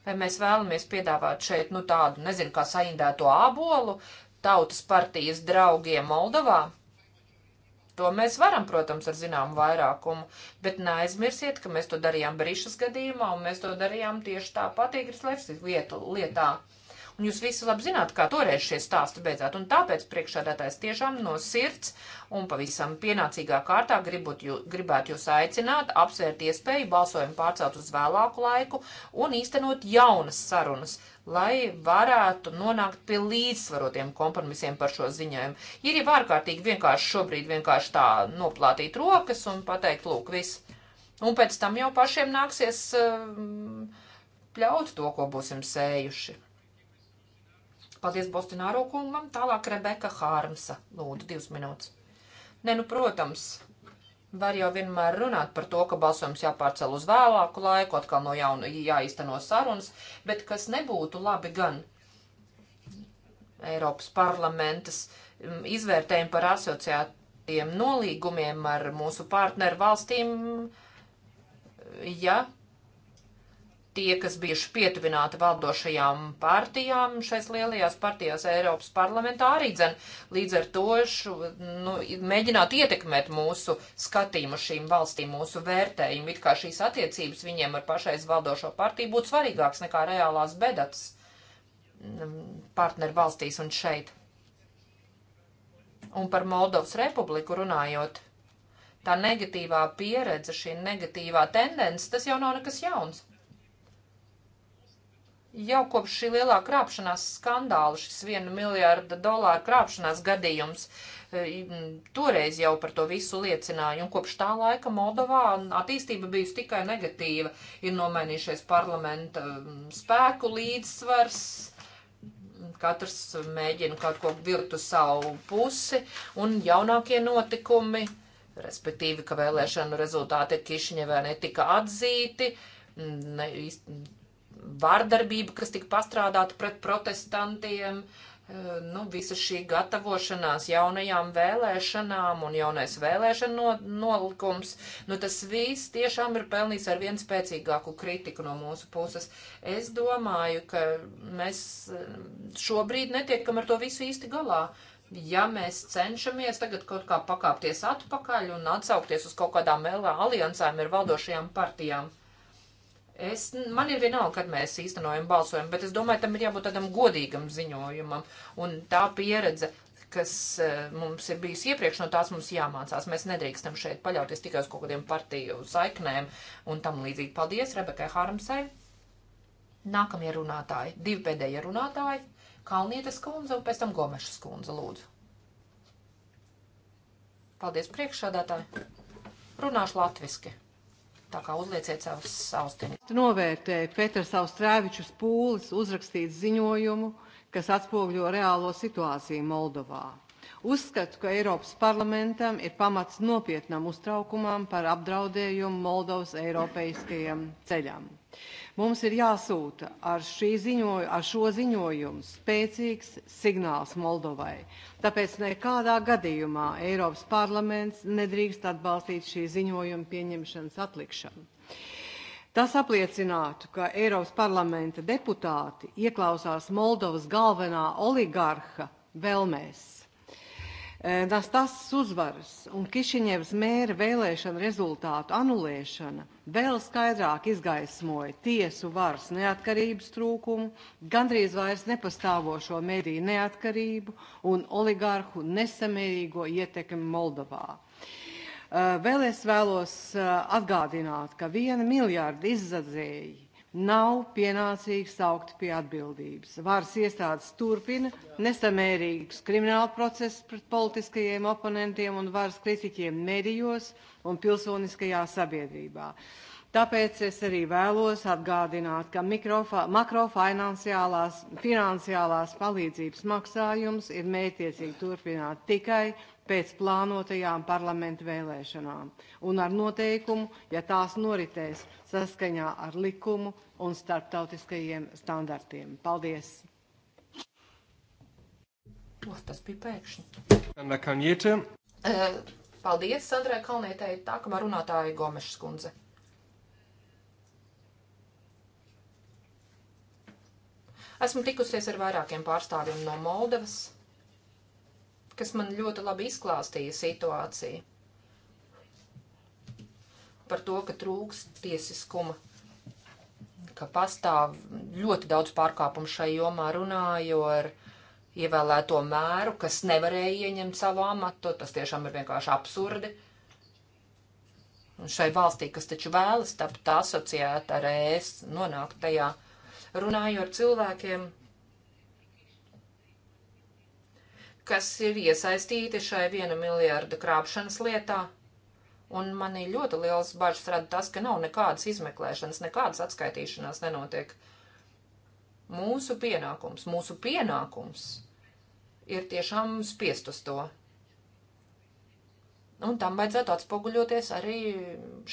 Vai mēs vēlamies piedāvāt šeit nu, tādu, nezinu, kā saindēto ābolu, tautas partijas draugiem Moldovā. To mēs varam, protams, ar zināmu vairākumu, bet neaizmirsiet, ka mēs to darījām Brišas gadījumā, un mēs to darījām tieši tāpat Igris Lepsis lietā. Un jūs visi labi zināt, kā toreiz šie stāsti beidzāt, un tāpēc priekšādātājs tiešām no sirds un pavisam pienācīgā kārtā gribot, jū, gribētu jūs aicināt apsvērt iespēju balsojumu pārcelt uz vēlāku laiku un īstenot jaunas sarunas lai varētu nonākt pie līdzsvarotiem kompromisiem par šo ziņojumu. Ir jau ārkārtīgi vienkārši šobrīd vienkārši tā noplātīt rokas un pateikt, lūk, viss. Un pēc tam jau pašiem nāksies um, ehm, pļaut to, ko būsim sējuši. Paldies Bostināro kungam, tālāk Rebeka Hārmsa. Lūdzu, divas minūtes. Nē, nu, protams Var jau vienmēr runāt par to, ka balsojums jāpārcel uz vēlāku laiku, atkal no jauna jāizteno sarunas, bet kas nebūtu labi gan Eiropas parlamentas mm, izvērtējumu par asociētiem nolīgumiem ar mūsu partneru valstīm, ja tie, kas bijuši pietuvināti valdošajām partijām, šais lielajās partijās Eiropas parlamentā arī dzen līdz ar to šu, nu, mēģināt ietekmēt mūsu skatījumu šīm valstīm, mūsu vērtējumu, it kā šīs attiecības viņiem ar pašais valdošo partiju būtu svarīgāks nekā reālās bedatas mm, partneru valstīs un šeit. Un par Moldovas republiku runājot, tā negatīvā pieredze, šī negatīvā tendence, tas jau nav nekas jauns jau kopš šī lielā krāpšanās skandāla, šis viena miljārda dolāra krāpšanās gadījums, e, toreiz jau par to visu liecināja, un kopš tā laika Moldovā attīstība bijusi tikai negatīva, ir nomainījušies parlamenta spēku līdzsvars, katrs mēģina kaut ko vilkt uz savu pusi, un jaunākie notikumi, respektīvi, ka vēlēšanu rezultāti Kišņevē netika atzīti, ne, vārdarbība, kas tika pastrādāta pret protestantiem, eh, nu, visa šī gatavošanās jaunajām vēlēšanām un jaunais vēlēšana no, nolikums, nu, tas viss tiešām ir pelnījis ar vien spēcīgāku kritiku no mūsu puses. Es domāju, ka mēs eh, šobrīd netiekam ar to visu īsti galā. Ja mēs cenšamies tagad kaut kā pakāpties atpakaļ un atsaukties uz kaut kādām aliansēm ar valdošajām partijām, uh, Es, man ir vienalga, kad mēs īstenojam balsojumu, bet es domāju, tam ir jābūt tādam godīgam ziņojumam. Un tā pieredze, kas eh, mums ir bijusi iepriekš, no tās mums jāmācās. Mēs nedrīkstam šeit paļauties tikai uz kaut kādiem partiju saiknēm un tam līdzīgi. Paldies Rebekai Harmsai. Nākamie runātāji, divi pēdējie runātāji - Kalnietes kundze un pēc tam Gomešas kundze, lūdzu. Paldies priekšsādātāji. Runāšu latviski. Tā kā uzlieciet savus austiņus. Novērtēja Petrs Austrēvičus pūles uzrakstīt ziņojumu, kas atspoguļo reālo situāciju Moldovā. Uzskatu, ka Eiropas parlamentam ir pamats nopietnam uztraukumam par apdraudējumu Moldovas eiropeiskajam ceļam. Mums ir jāsūta ar, ziņoj, ar šo ziņojumu spēcīgs signāls Moldovai. Tāpēc nekādā gadījumā Eiropas parlaments nedrīkst atbalstīt šī ziņojuma pieņemšanas atlikšanu. Tas apliecinātu, ka Eiropas parlamenta deputāti ieklausās Moldovas galvenā oligarha vēlmēs Eh, Tās tas uzvaras un Kišiņevas mēra vēlēšana rezultātu anulēšana vēl skaidrāk izgaismoja tiesu varas neatkarības trūkumu, gandrīz vairs nepastāvošo mediju neatkarību un oligārhu nesamērīgo ietekmi Moldovā. Eh, vēl es vēlos eh, atgādināt, ka viena miljārda izzadzēji nav pienācīgi saukt pie atbildības. Vāras iestādes turpina nesamērīgus kriminālu procesus pret politiskajiem oponentiem un varas kritiķiem medijos un pilsoniskajā sabiedrībā. Tāpēc es arī vēlos atgādināt, ka makrofinansiālās palīdzības maksājums ir mērķiecīgi turpināt tikai pēc plānotajām parlamentu vēlēšanām un ar noteikumu, ja tās noritēs saskaņā ar likumu un starptautiskajiem standartiem. Paldies! Oh, tas bija pēkšņi. Anna Kalniete. Uh, paldies, Sandrai Kalnietei. Tā, kamēr runātāja Gomešas kundze. Esmu tikusies ar vairākiem pārstāvjiem no Moldavas kas man ļoti labi izklāstīja situāciju par to, ka trūks tiesiskuma, ka pastāv ļoti daudz pārkāpumu šai jomā runāju ar ievēlēto mēru, kas nevarēja ieņemt savu amatu, tas tiešām ir vienkārši absurdi. Un šai valstī, kas taču vēlas tapt asociēta ar ES, nonākt tajā runāju ar cilvēkiem, kas ir iesaistīti šai viena miljārda krāpšanas lietā. Un manī ļoti liels bažas rada tas, ka nav nekādas izmeklēšanas, nekādas atskaitīšanās nenotiek. Mūsu pienākums, mūsu pienākums ir tiešām spiest uz to. Un tam vajadzētu atspoguļoties arī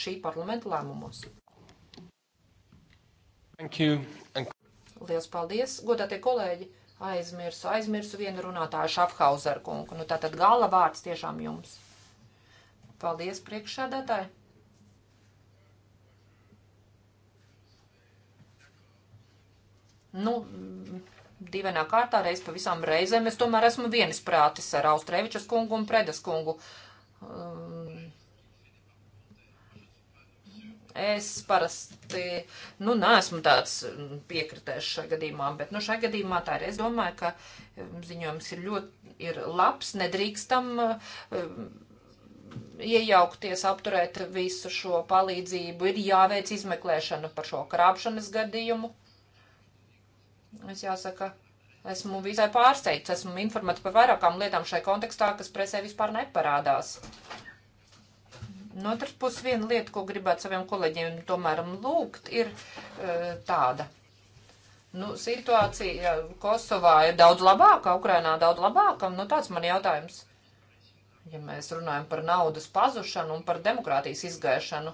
šī parlamenta lēmumos. Thank you. Thank you. Lielas paldies, godātie kolēģi! Aizmirsu, aizmirsu vienu runātāju Šafhauser kungu. Nu, tātad gala vārds tiešām jums. Paldies priekšsēdētāji. Nu, divainā kārtā reiz pavisam reizēm es tomēr esmu vienisprātis ar Austrēvičas kungu un Predas kungu. Um, Es parasti, nu, neesmu tāds mm, piekritējs šajā gadījumā, bet, nu, šajā gadījumā tā ir. Es domāju, ka mm, ziņojums ir ļoti, ir labs, nedrīkstam. Uh, iejaukties, apturēt visu šo palīdzību, ir jāveic izmeklēšana par šo krāpšanas gadījumu. Es jāsaka, esmu visai pārsteigts, esmu informēta par vairākām lietām šai kontekstā, kas presē vispār neparādās. No otras puses, viena lieta, ko gribētu saviem kolēģiem tomēr lūgt, ir e, tāda. Nu, situācija Kosovā ir daudz labāka, Ukrainā daudz labāka. Nu, tāds man jautājums. Ja mēs runājam par naudas pazušanu un par demokrātijas izgaišanu,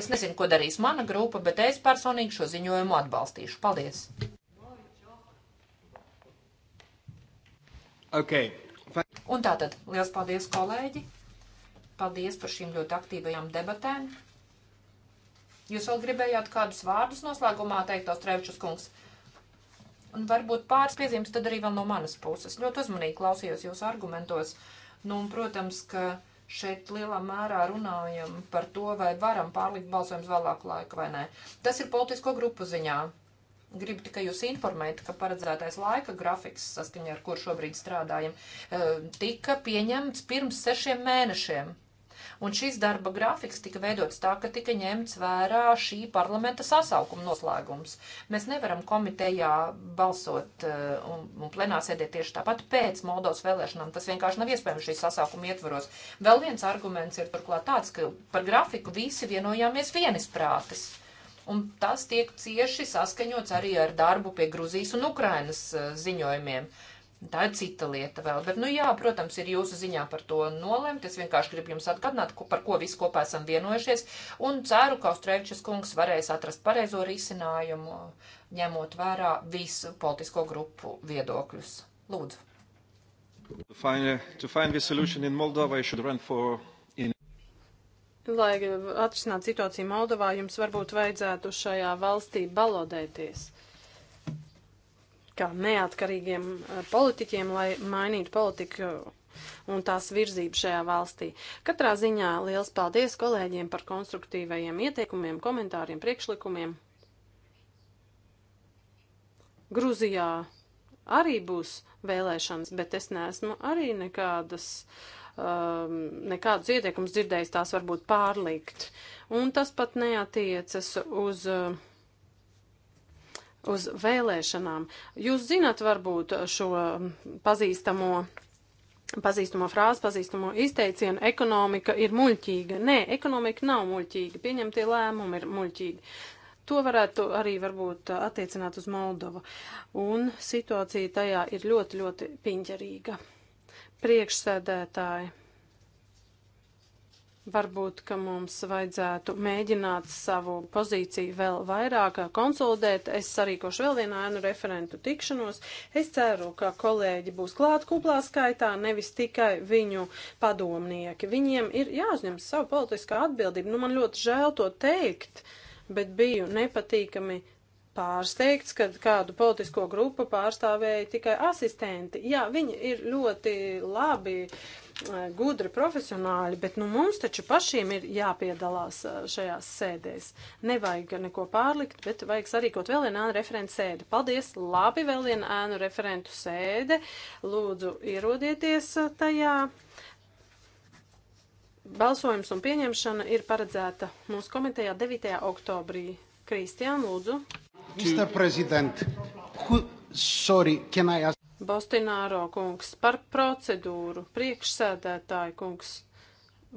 es nezinu, ko darīs mana grupa, bet es personīgi šo ziņojumu atbalstīšu. Paldies! Okay. Un tātad, liels paldies, kolēģi! Paldies par šīm ļoti aktīvajām debatēm. Jūs vēl gribējāt kādus vārdus noslēgumā teikt, Austrēvičus kungs? Un varbūt pāris piezīmes tad arī vēl no manas puses. Ļoti uzmanīgi klausījos jūsu argumentos. Nu, un, protams, ka šeit lielā mērā runājam par to, vai varam pārlikt balsojums vēlāk laika vai nē. Tas ir politisko grupu ziņā. Gribu tikai jūs informēt, ka paredzētais laika grafiks, saskaņā ar kur šobrīd strādājam, eh, tika pieņemts pirms sešiem mēnešiem. Un šis darba grafiks tika veidots tā, ka tika ņemts vērā šī parlamenta sasaukuma noslēgums. Mēs nevaram komitejā balsot eh, un, un plenāsēdē tieši tāpat pēc Moldovas vēlēšanām. Tas vienkārši nav iespējams šī sasaukuma ietvaros. Vēl viens arguments ir turklāt tāds, ka par grafiku visi vienojāmies vienisprātis un tas tiek cieši saskaņots arī ar darbu pie Gruzijas un Ukrainas eh, ziņojumiem. Uh, Tā ir cita lieta vēl. Bet, nu, jā, protams, ir jūsu ziņā par to nolemt. Es vienkārši gribu jums atgādināt, ko, par ko visi kopā esam vienojušies. Un ceru, ka Austrēvičs kungs varēs atrast pareizo risinājumu, ņemot vērā visu politisko grupu viedokļus. Lūdzu. To find, to find Lai atrisināt situāciju Moldovā, jums varbūt vajadzētu šajā valstī balodēties kā neatkarīgiem eh, politiķiem, lai mainītu politiku un tās virzību šajā valstī. Katrā ziņā liels paldies kolēģiem par konstruktīvajiem ieteikumiem, komentāriem, priekšlikumiem. Gruzijā arī būs vēlēšanas, bet es neesmu arī nekādas, um, nekādus ieteikumus dzirdējis tās varbūt pārlikt. Un tas pat neatiecas uz. Uh, uz vēlēšanām. Jūs zināt varbūt šo pazīstamo pazīstamo frāzi, pazīstamo izteicienu, ekonomika ir muļķīga. Nē, ekonomika nav muļķīga, pieņemtie lēmumi ir muļķīgi. To varētu arī varbūt attiecināt uz Moldovu. Un situācija tajā ir ļoti, ļoti piņķerīga. Priekšsēdētāji. Varbūt, ka mums vajadzētu mēģināt savu pozīciju vēl vairāk konsolidēt. Es sarīkošu vēl vienu ēnu referentu tikšanos. Es ceru, ka kolēģi būs klāt kuplā skaitā, nevis tikai viņu padomnieki. Viņiem ir jāuzņem savu politiskā atbildību. Nu, man ļoti žēl to teikt, bet biju nepatīkami pārsteigts, kad kādu politisko grupu pārstāvēja tikai asistenti. Jā, viņi ir ļoti labi. Uh, gudri profesionāļi, bet nu, mums taču pašiem ir jāpiedalās šajās sēdēs. Nevajag neko pārlikt, bet vajag sarīkot vēl vienu ēnu referentu sēdi. Paldies! Labi, vēl vienu ēnu referentu sēdi. Lūdzu, ierodieties tajā. Balsojums un pieņemšana ir paredzēta mūsu komitejā 9. oktobrī. Kristian, lūdzu. Mr. President, who, sorry, can I ask? Bostināro kungs, par procedūru, priekšsēdētāju kungs,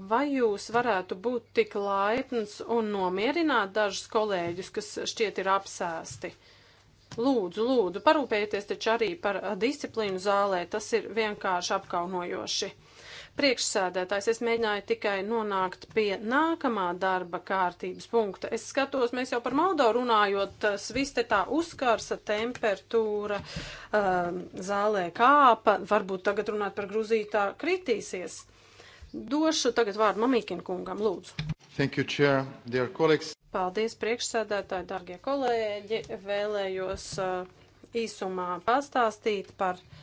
vai jūs varētu būt tik laipns un nomierināt dažus kolēģus, kas šķiet ir apsēsti? Lūdzu, lūdzu, parūpējieties taču arī par disciplīnu zālē, tas ir vienkārši apkaunojoši. Priekšsēdētājs, es mēģināju tikai nonākt pie nākamā darba kārtības punkta. Es skatos, mēs jau par Moldovu runājot, sviste tā uzkarsa, temperatūra um, zālē kāpa, varbūt tagad runāt par Gruziju tā kritīsies. Došu tagad vārdu Mamīkin kungam, lūdzu. Thank you, Chair, dear colleagues. Paldies, priekšsēdētāji, dārgie kolēģi. Vēlējos uh, īsumā pastāstīt par uh,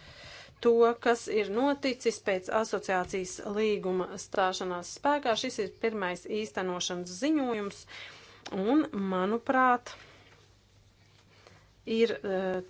to, kas ir noticis pēc asociācijas līguma stāšanās spēkā. Šis ir pirmais īstenošanas ziņojums un, manuprāt, ir e,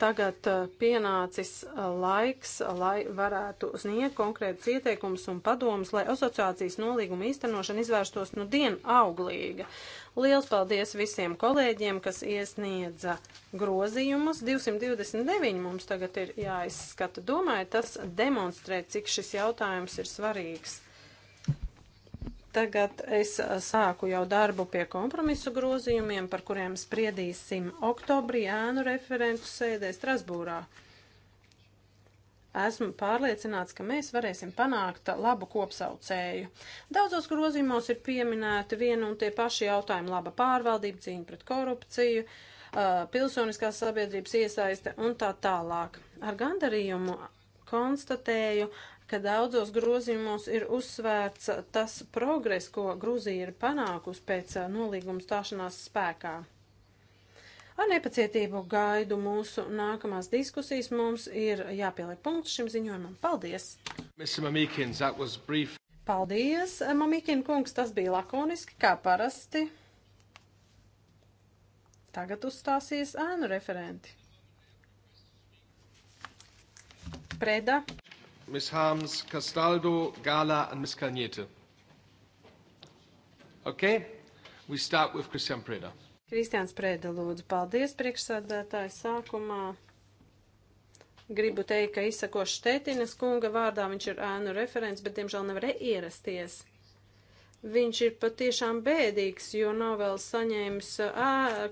tagad e, pienācis e, laiks, lai varētu sniegt konkrētus ieteikumus un padomus, lai asociācijas nolīguma īstenošana izvērstos nu dienu auglīga. Uh, Liels paldies visiem kolēģiem, kas iesniedza grozījumus. 229 mums tagad ir jāizskata. Domāju, tas demonstrē, cik šis jautājums ir svarīgs. Tagad es sāku jau darbu pie kompromisu grozījumiem, par kuriem spriedīsim oktobrī ēnu referentu sēdē Strasbūrā. Esmu pārliecināts, ka mēs varēsim panākt labu kopsaucēju. Daudzos grozījumos ir pieminēti vienu un tie paši jautājumi - laba pārvaldība, cīņa pret korupciju, pilsoniskās sabiedrības iesaiste un tā tālāk. Ar gandarījumu konstatēju, ka daudzos grozījumos ir uzsvērts tas progress, ko Grūzija ir panākusi pēc nolīguma stāšanās spēkā. Ar nepacietību gaidu mūsu nākamās diskusijas. Mums ir jāpieliek punkts šim ziņojumam. Paldies! Mamikins, Paldies, Mamikina kungs, tas bija lakoniski, kā parasti. Tagad uzstāsies ēnu referenti. Preda. Miss Harms, Castaldo, Gala and Miss Kalniete. Okay? We start with Christian Preda. Kristiāns Prēda lūdzu, paldies priekšsādātāju sākumā. Gribu teikt, ka izsako Štetinas kunga vārdā, viņš ir ēnu referents, bet diemžēl nevar ierasties. Viņš ir patiešām bēdīgs, jo nav vēl saņēmis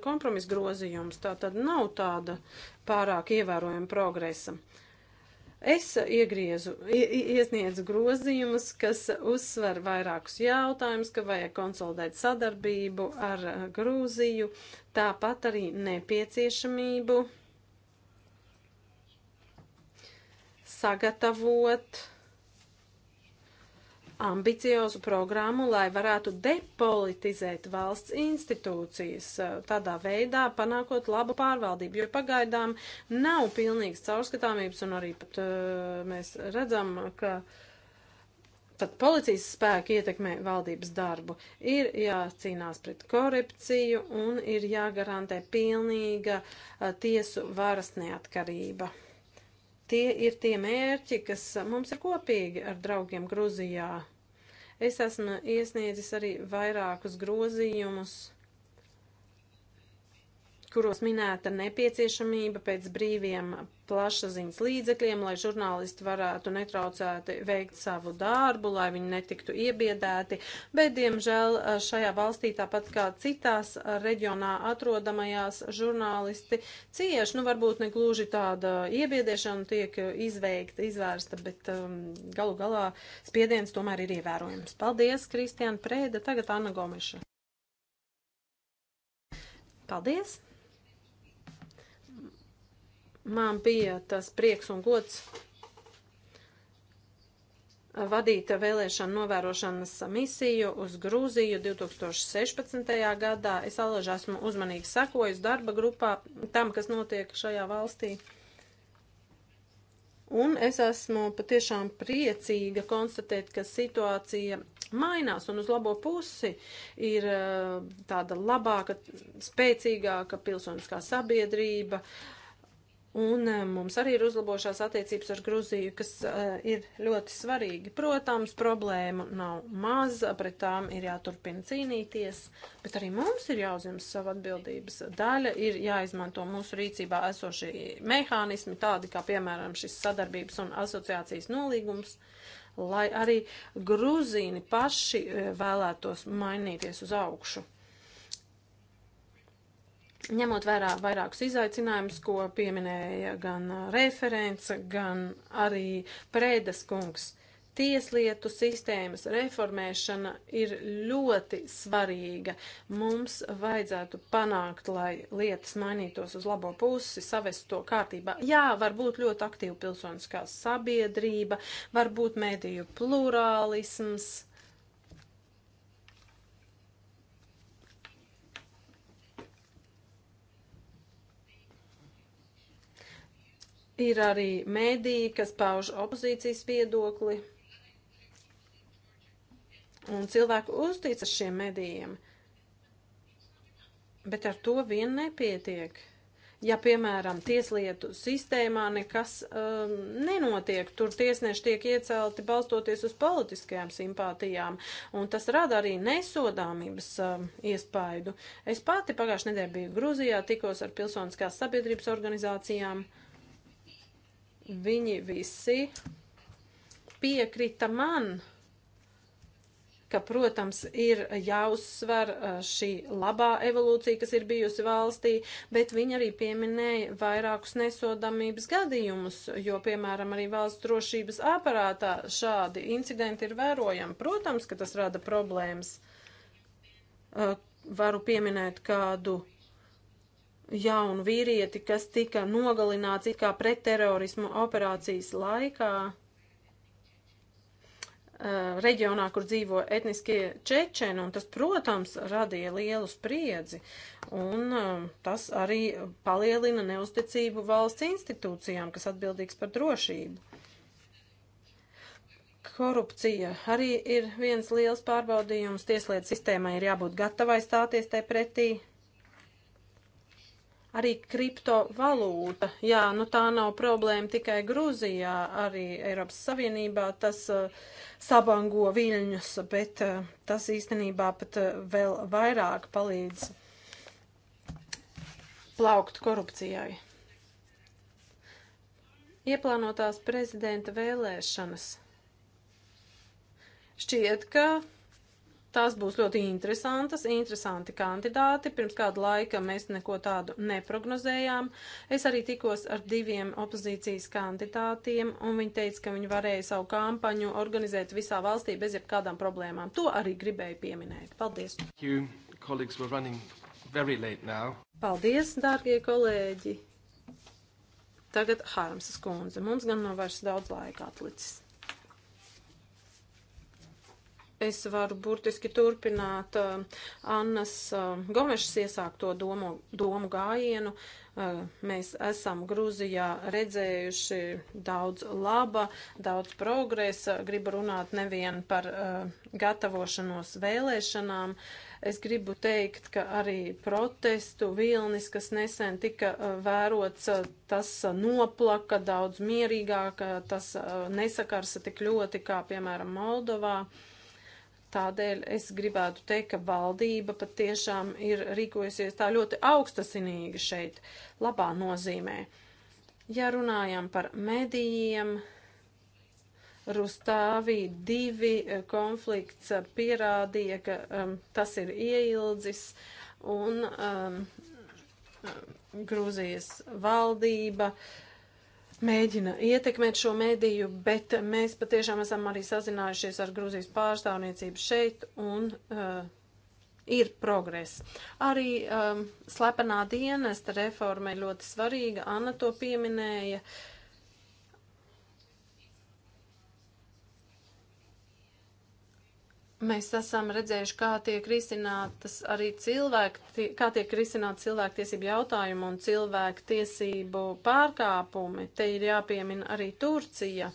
kompromisa grozījums. Tā tad nav tāda pārāk ievērojama progresa. Uh, Es iegriezu, iesniedzu grozījumus, kas uzsver vairākus jautājumus, ka vajag konsolidēt sadarbību ar eh, Grūziju, tāpat arī nepieciešamību sagatavot ambiciozu programmu, lai varētu depolitizēt valsts institūcijas, eh, tādā veidā panākot labu pārvaldību, jo pagaidām nav pilnīgas caurskatāmības un arī pat eh, mēs redzam, ka pat policijas spēki ietekmē valdības darbu. Ir jācīnās pret korupciju un ir jāgarantē pilnīga eh, tiesu varas neatkarība. Tie ir tie mērķi, kas mums ir kopīgi ar draugiem Gruzijā. Es esmu iesniedzis arī vairākus grozījumus kuros minēta nepieciešamība pēc brīviem plašsaziņas līdzekļiem, lai žurnālisti varētu netraucēti veikt savu darbu, lai viņi netiktu iebiedēti, bet, diemžēl, šajā valstī, tāpat kā citās reģionā atrodamajās, žurnālisti cieši, nu, varbūt ne gluži tāda iebiedēšana tiek izveikta, izvērsta, bet um, galu galā spiediens tomēr ir ievērojams. Paldies, Kristiāna Prēda, tagad Anna Gomeša. Paldies! Man bija tas prieks un gods vadīta vēlēšana novērošanas misiju uz Grūziju 2016. gadā. Es alaži esmu uzmanīgi sekojis darba grupā tam, kas notiek šajā valstī. Un es esmu patiešām priecīga konstatēt, ka situācija mainās un uz labo pusi ir eh, tāda labāka, spēcīgāka pilsoniskā sabiedrība. Uh, Un eh, mums arī ir uzlabošās attiecības ar Gruziju, kas uh, ir ļoti svarīgi. Protams, problēma nav maza, pret tām ir jāturpina cīnīties, bet arī mums ir jāuzņemas sava atbildības daļa, ir jāizmanto mūsu rīcībā esošie mehānismi, tādi kā, piemēram, šis sadarbības un asociācijas nolīgums, lai arī gruzīni paši eh, vēlētos mainīties uz augšu ņemot vērā vairākus izaicinājumus, ko pieminēja gan uh, referents, gan arī prēdas kungs. Tieslietu sistēmas reformēšana ir ļoti svarīga. Mums vajadzētu panākt, lai lietas mainītos uz labo pusi, savest to kārtībā. Jā, var būt ļoti aktīva pilsoniskā sabiedrība, var būt mēdīju plurālisms Ir arī mēdīji, kas pauž opozīcijas viedokli, un cilvēku uzticas šiem mēdījiem. Bet ar to vien nepietiek. Ja, piemēram, tieslietu sistēmā nekas um, nenotiek, tur tiesneši tiek iecelti balstoties uz politiskajām simpātijām, un tas rada arī nesodāmības um, iespaidu. Es pati pagājušajā nedēļā biju Gruzijā, tikos ar pilsoniskās sabiedrības organizācijām. Uh, Viņi visi piekrita man, ka, protams, ir jāuzsver uh, šī labā evolūcija, kas ir bijusi valstī, bet viņi arī pieminēja vairākus nesodamības gadījumus, jo, piemēram, arī valsts drošības aparātā šādi incidenti ir vērojami. Protams, ka tas rada problēmas. Uh, varu pieminēt kādu jaunu vīrieti, kas tika nogalināts it kā pretterorismu operācijas laikā eh, reģionā, kur dzīvo etniskie čečeni, un tas, protams, radīja lielu spriedzi, un eh, tas arī palielina neusticību valsts institūcijām, kas atbildīgs par drošību. Korupcija arī ir viens liels pārbaudījums. Tieslietu sistēmai ir jābūt gatavai stāties tai pretī, Arī kriptovalūta, jā, nu tā nav problēma tikai Grūzijā, arī Eiropas Savienībā tas uh, sabango viļņus, bet uh, tas īstenībā pat uh, vēl vairāk palīdz plaukt korupcijai. Ieplānotās prezidenta vēlēšanas. Šķiet, ka tās būs ļoti interesantas, interesanti kandidāti. Pirms kādu laika mēs neko tādu neprognozējām. Es arī tikos ar diviem opozīcijas kandidātiem, un viņi teica, ka viņi varēja savu kampaņu organizēt visā valstī bez jebkādām problēmām. To arī gribēju pieminēt. Paldies! You, Paldies, dārgie kolēģi! Tagad Hārmsas kundze. Mums gan nav vairs daudz laika atlicis es varu burtiski turpināt uh, Annas uh, Gomešas iesākto domu, domu gājienu. Uh, mēs esam Grūzijā redzējuši daudz laba, daudz progresa. Gribu runāt nevien par uh, gatavošanos vēlēšanām. Es gribu teikt, ka arī protestu vilnis, kas nesen tika uh, vērots, uh, tas uh, noplaka daudz mierīgāk, uh, tas uh, nesakarsa tik ļoti kā, piemēram, Moldovā. Uh, Tādēļ es gribētu teikt, ka valdība patiešām ir rīkojusies tā ļoti augstasinīgi šeit, labā nozīmē. Ja runājam par medijiem, Rustāvī divi eh, konflikts eh, pierādīja, ka um, tas ir ieildzis un um, ehm, ehm, Grūzijas valdība uh, mēģina ietekmēt šo mediju, bet mēs patiešām esam arī sazinājušies ar Grūzijas pārstāvniecību šeit un uh, ir progress. Arī um, slepenā dienesta reforma ir ļoti svarīga, Anna to pieminēja. Uh, Mēs esam redzējuši, kā tiek risinātas arī cilvēki, kā tiek risināt cilvēktiesību jautājumu un cilvēktiesību pārkāpumi. Te ir jāpiemina arī Turcija.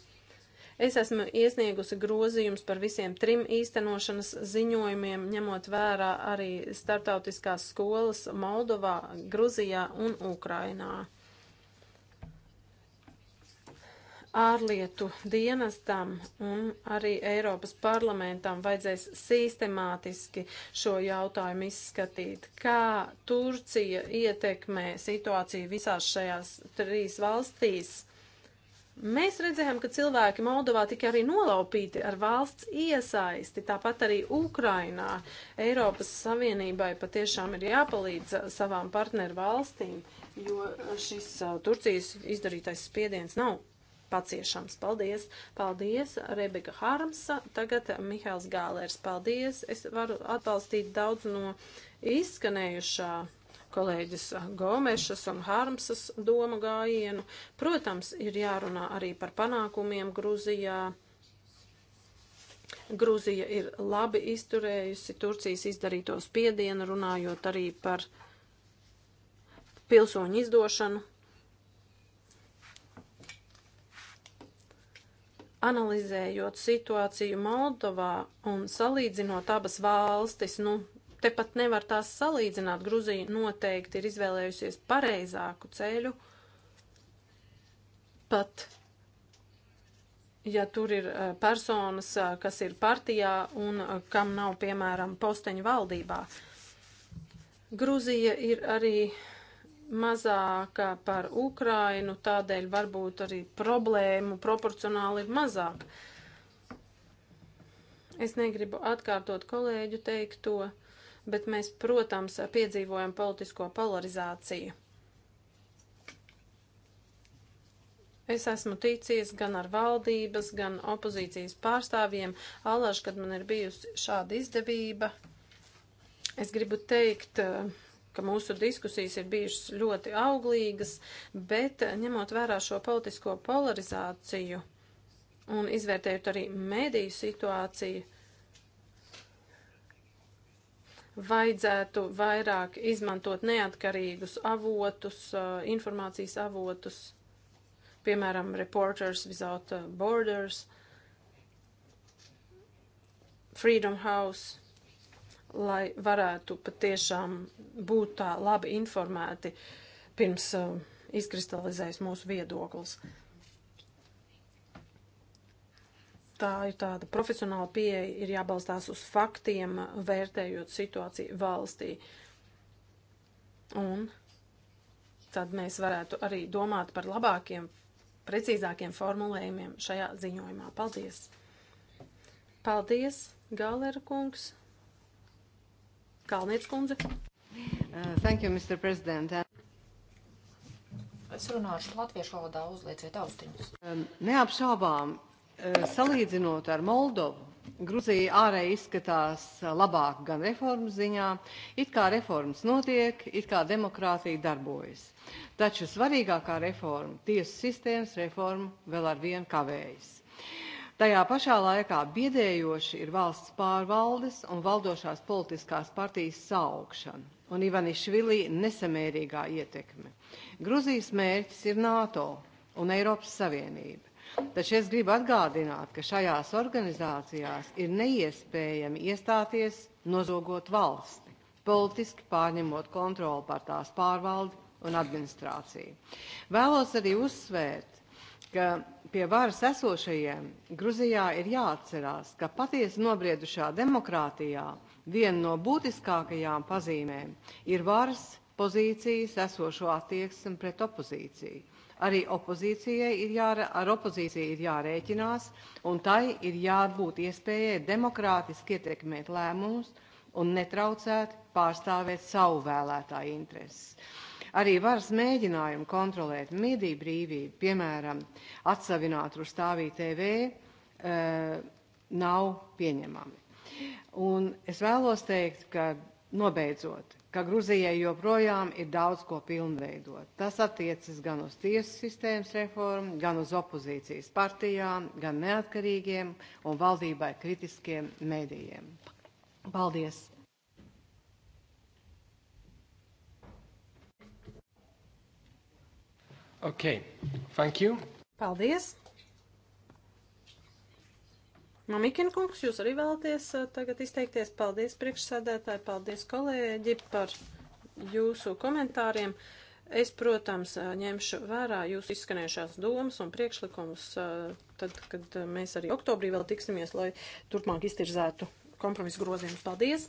Es esmu iesniegusi grozījums par visiem trim īstenošanas ziņojumiem, ņemot vērā arī starptautiskās skolas Moldovā, Gruzijā un Ukrainā. ārlietu dienestam un arī Eiropas parlamentam vajadzēs sistemātiski šo jautājumu izskatīt, kā Turcija ietekmē situāciju visās šajās trīs valstīs. Mēs redzējām, ka cilvēki Moldovā tika arī nolaupīti ar valsts iesaisti, tāpat arī Ukrainā. Eiropas Savienībai patiešām ir jāpalīdz uh, savām partneru valstīm, jo šis uh, Turcijas izdarītais spiediens nav paciešams. Paldies! Paldies, Rebeka Harmsa, tagad Mihails Gālērs. Paldies! Es varu atbalstīt daudz no izskanējušā kolēģis Gomešas un Harmsas domu gājienu. Protams, ir jārunā arī par panākumiem Gruzijā. Gruzija ir labi izturējusi Turcijas izdarīto spiedienu, runājot arī par pilsoņu izdošanu. Analizējot situāciju Moldovā un salīdzinot abas valstis, nu, te pat nevar tās salīdzināt. Gruzija noteikti ir izvēlējusies pareizāku ceļu. Pat ja tur ir eh, personas, eh, kas ir partijā un eh, kam nav, piemēram, posteņu valdībā. Gruzija ir arī mazāka par Ukrainu, tādēļ varbūt arī problēmu proporcionāli ir mazāk. Es negribu atkārtot kolēģu teikto, bet mēs, protams, piedzīvojam politisko polarizāciju. Es esmu ticies gan ar valdības, gan opozīcijas pārstāvjiem. Alaž, kad man ir bijusi šāda izdevība, es gribu teikt, ka mūsu diskusijas ir bijušas ļoti auglīgas, bet ņemot vērā šo politisko polarizāciju un izvērtējot arī mediju situāciju, vajadzētu vairāk izmantot neatkarīgus avotus, uh, informācijas avotus, piemēram, Reporters Without uh, Borders, Freedom House lai varētu patiešām būt tā labi informēti pirms uh, izkristalizējas mūsu viedoklis. Tā ir tāda profesionāla pieeja, ir jābalstās uz faktiem, vērtējot situāciju valstī. Un tad mēs varētu arī domāt par labākiem, precīzākiem formulējumiem šajā ziņojumā. Paldies! Paldies, Galera kungs! Kalnietis kundze. Uh, thank you, Mr. President. Uh, es runāšu latviešu valodā, uzlieciet austiņas. Um, neapšaubām, uh, salīdzinot ar Moldovu, Gruzija ārēji izskatās uh, labāk gan reformas ziņā, it kā reformas notiek, it kā demokrātija darbojas. Taču svarīgākā reforma, tiesu sistēmas reforma, vēl ar vienu kavējas. Tajā pašā laikā biedējoši ir valsts pārvaldes un valdošās politiskās partijas saukšana un Ivanišvili nesamērīgā ietekme. Gruzijas mērķis ir NATO un Eiropas Savienība. Taču es gribu atgādināt, ka šajās organizācijās ir neiespējami iestāties nozogot valsti, politiski pārņemot kontroli pār tās pārvaldi un administrāciju. Vēlos arī uzsvērt, ka pie varas esošajiem Gruzijā ir jāatcerās, ka patiesi nobriedušā demokrātijā viena no būtiskākajām pazīmēm ir varas pozīcijas esošo attieksmi pret opozīciju. Arī opozīcijai ir jāre, ar opozīciju ir jārēķinās, un tai ir jābūt iespējai demokrātiski ietekmēt lēmumus un netraucēt pārstāvēt savu vēlētāju intereses. Arī varas mēģinājumu kontrolēt mediju brīvību, piemēram, atsavināt Rustāvī TV, eh, nav pieņemami. Un es vēlos teikt, ka nobeidzot, ka Gruzijai joprojām ir daudz ko pilnveidot. Tas attiecas gan uz tiesu sistēmas reformu, gan uz opozīcijas partijām, gan neatkarīgiem un valdībai kritiskiem medijiem. Paldies! Ok, thank you. Paldies. Mamikina kungs, jūs arī vēlaties uh, tagad izteikties. Paldies priekšsēdētāji, paldies kolēģi par jūsu komentāriem. Es, protams, uh, ņemšu vērā jūsu izskanējušās domas un priekšlikumus, uh, tad, kad mēs arī oktobrī vēl tiksimies, lai turpmāk iztirzētu kompromisu grozījumus. Paldies!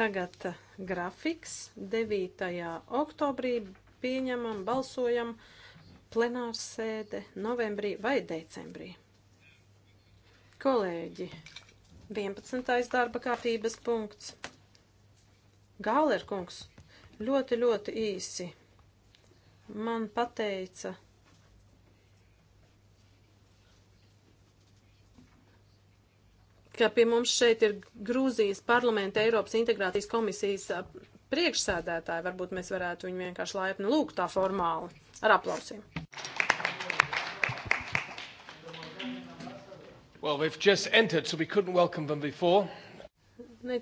Tagad grafiks 9. oktobrī pieņemam, balsojam plenārsēde novembrī vai decembrī. Kolēģi, 11. darba kārtības punkts. Gālerkungs ļoti, ļoti īsi man pateica, ka pie mums šeit ir Grūzijas parlamenta Eiropas integrācijas komisijas priekšsēdētāji. Varbūt mēs varētu viņu vienkārši laipni lūgt tā formāli ar aplausiem. Well, they've just entered, so we couldn't welcome them before. Ne,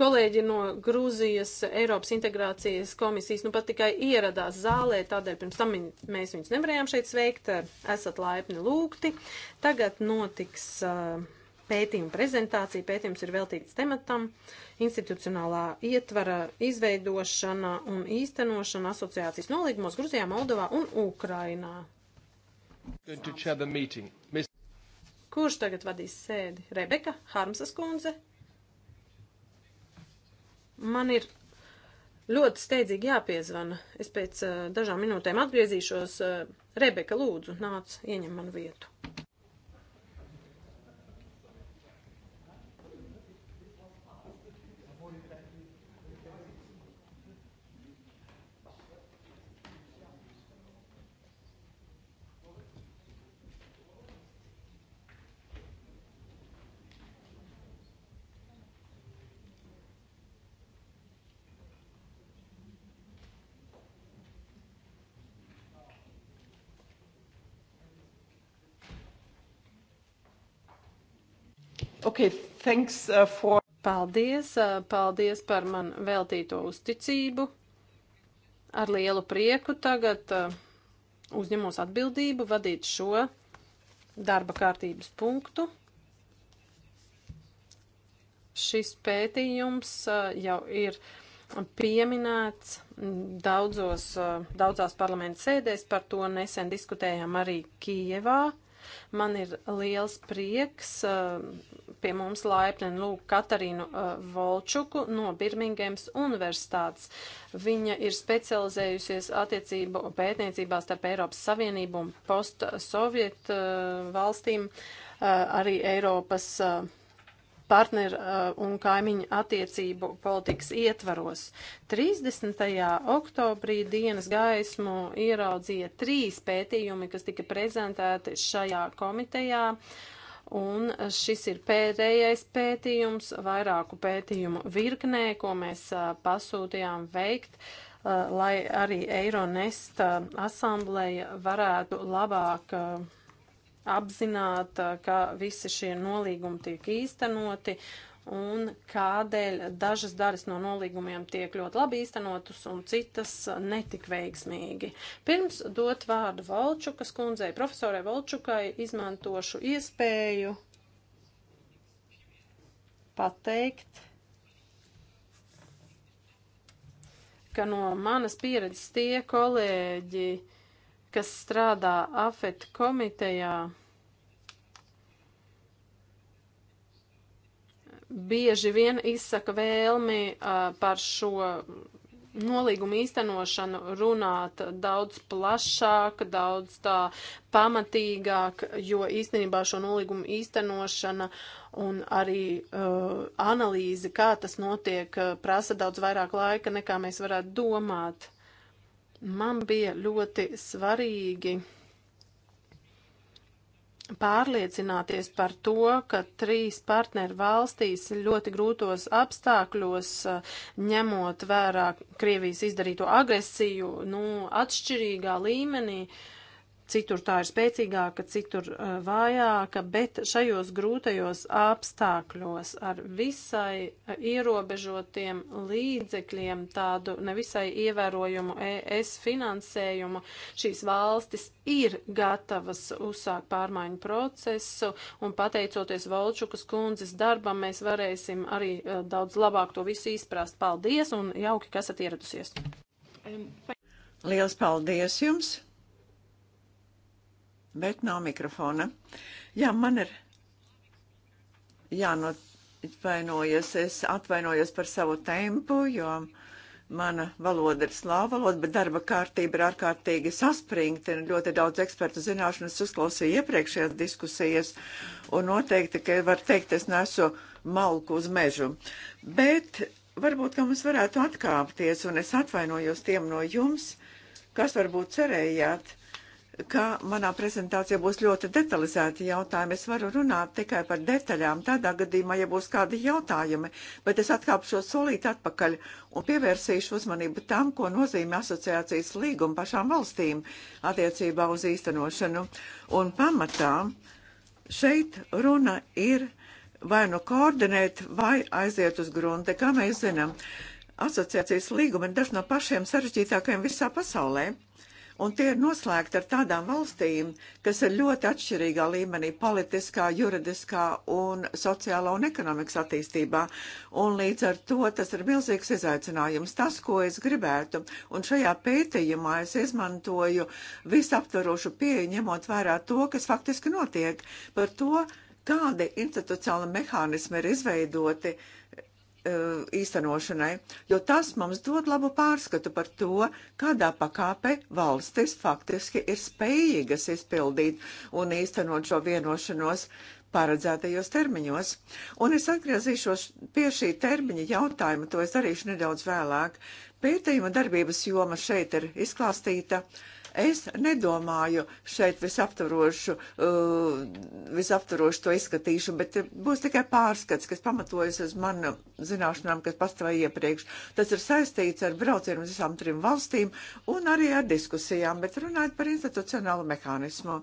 kolēģi no Grūzijas Eiropas integrācijas komisijas nu pat tikai ieradās zālē, tādēļ pirms tam mēs viņus nevarējām šeit sveikt. Esat laipni lūgti. Tagad notiks. Uh, pētījuma prezentācija. Pētījums ir veltīts tematam - institucionālā ietvara izveidošana un īstenošana asociācijas nolīgumos Gruzijā, Moldovā un Ukrainā. Kurš tagad vadīs sēdi? Rebeka, Harmsas kundze? Man ir ļoti steidzīgi jāpiezvana. Es pēc uh, dažām minūtēm atgriezīšos. Uh, Rebeka, lūdzu, nāc, ieņem manu vietu. Okay, thanks uh, for. Paldies, uh, paldies par man veltīto uzticību. Ar lielu prieku tagad uh, uzņemos atbildību vadīt šo darba kārtības punktu. Šis pētījums uh, jau ir pieminēts daudzos, uh, daudzās parlamenta sēdēs, par to nesen diskutējām arī Kievā. Man ir liels prieks uh, pie mums laipni lūk Katarinu uh, Volčuku no Birmingems Universitātes. Viņa ir specializējusies attiecību pētniecībā starp Eiropas Savienību un postsovietu uh, valstīm, uh, arī Eiropas uh, partneru uh, un kaimiņu attiecību politikas ietvaros. 30. oktobrī dienas gaismu ieraudzīja trīs pētījumi, kas tika prezentēti šajā komitejā. Uh, Un šis ir pēdējais pētījums vairāku pētījumu virknē, ko mēs a, pasūtījām veikt, a, lai arī Eironest asamblēja varētu labāk a, apzināt, ka visi šie nolīgumi tiek īstenoti un kādēļ dažas daļas no nolīgumiem tiek ļoti labi īstenotas un citas netik veiksmīgi. Pirms dot vārdu Valčukas kundzei, profesorai Valčukai, izmantošu iespēju pateikt, ka no manas pieredzes tie kolēģi, kas strādā AFET komitejā, bieži vien izsaka vēlmi uh, par šo nolīgumu īstenošanu runāt daudz plašāk, daudz tā pamatīgāk, jo īstenībā šo nolīgumu īstenošana un arī uh, analīze, kā tas notiek, prasa daudz vairāk laika, nekā mēs varētu domāt. Man bija ļoti svarīgi pārliecināties par to, ka trīs partneru valstīs ļoti grūtos apstākļos, eh, ņemot vērā Krievijas izdarīto agresiju, nu, atšķirīgā līmenī, uh, citur tā ir spēcīgāka, citur uh, vājāka, bet šajos grūtajos apstākļos ar visai uh, ierobežotiem līdzekļiem, tādu nevisai ievērojumu ES finansējumu, šīs valstis ir gatavas uzsākt pārmaiņu procesu, un pateicoties Valčukas kundzes darbam, mēs varēsim arī uh, daudz labāk to visu izprast. Paldies un jauki, kas esat ieradusies! Liels paldies jums! bet nav mikrofona. Jā, man ir jāatvainojas. Es atvainojos par savu tempu, jo mana valoda ir slāva valoda, bet darba kārtība ir ārkārtīgi saspringta un ļoti daudz ekspertu zināšanas uzklausīju iepriekšējās diskusijas. Un noteikti, ka var teikt, es nesu malku uz mežu. Bet varbūt, ka mums varētu atkāpties, un es atvainojos tiem no jums, kas varbūt cerējāt ka manā prezentācijā būs ļoti detalizēti jautājumi. Es varu runāt tikai par detaļām tādā gadījumā, ja būs kādi jautājumi, bet es atkāpšos solīt atpakaļ un pievērsīšu uzmanību tam, ko nozīmē asociācijas līguma pašām valstīm attiecībā uz īstenošanu. Un pamatā šeit runa ir vai nu koordinēt, vai aiziet uz grunte, kā mēs zinām. Asociācijas līguma ir daži no pašiem sarežģītākajiem visā pasaulē un tie ir noslēgti ar tādām valstīm, kas ir ļoti atšķirīgā līmenī politiskā, juridiskā un sociālā un ekonomikas attīstībā, un līdz ar to tas ir milzīgs izaicinājums, tas, ko es gribētu, un šajā pētījumā es izmantoju visaptvarošu pieeju, ņemot vērā to, kas faktiski notiek, par to, kādi institucionāli mehānismi ir izveidoti, Eh, īstenošanai, jo tas mums dod labu pārskatu par to, kādā pakāpē valstis faktiski ir spējīgas izpildīt un īstenot šo vienošanos paredzētajos termiņos. Un es atgriezīšos pie šī termiņa jautājuma, to es darīšu nedaudz vēlāk. Pētījuma darbības joma šeit ir izklāstīta. Uh, Es nedomāju šeit visaptvarošu, uh, visaptvarošu to izskatīšu, bet būs tikai pārskats, kas pamatojas uz manu zināšanām, kas pastāvēja iepriekš. Tas ir saistīts ar braucienu uz visām trim valstīm un arī ar diskusijām, bet runājot par institucionālu mehānismu.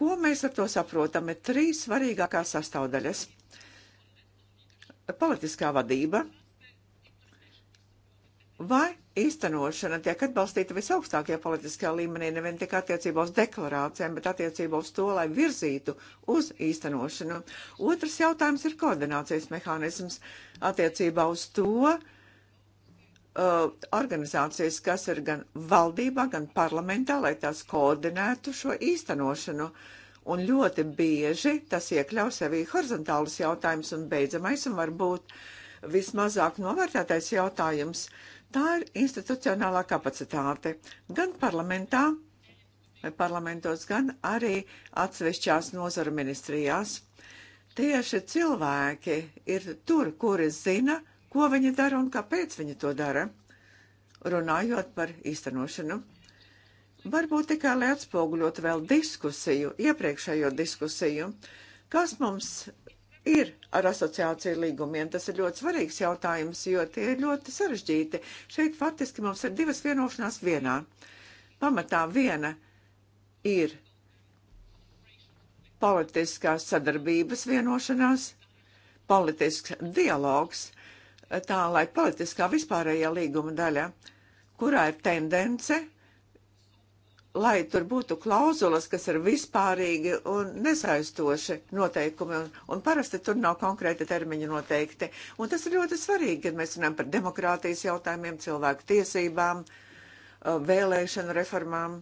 Ko mēs ar to saprotam? Ir trīs svarīgākās sastāvdaļas. Politiskā vadība vai īstenošana tiek atbalstīta visaugstākajā politiskajā līmenī, nevien tik attiecībā uz deklarācijām, bet attiecībā uz to, lai virzītu uz īstenošanu. Otrs jautājums ir koordinācijas mehānisms attiecībā uz to, Uh, organizācijas, kas ir gan valdībā, gan parlamentā, lai tās koordinētu šo īstenošanu. Un ļoti bieži tas iekļaus sevī horizontālus jautājumus un beidzamais un varbūt vismazāk novērtētais jautājums uh, Tā ir institucionālā kapacitāte gan parlamentā, parlamentos, gan arī atsevišķās nozaru ministrijās. Tieši cilvēki ir tur, kuri zina, ko viņi dara un kāpēc viņi to dara, runājot par īstenošanu. Varbūt tikai lai atspoguļotu vēl diskusiju, iepriekšējo diskusiju, kas mums ir ar asociāciju līgumiem. Tas ir ļoti svarīgs jautājums, jo tie ir ļoti sarežģīti. Šeit faktiski mums ir divas vienošanās vienā. Pamatā viena ir politiskās sadarbības vienošanās, politisks dialogs, tā lai politiskā vispārējā līguma daļa, kurā ir tendence lai tur būtu klauzulas, kas ir vispārīgi un nesaistoši noteikumi, un, un parasti tur nav konkrēti termiņi noteikti. Un tas ir ļoti svarīgi, kad mēs runājam par demokrātijas jautājumiem, cilvēku tiesībām, vēlēšanu reformām.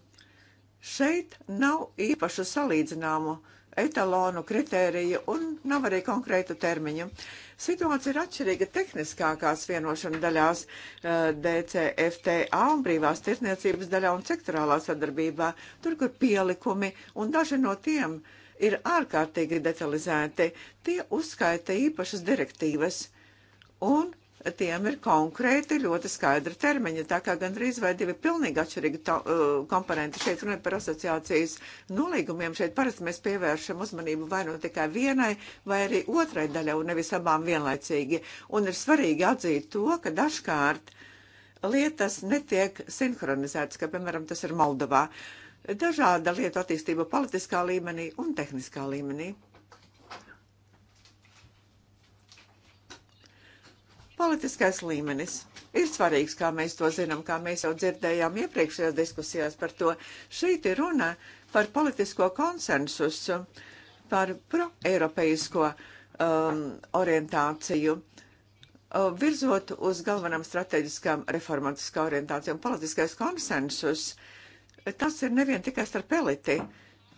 Šeit nav īpašu salīdzināmu etalonu kritēriju un nav arī konkrētu termiņu. Uh, Situācija ir atšķirīga tehniskākās vienošana daļās eh, DCFTA un brīvās tirsniecības daļā un sektorālā sadarbībā, tur, kur pielikumi un daži no tiem ir ārkārtīgi detalizēti. Tie uzskaita īpašas direktīvas un tiem ir konkrēti ļoti skaidri termiņi, tā kā gandrīz vai divi pilnīgi atšķirīgi to, uh, komponenti. Šeit runājot par asociācijas nolīgumiem, šeit parasti mēs pievēršam uzmanību vai nu tikai vienai, vai arī otrai daļai, un nevis abām vienlaicīgi. Un ir svarīgi atzīt to, ka dažkārt lietas netiek sinhronizētas, kā piemēram tas ir Moldovā. Dažāda lietu attīstība politiskā līmenī un tehniskā līmenī. Politiskais līmenis ir svarīgs, kā mēs to zinām, kā mēs jau dzirdējām iepriekšējās diskusijās par to. Šeit ir runa par politisko konsensusu, par proeiropeisko um, orientāciju, uh, virzot uz galvenām strateģiskām reformatiskā orientācijām. Politiskais konsensus, tas ir nevien tikai starp eliti. Uh,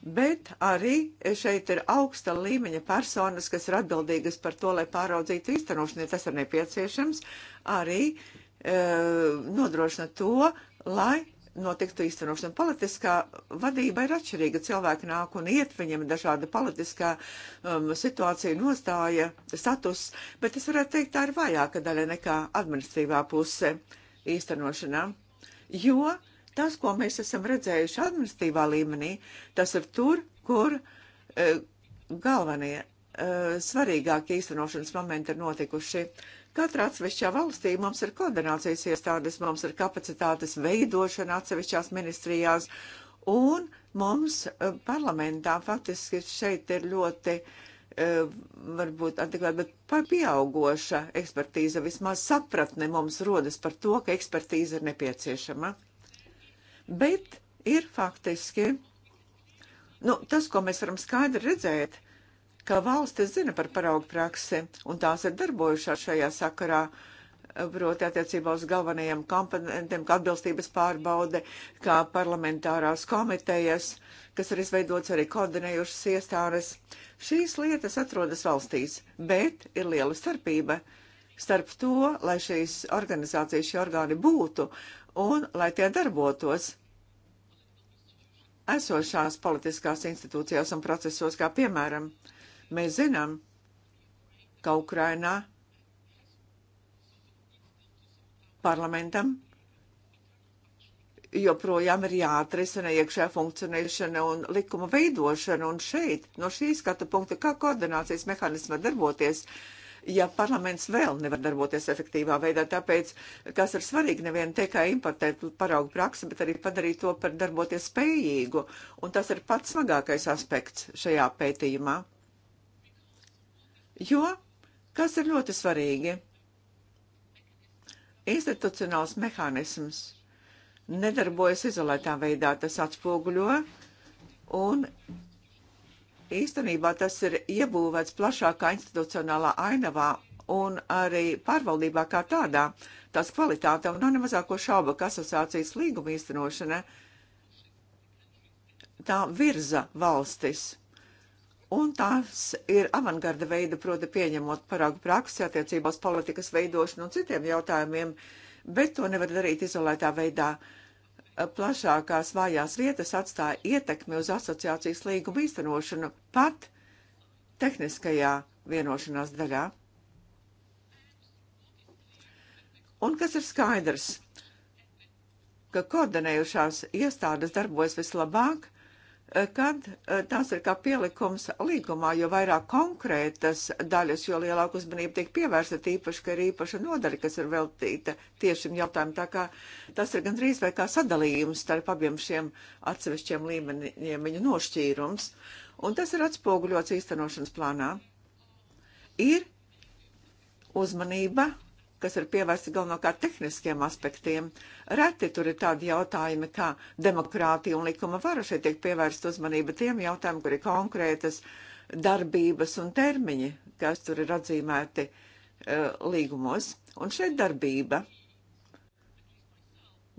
Bet arī šeit ir augsta līmeņa personas, kas ir atbildīgas par to, lai pāraudzītu īstenošanu, ja tas ir nepieciešams, arī e, nodrošina to, lai notiktu īstenošana. Politiskā vadība ir atšķirīga. Cilvēki nāk un iet, viņiem ir dažāda politiskā um, situācija, nostāja, status, bet es varētu teikt, tā ir vājāka daļa nekā administrīvā puse īstenošanā. Jo Tas, ko mēs esam redzējuši administratīvā līmenī, tas ir tur, kur e, galvenie e, svarīgākie īstenošanas momenti ir notikuši. Katrā atsevišķā valstī mums ir koordinācijas iestādes, mums ir kapacitātes veidošana atsevišķās ministrijās, un mums e, parlamentā faktiski šeit ir ļoti uh, varbūt adekvāti, bet pieaugoša ekspertīze, vismaz sapratne mums rodas par to, ka ekspertīze ir nepieciešama bet ir faktiski nu, tas, ko mēs varam skaidri redzēt, ka valstis zina par paraugu praksi un tās ir darbojušās šajā sakarā proti attiecībā uz galvenajiem komponentiem, kā atbilstības pārbaude, kā parlamentārās komitejas, kas ir izveidots arī koordinējušas iestādes. Šīs lietas atrodas valstīs, bet ir liela starpība starp to, lai šīs organizācijas, šie orgāni būtu un lai tie darbotos esošās politiskās institūcijās un procesos, kā piemēram, mēs zinām, ka Ukrainā parlamentam joprojām ir jāatrisina iekšējā funkcionēšana un likuma veidošana, un šeit, no šīs skatu punkta, kā koordinācijas mehānisma darboties, uh, ja parlaments vēl nevar darboties efektīvā veidā. Tāpēc tas ir svarīgi nevien tikai importēt paraugu praksi, bet arī padarīt to par darboties spējīgu. Un tas ir pats smagākais aspekts šajā pētījumā. Jo, kas ir ļoti svarīgi, institucionāls mehānisms nedarbojas izolētā veidā, tas atspoguļo un īstenībā tas ir iebūvēts plašākā institucionālā ainavā un arī pārvaldībā kā tādā. Tās kvalitāte un nav nemazāko šauba, ka asociācijas līguma īstenošana tā virza valstis. Un tās ir avangarda veida, proti pieņemot parāgu praksi attiecībās politikas veidošanu un citiem jautājumiem, bet to nevar darīt izolētā veidā. Uh, plašākās vājās vietas atstāja ietekmi uz asociācijas līgumu īstenošanu pat tehniskajā vienošanās daļā. Un kas ir skaidrs, ka koordinējušās iestādes darbojas vislabāk, Eh, kad eh, tās ir kā pielikums līgumā, jo vairāk konkrētas daļas, jo lielāka uzmanība tiek pievērsta tīpaši, ka ir īpaša nodaļa, kas ir veltīta tiešiem jautājumiem. Tā kā tas ir gandrīz vai kā sadalījums starp abiem šiem atsevišķiem līmeņiem, viņu nošķīrums. Un tas ir atspoguļots īstenošanas plānā. Ir uzmanība kas ir pievērsti galvenokārt tehniskiem aspektiem. Reti tur ir tādi jautājumi kā demokrātija un likuma vara. Šeit tiek pievērsta uzmanība tiem jautājumiem, kur ir konkrētas darbības un termiņi, kas tur ir atzīmēti uh, līgumos. Un šeit darbība,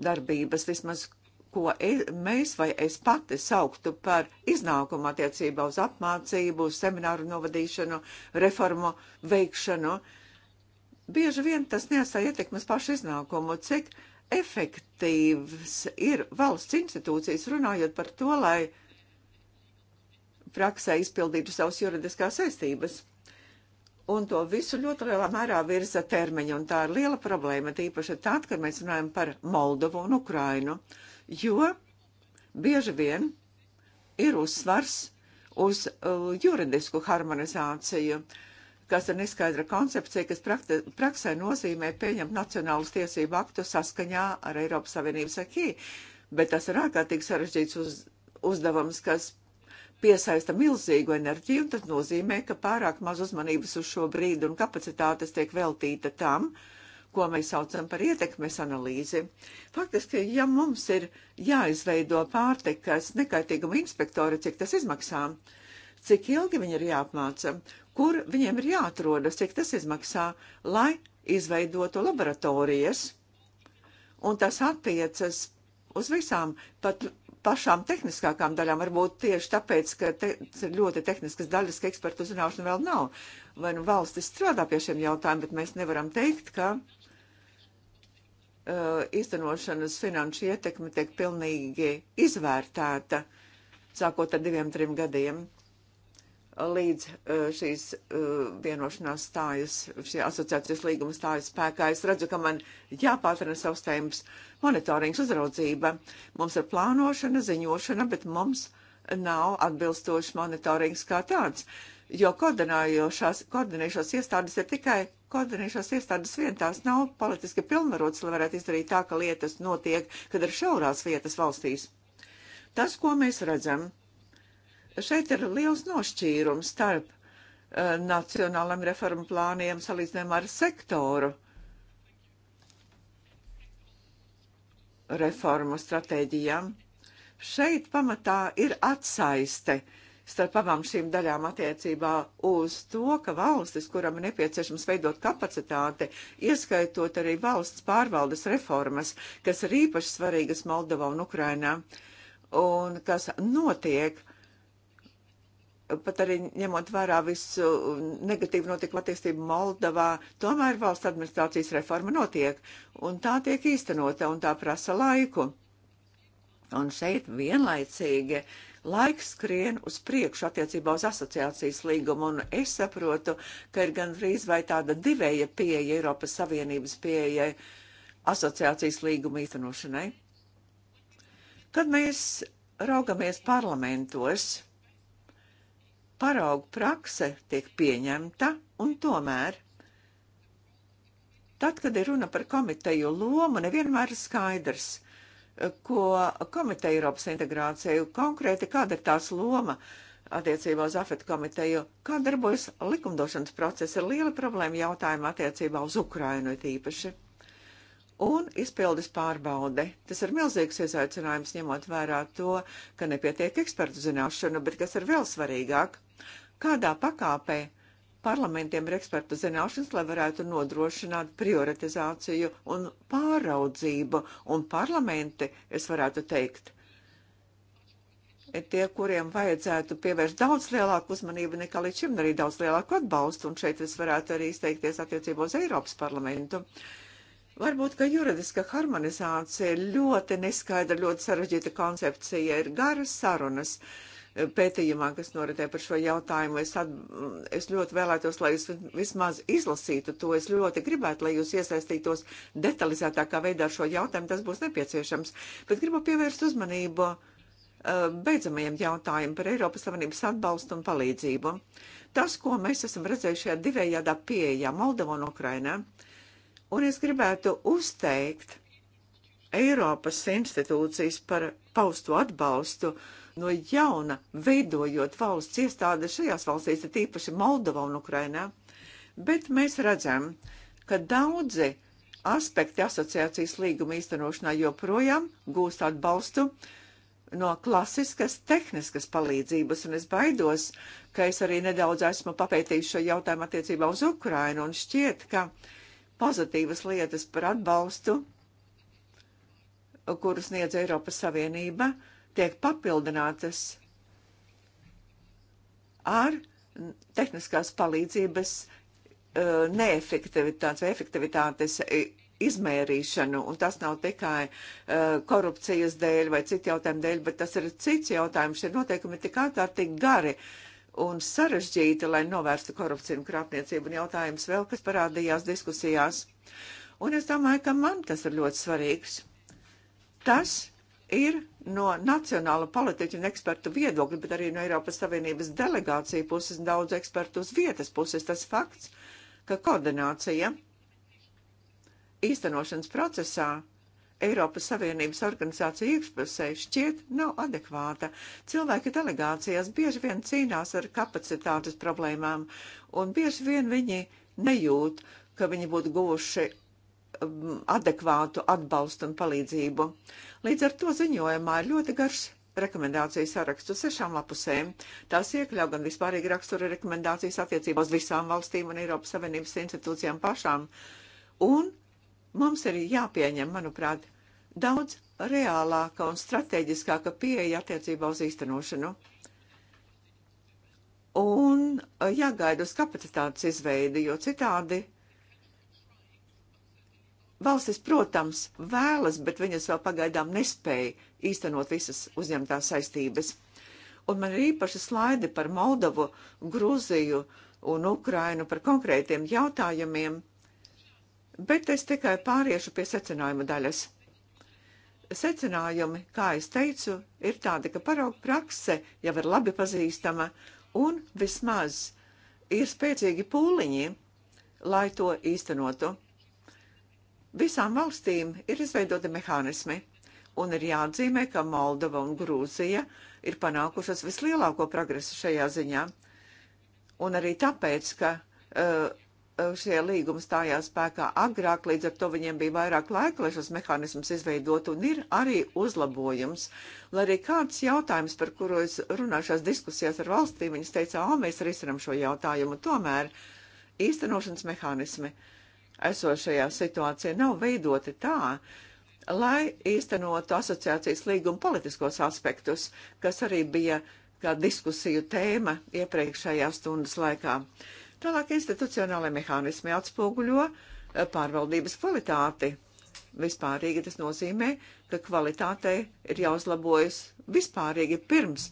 darbības vismaz, ko es, mēs vai es pati sauktu par iznākumu attiecībā uz apmācību, uz semināru novadīšanu, reformu veikšanu. Uh, Bieži vien tas neatstāja ietekmes pašu iznākumu, cik efektīvs ir valsts institūcijas runājot par to, lai praksē izpildītu savas juridiskās saistības. Un to visu ļoti lielā mērā virza termiņi, un tā ir liela problēma, tīpaši tad, kad mēs runājam par Moldovu un Ukrainu, jo bieži vien ir uzsvars uz uh, juridisku harmonizāciju. Uh, kas ir neskaidra koncepcija, kas prakti, praksē nozīmē pieņemt nacionālus tiesību aktu saskaņā ar Eiropas Savienības akī, bet tas ir ārkārtīgi sarežģīts uz, uzdevums, kas piesaista milzīgu enerģiju, un tas nozīmē, ka pārāk maz uzmanības uz šo brīdi un kapacitātes tiek veltīta tam, ko mēs saucam par ietekmes analīzi. Faktiski, ja mums ir jāizveido pārtikas nekaitīguma inspektori, cik tas izmaksā, cik ilgi viņi ir jāapmāca kur viņiem ir jāatrodas, cik tas izmaksā, lai izveidotu laboratorijas. Un tas attiecas uz visām, pat pašām tehniskākām daļām, varbūt tieši tāpēc, ka te, ļoti tehniskas daļas, ka ekspertu zināšanu vēl nav. Vai nu valstis strādā pie šiem jautājumiem, bet mēs nevaram teikt, ka uh, īstenošanas finanšu ietekme tiek pilnīgi izvērtēta, sākot ar diviem, trim gadiem līdz e, šīs e, vienošanās stājas, šī asociācijas līguma stājas spēkā. Es redzu, ka man jāpātrina savs tēmas monitorings, uzraudzība. Mums ir plānošana, ziņošana, bet mums nav atbilstošs monitorings kā tāds, jo koordinējošās iestādes ir tikai koordinējošās iestādes vien tās nav politiski pilnvarotas, lai varētu izdarīt tā, ka lietas notiek, kad ir šaurās vietas valstīs. Tas, ko mēs redzam, Šeit ir liels nošķīrums starp uh, eh, nacionālajiem reformu plāniem salīdzinājumā ar sektoru reformu stratēģijām. Šeit pamatā ir atsaiste starp abām šīm daļām attiecībā uz to, ka valstis, kuram ir nepieciešams veidot kapacitāti, ieskaitot arī valsts pārvaldes reformas, kas ir īpaši svarīgas Moldovā un Ukrainā, un kas notiek pat arī ņemot vērā visu negatīvu notikumu attīstību Moldavā, tomēr valsts administrācijas reforma notiek, un tā tiek īstenota, un tā prasa laiku. Un šeit vienlaicīgi laiks skrien uz priekšu attiecībā uz asociācijas līgumu, un es saprotu, ka ir gandrīz vai tāda divēja pieeja Eiropas Savienības pieejai asociācijas līguma īstenošanai. Kad mēs raugamies parlamentos, paraugu prakse tiek pieņemta, un tomēr, tad, kad ir runa par komiteju lomu, nevienmēr ir skaidrs, eh, ko komiteja Eiropas integrācija konkrēti, kāda ir tās loma attiecībā uz afetu komiteju, kā darbojas likumdošanas process, ir liela problēma jautājuma attiecībā uz Ukrainu it īpaši un izpildes pārbaude. Tas ir milzīgs izaicinājums, ņemot vērā to, ka nepietiek ekspertu zināšanu, bet kas ir vēl svarīgāk, kādā pakāpē parlamentiem ir ekspertu zināšanas, lai varētu nodrošināt prioritizāciju un pāraudzību, un parlamenti, es varētu teikt, ir tie, kuriem vajadzētu pievērst daudz lielāku uzmanību nekā līdz šim, arī daudz lielāku atbalstu, un šeit es varētu arī izteikties attiecībos Eiropas parlamentu. Uh, Varbūt, ka juridiska harmonizācija ir ļoti neskaidra, ļoti sarežģīta koncepcija, ir garas sarunas. Eh, pētījumā, kas noritē par šo jautājumu, es, at, es ļoti vēlētos, lai jūs vismaz izlasītu to. Es ļoti gribētu, lai jūs iesaistītos detalizētākā veidā ar šo jautājumu. Tas būs nepieciešams. Bet gribu pievērst uzmanību eh, beidzamajam jautājumam par Eiropas Savienības atbalstu un palīdzību. Tas, ko mēs esam redzējuši šajā divējādā pieejā Moldova un Ukrainā, uh, Un es gribētu uzteikt Eiropas institūcijas par paustu atbalstu no jauna veidojot valsts iestādes šajās valstīs, ir tīpaši Moldova un Ukrainā. Bet mēs redzam, ka daudzi aspekti asociācijas līguma īstenošanā joprojām gūst atbalstu no klasiskas tehniskas palīdzības, un es baidos, ka es arī nedaudz esmu papētījis šo jautājumu attiecībā uz Ukrainu, un šķiet, ka uh, pozitīvas lietas par atbalstu, kuru sniedz Eiropas Savienība, tiek papildinātas ar tehniskās palīdzības e, neefektivitātes vai efektivitātes izmērīšanu, un tas nav tikai uh, korupcijas dēļ vai citu jautājumu dēļ, bet tas ir cits jautājums. Šie noteikumi ir tik ārkārtīgi gari, uh, un sarežģīti, lai novērstu korupciju un krāpniecību un jautājums vēl, kas parādījās diskusijās. Un es domāju, ka man tas ir ļoti svarīgs. Tas ir no nacionāla politiķa un ekspertu viedokļa, bet arī no Eiropas Savienības delegācija puses un daudz ekspertu uz vietas puses tas fakts, ka koordinācija īstenošanas procesā Eiropas Savienības organizāciju iekšpusē šķiet nav adekvāta. Cilvēki delegācijās bieži vien cīnās ar kapacitātes problēmām, un bieži vien viņi nejūt, ka viņi būtu guvuši um, adekvātu atbalstu un palīdzību. Līdz ar to ziņojumā ir ļoti garš rekomendāciju sarakstu sešām lapusēm. Tās iekļauj gan vispārīgi rakstura rekomendācijas attiecībā uz visām valstīm un Eiropas Savienības institūcijām pašām, un Mums ir jāpieņem, manuprāt, daudz reālāka un strateģiskāka pieeja attiecībā uz īstenošanu. Un eh, jāgaida uz kapacitātes izveidi, jo citādi valstis, protams, vēlas, bet viņas vēl pagaidām nespēja īstenot visas uzņemtās saistības. Un man ir īpaši slaidi par Moldavu, Grūziju un Ukrainu par konkrētiem jautājumiem, Bet es tikai pāriešu pie secinājuma daļas. Secinājumi, kā es teicu, ir tādi, ka parauga prakse jau ir labi pazīstama un vismaz ir spēcīgi pūliņi, lai to īstenotu. Visām valstīm ir izveidoti mehānismi, un ir jāatzīmē, ka Moldova un Grūzija ir panākušas vislielāko progresu šajā ziņā. Un arī tāpēc, ka uh, Eh, šie līgumi stājās spēkā agrāk, līdz ar to viņiem bija vairāk laika, lai šos mehānismus izveidot, un ir arī uzlabojums. Lai arī kāds jautājums, par kuru es runāju šās diskusijās ar valstīm, viņas teica, o, mēs arī izsveram šo jautājumu, tomēr īstenošanas mehānismi esošajā situācijā nav veidoti tā, lai īstenotu asociācijas līguma politiskos aspektus, kas arī bija kā diskusiju tēma iepriekšējā stundas laikā. Uh, Tālāk institucionālai mehānismi atspoguļo eh, pārvaldības kvalitāti. Vispārīgi tas nozīmē, ka kvalitātei ir jāuzlabojas vispārīgi pirms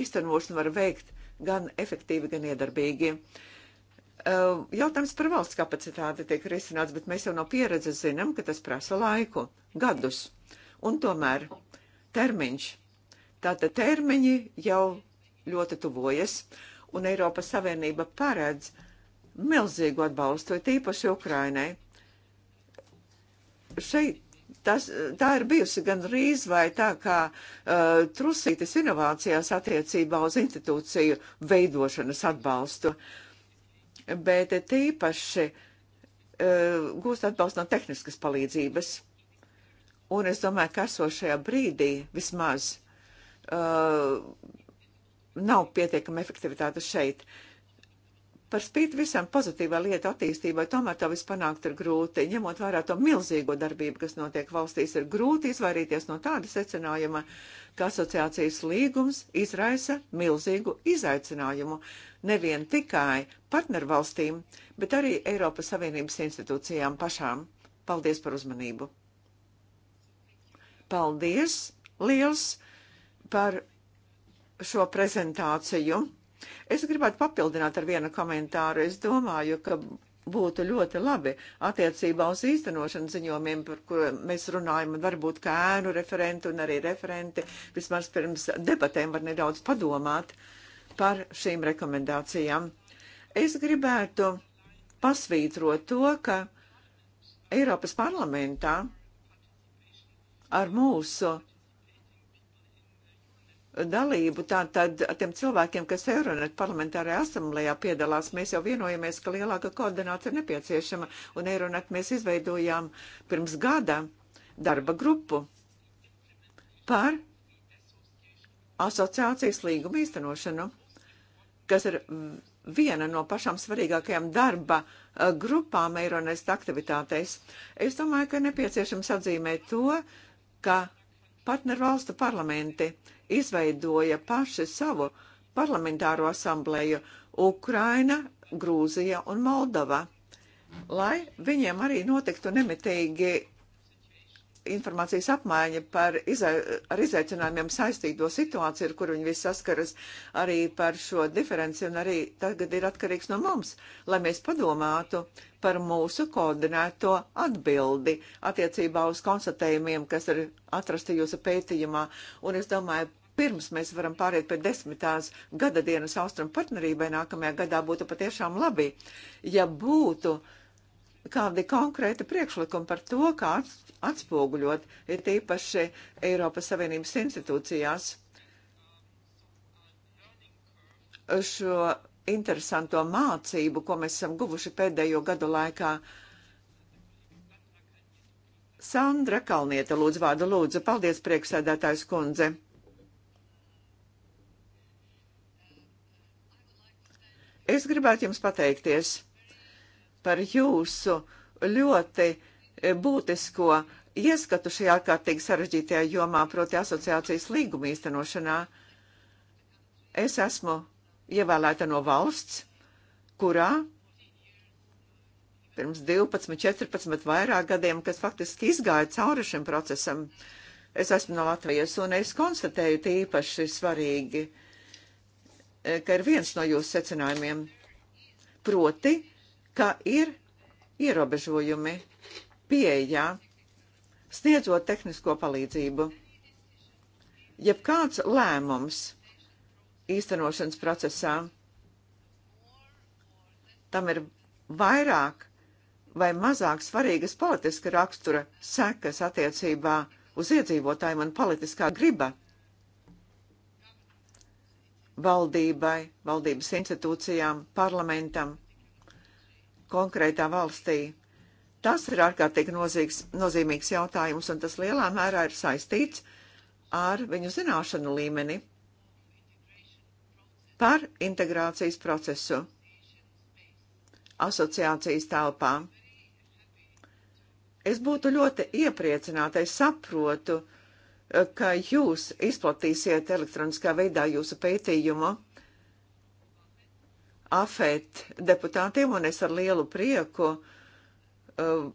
īstenošanu var veikt gan efektīvi, gan iedarbīgi. Eh, jautājums par valsts kapacitāti tiek risināts, bet mēs jau no pieredzes zinām, ka tas prasa laiku, gadus. Un tomēr termiņš. Tātad termiņi jau ļoti tuvojas, un Eiropas Savienība paredz uh, milzīgu atbalstu, tīpaši Ukrainai. Šeit tas, tā ir bijusi gan rīz vai tā kā uh, trusītis inovācijās attiecībā uz institūciju veidošanas atbalstu, bet tīpaši uh, gūst atbalstu no tehniskas palīdzības. Un es domāju, ka esošajā brīdī vismaz uh, nav pietiekama efektivitāte šeit. Uh, Par spīti visam pozitīvā lieta attīstībai, tomēr to viss panākt ir grūti. Ņemot vērā to milzīgo darbību, kas notiek valstīs, ir grūti izvairīties no tāda secinājuma, ka asociācijas līgums izraisa milzīgu izaicinājumu nevien tikai partnervalstīm, bet arī Eiropas Savienības institūcijām pašām. Paldies par uzmanību! Paldies liels par šo prezentāciju! Es gribētu papildināt ar vienu komentāru. Es domāju, ka būtu ļoti labi attiecībā uz īstenošanas ziņojumiem, par kuriem mēs runājam, un varbūt kā ēnu referenti un arī referenti vismaz pirms debatēm var nedaudz padomāt par šīm rekomendācijām. Es gribētu pasvītrot to, ka Eiropas parlamentā ar mūsu dalību. Tātad tiem cilvēkiem, kas Eironet parlamentārajā asamblējā piedalās, mēs jau vienojamies, ka lielāka koordinācija ir nepieciešama, un Eironet mēs izveidojām pirms gada darba grupu par asociācijas līgumu īstenošanu, kas ir viena no pašām svarīgākajām darba eh, grupām Eironest aktivitātēs. Es domāju, ka nepieciešams atzīmēt to, ka partnervalstu parlamenti izveidoja paši savu parlamentāro asamblēju Ukraina, Grūzija un Moldova, lai viņiem arī notiktu nemitīgi informācijas apmaiņa par izai, ar izaicinājumiem saistīto situāciju, ar kuru viņi visi saskaras arī par šo diferenci, un arī tagad ir atkarīgs no mums, lai mēs padomātu par mūsu koordinēto atbildi attiecībā uz konstatējumiem, kas ir atrasti jūsu pētījumā, un es domāju, pirms mēs varam pāriet pie desmitās gada dienas austrumu partnerībai nākamajā gadā, būtu patiešām labi, ja būtu kādi konkrēti priekšlikumi par to, kā atspoguļot, ir tīpaši Eiropas Savienības institūcijās šo interesanto mācību, ko mēs esam guvuši pēdējo gadu laikā. Sandra Kalniete, lūdzu, vārdu lūdzu. Paldies, prieksēdētājs kundze. Es gribētu jums pateikties par jūsu ļoti eh, būtisko ieskatu šajā ārkārtīgi sarežģītajā jomā, proti asociācijas līguma īstenošanā. Es esmu ievēlēta no valsts, kurā pirms 12, 14, vairāk gadiem, kas faktiski izgāja cauri šim procesam. Es esmu no Latvijas, un es konstatēju tīpaši svarīgi uh, E, ka ir viens no jūsu secinājumiem. Proti, ka ir ierobežojumi pieejā sniedzot tehnisko palīdzību. Jebkāds lēmums īstenošanas procesā tam ir vairāk vai mazāk svarīgas politiska rakstura sekas attiecībā uz iedzīvotājiem un politiskā griba valdībai, valdības institūcijām, parlamentam konkrētā valstī. Tas ir ārkārtīgi nozīgs, nozīmīgs jautājums, un tas lielā mērā ir saistīts ar viņu zināšanu līmeni par integrācijas procesu asociācijas telpā. Es būtu ļoti iepriecināta, es saprotu, uh, ka jūs izplatīsiet elektroniskā veidā jūsu pētījumu afēt deputātiem, un es ar lielu prieku uh,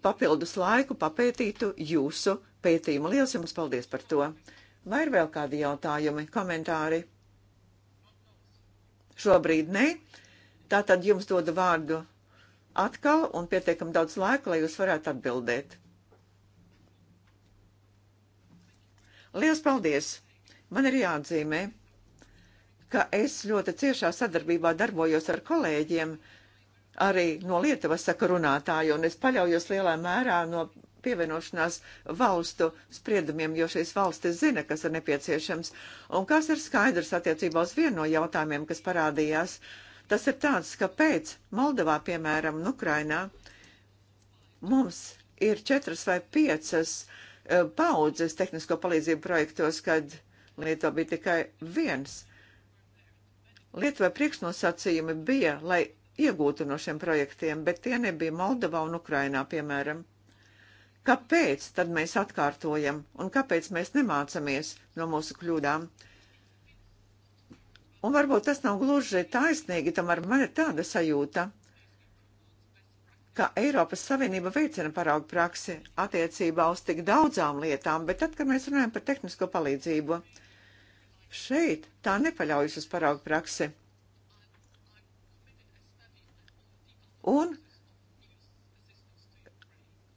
papildus laiku papētītu jūsu pētījumu. Lielas jums paldies par to! Vai ir vēl kādi jautājumi, komentāri? Šobrīd nē. Tātad jums dodu vārdu atkal un pietiekam daudz laika, lai jūs varētu atbildēt. Lielas paldies! Man ir jāatzīmē, ka es ļoti ciešā sadarbībā darbojos ar kolēģiem, arī no Lietuvas saka runātāju, un es paļaujos lielā mērā no pievienošanās valstu spriedumiem, jo šīs valstis zina, kas ir nepieciešams. Un kas ir skaidrs attiecībā uz vienu no jautājumiem, kas parādījās, tas ir tāds, ka pēc Moldovā, piemēram, un Ukrainā mums ir četras vai piecas uh, Eh, paudzes tehnisko palīdzību projektos, kad Lietuvā bija tikai viens. Lietuvai priekšnosacījumi bija, lai iegūtu no šiem projektiem, bet tie nebija Moldovā un Ukrainā, piemēram. Kāpēc tad mēs atkārtojam un kāpēc mēs nemācamies no mūsu kļūdām? Un varbūt tas nav gluži taisnīgi, tomēr man ir tāda sajūta, ka Eiropas Savienība veicina paraugu praksi attiecībā uz tik daudzām lietām, bet tad, kad mēs runājam par tehnisko palīdzību, šeit tā nepaļaujas uz paraugu praksi. Un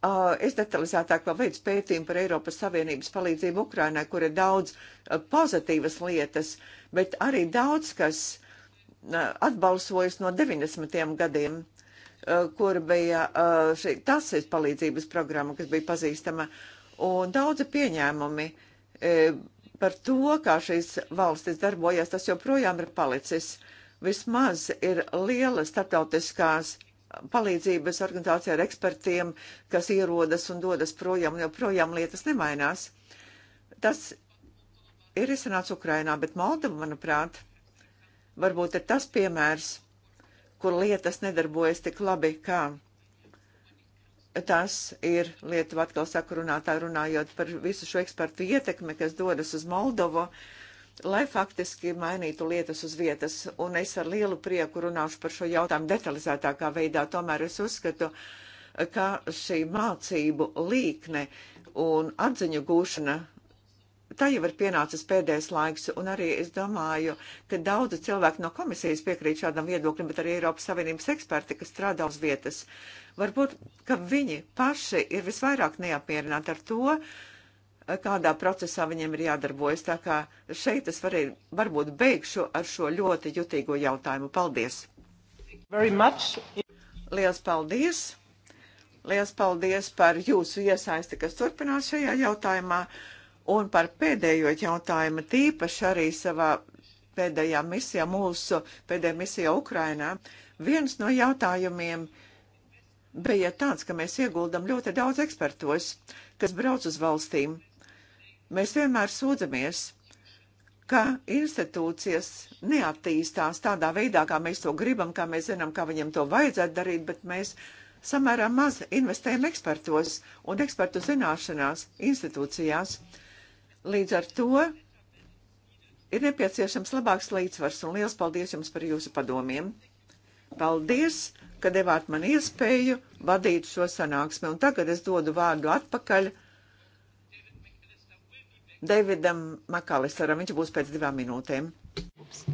Uh, es detalizētāk vēl veicu pētījumu par Eiropas Savienības palīdzību Ukrainai, kur ir daudz uh, pozitīvas lietas, bet arī daudz, kas uh, atbalsojas no 90. gadiem. Eh, kur bija eh, šī tases palīdzības programma, kas bija pazīstama, un daudzi pieņēmumi eh, par to, kā šīs valstis darbojas, tas joprojām ir palicis. Vismaz ir liela starptautiskās palīdzības organizācija ar ekspertiem, kas ierodas un dodas projām, jo projām lietas nemainās. Tas ir izsanāts Ukrainā, bet Moldova, manuprāt, varbūt ir tas piemērs, kur lietas nedarbojas tik labi, kā tas ir Lietuva atkal saka runātāju runājot par visu šo ekspertu ietekmi, kas dodas uz Moldovu, lai faktiski mainītu lietas uz vietas. Un es ar lielu prieku runāšu par šo jautājumu detalizētākā veidā. Tomēr es uzskatu, ka šī mācību līkne un atziņu gūšana tā jau ir pienācis pēdējais laiks, un arī es domāju, ka daudzi cilvēki no komisijas piekrīt šādam viedoklim, bet arī Eiropas Savienības eksperti, kas strādā uz vietas. Varbūt, ka viņi paši ir visvairāk neapmierināti ar to, kādā procesā viņiem ir jādarbojas. Tā kā šeit es varēju, varbūt beigšu ar šo ļoti jutīgo jautājumu. Paldies! Liels paldies! Liels paldies par jūsu iesaisti, kas turpinās šajā jautājumā. Un par pēdējo jautājumu tīpaši arī savā pēdējā misijā, mūsu pēdējā misijā Ukrainā, viens no jautājumiem bija tāds, ka mēs ieguldam ļoti daudz ekspertos, kas brauc uz valstīm. Mēs vienmēr sūdzamies, ka institūcijas neattīstās tādā veidā, kā mēs to gribam, kā mēs zinām, kā viņiem to vajadzētu darīt, bet mēs samērā maz investējam ekspertos un ekspertu zināšanās institūcijās. Mm. Līdz ar to ir nepieciešams labāks līdzsvars, un liels paldies jums par jūsu padomiem. Paldies, ka devāt man iespēju vadīt šo sanāksmi, un tagad es dodu vārdu atpakaļ Davidam Makalisaram. Viņš būs pēc divām minūtēm. Ups.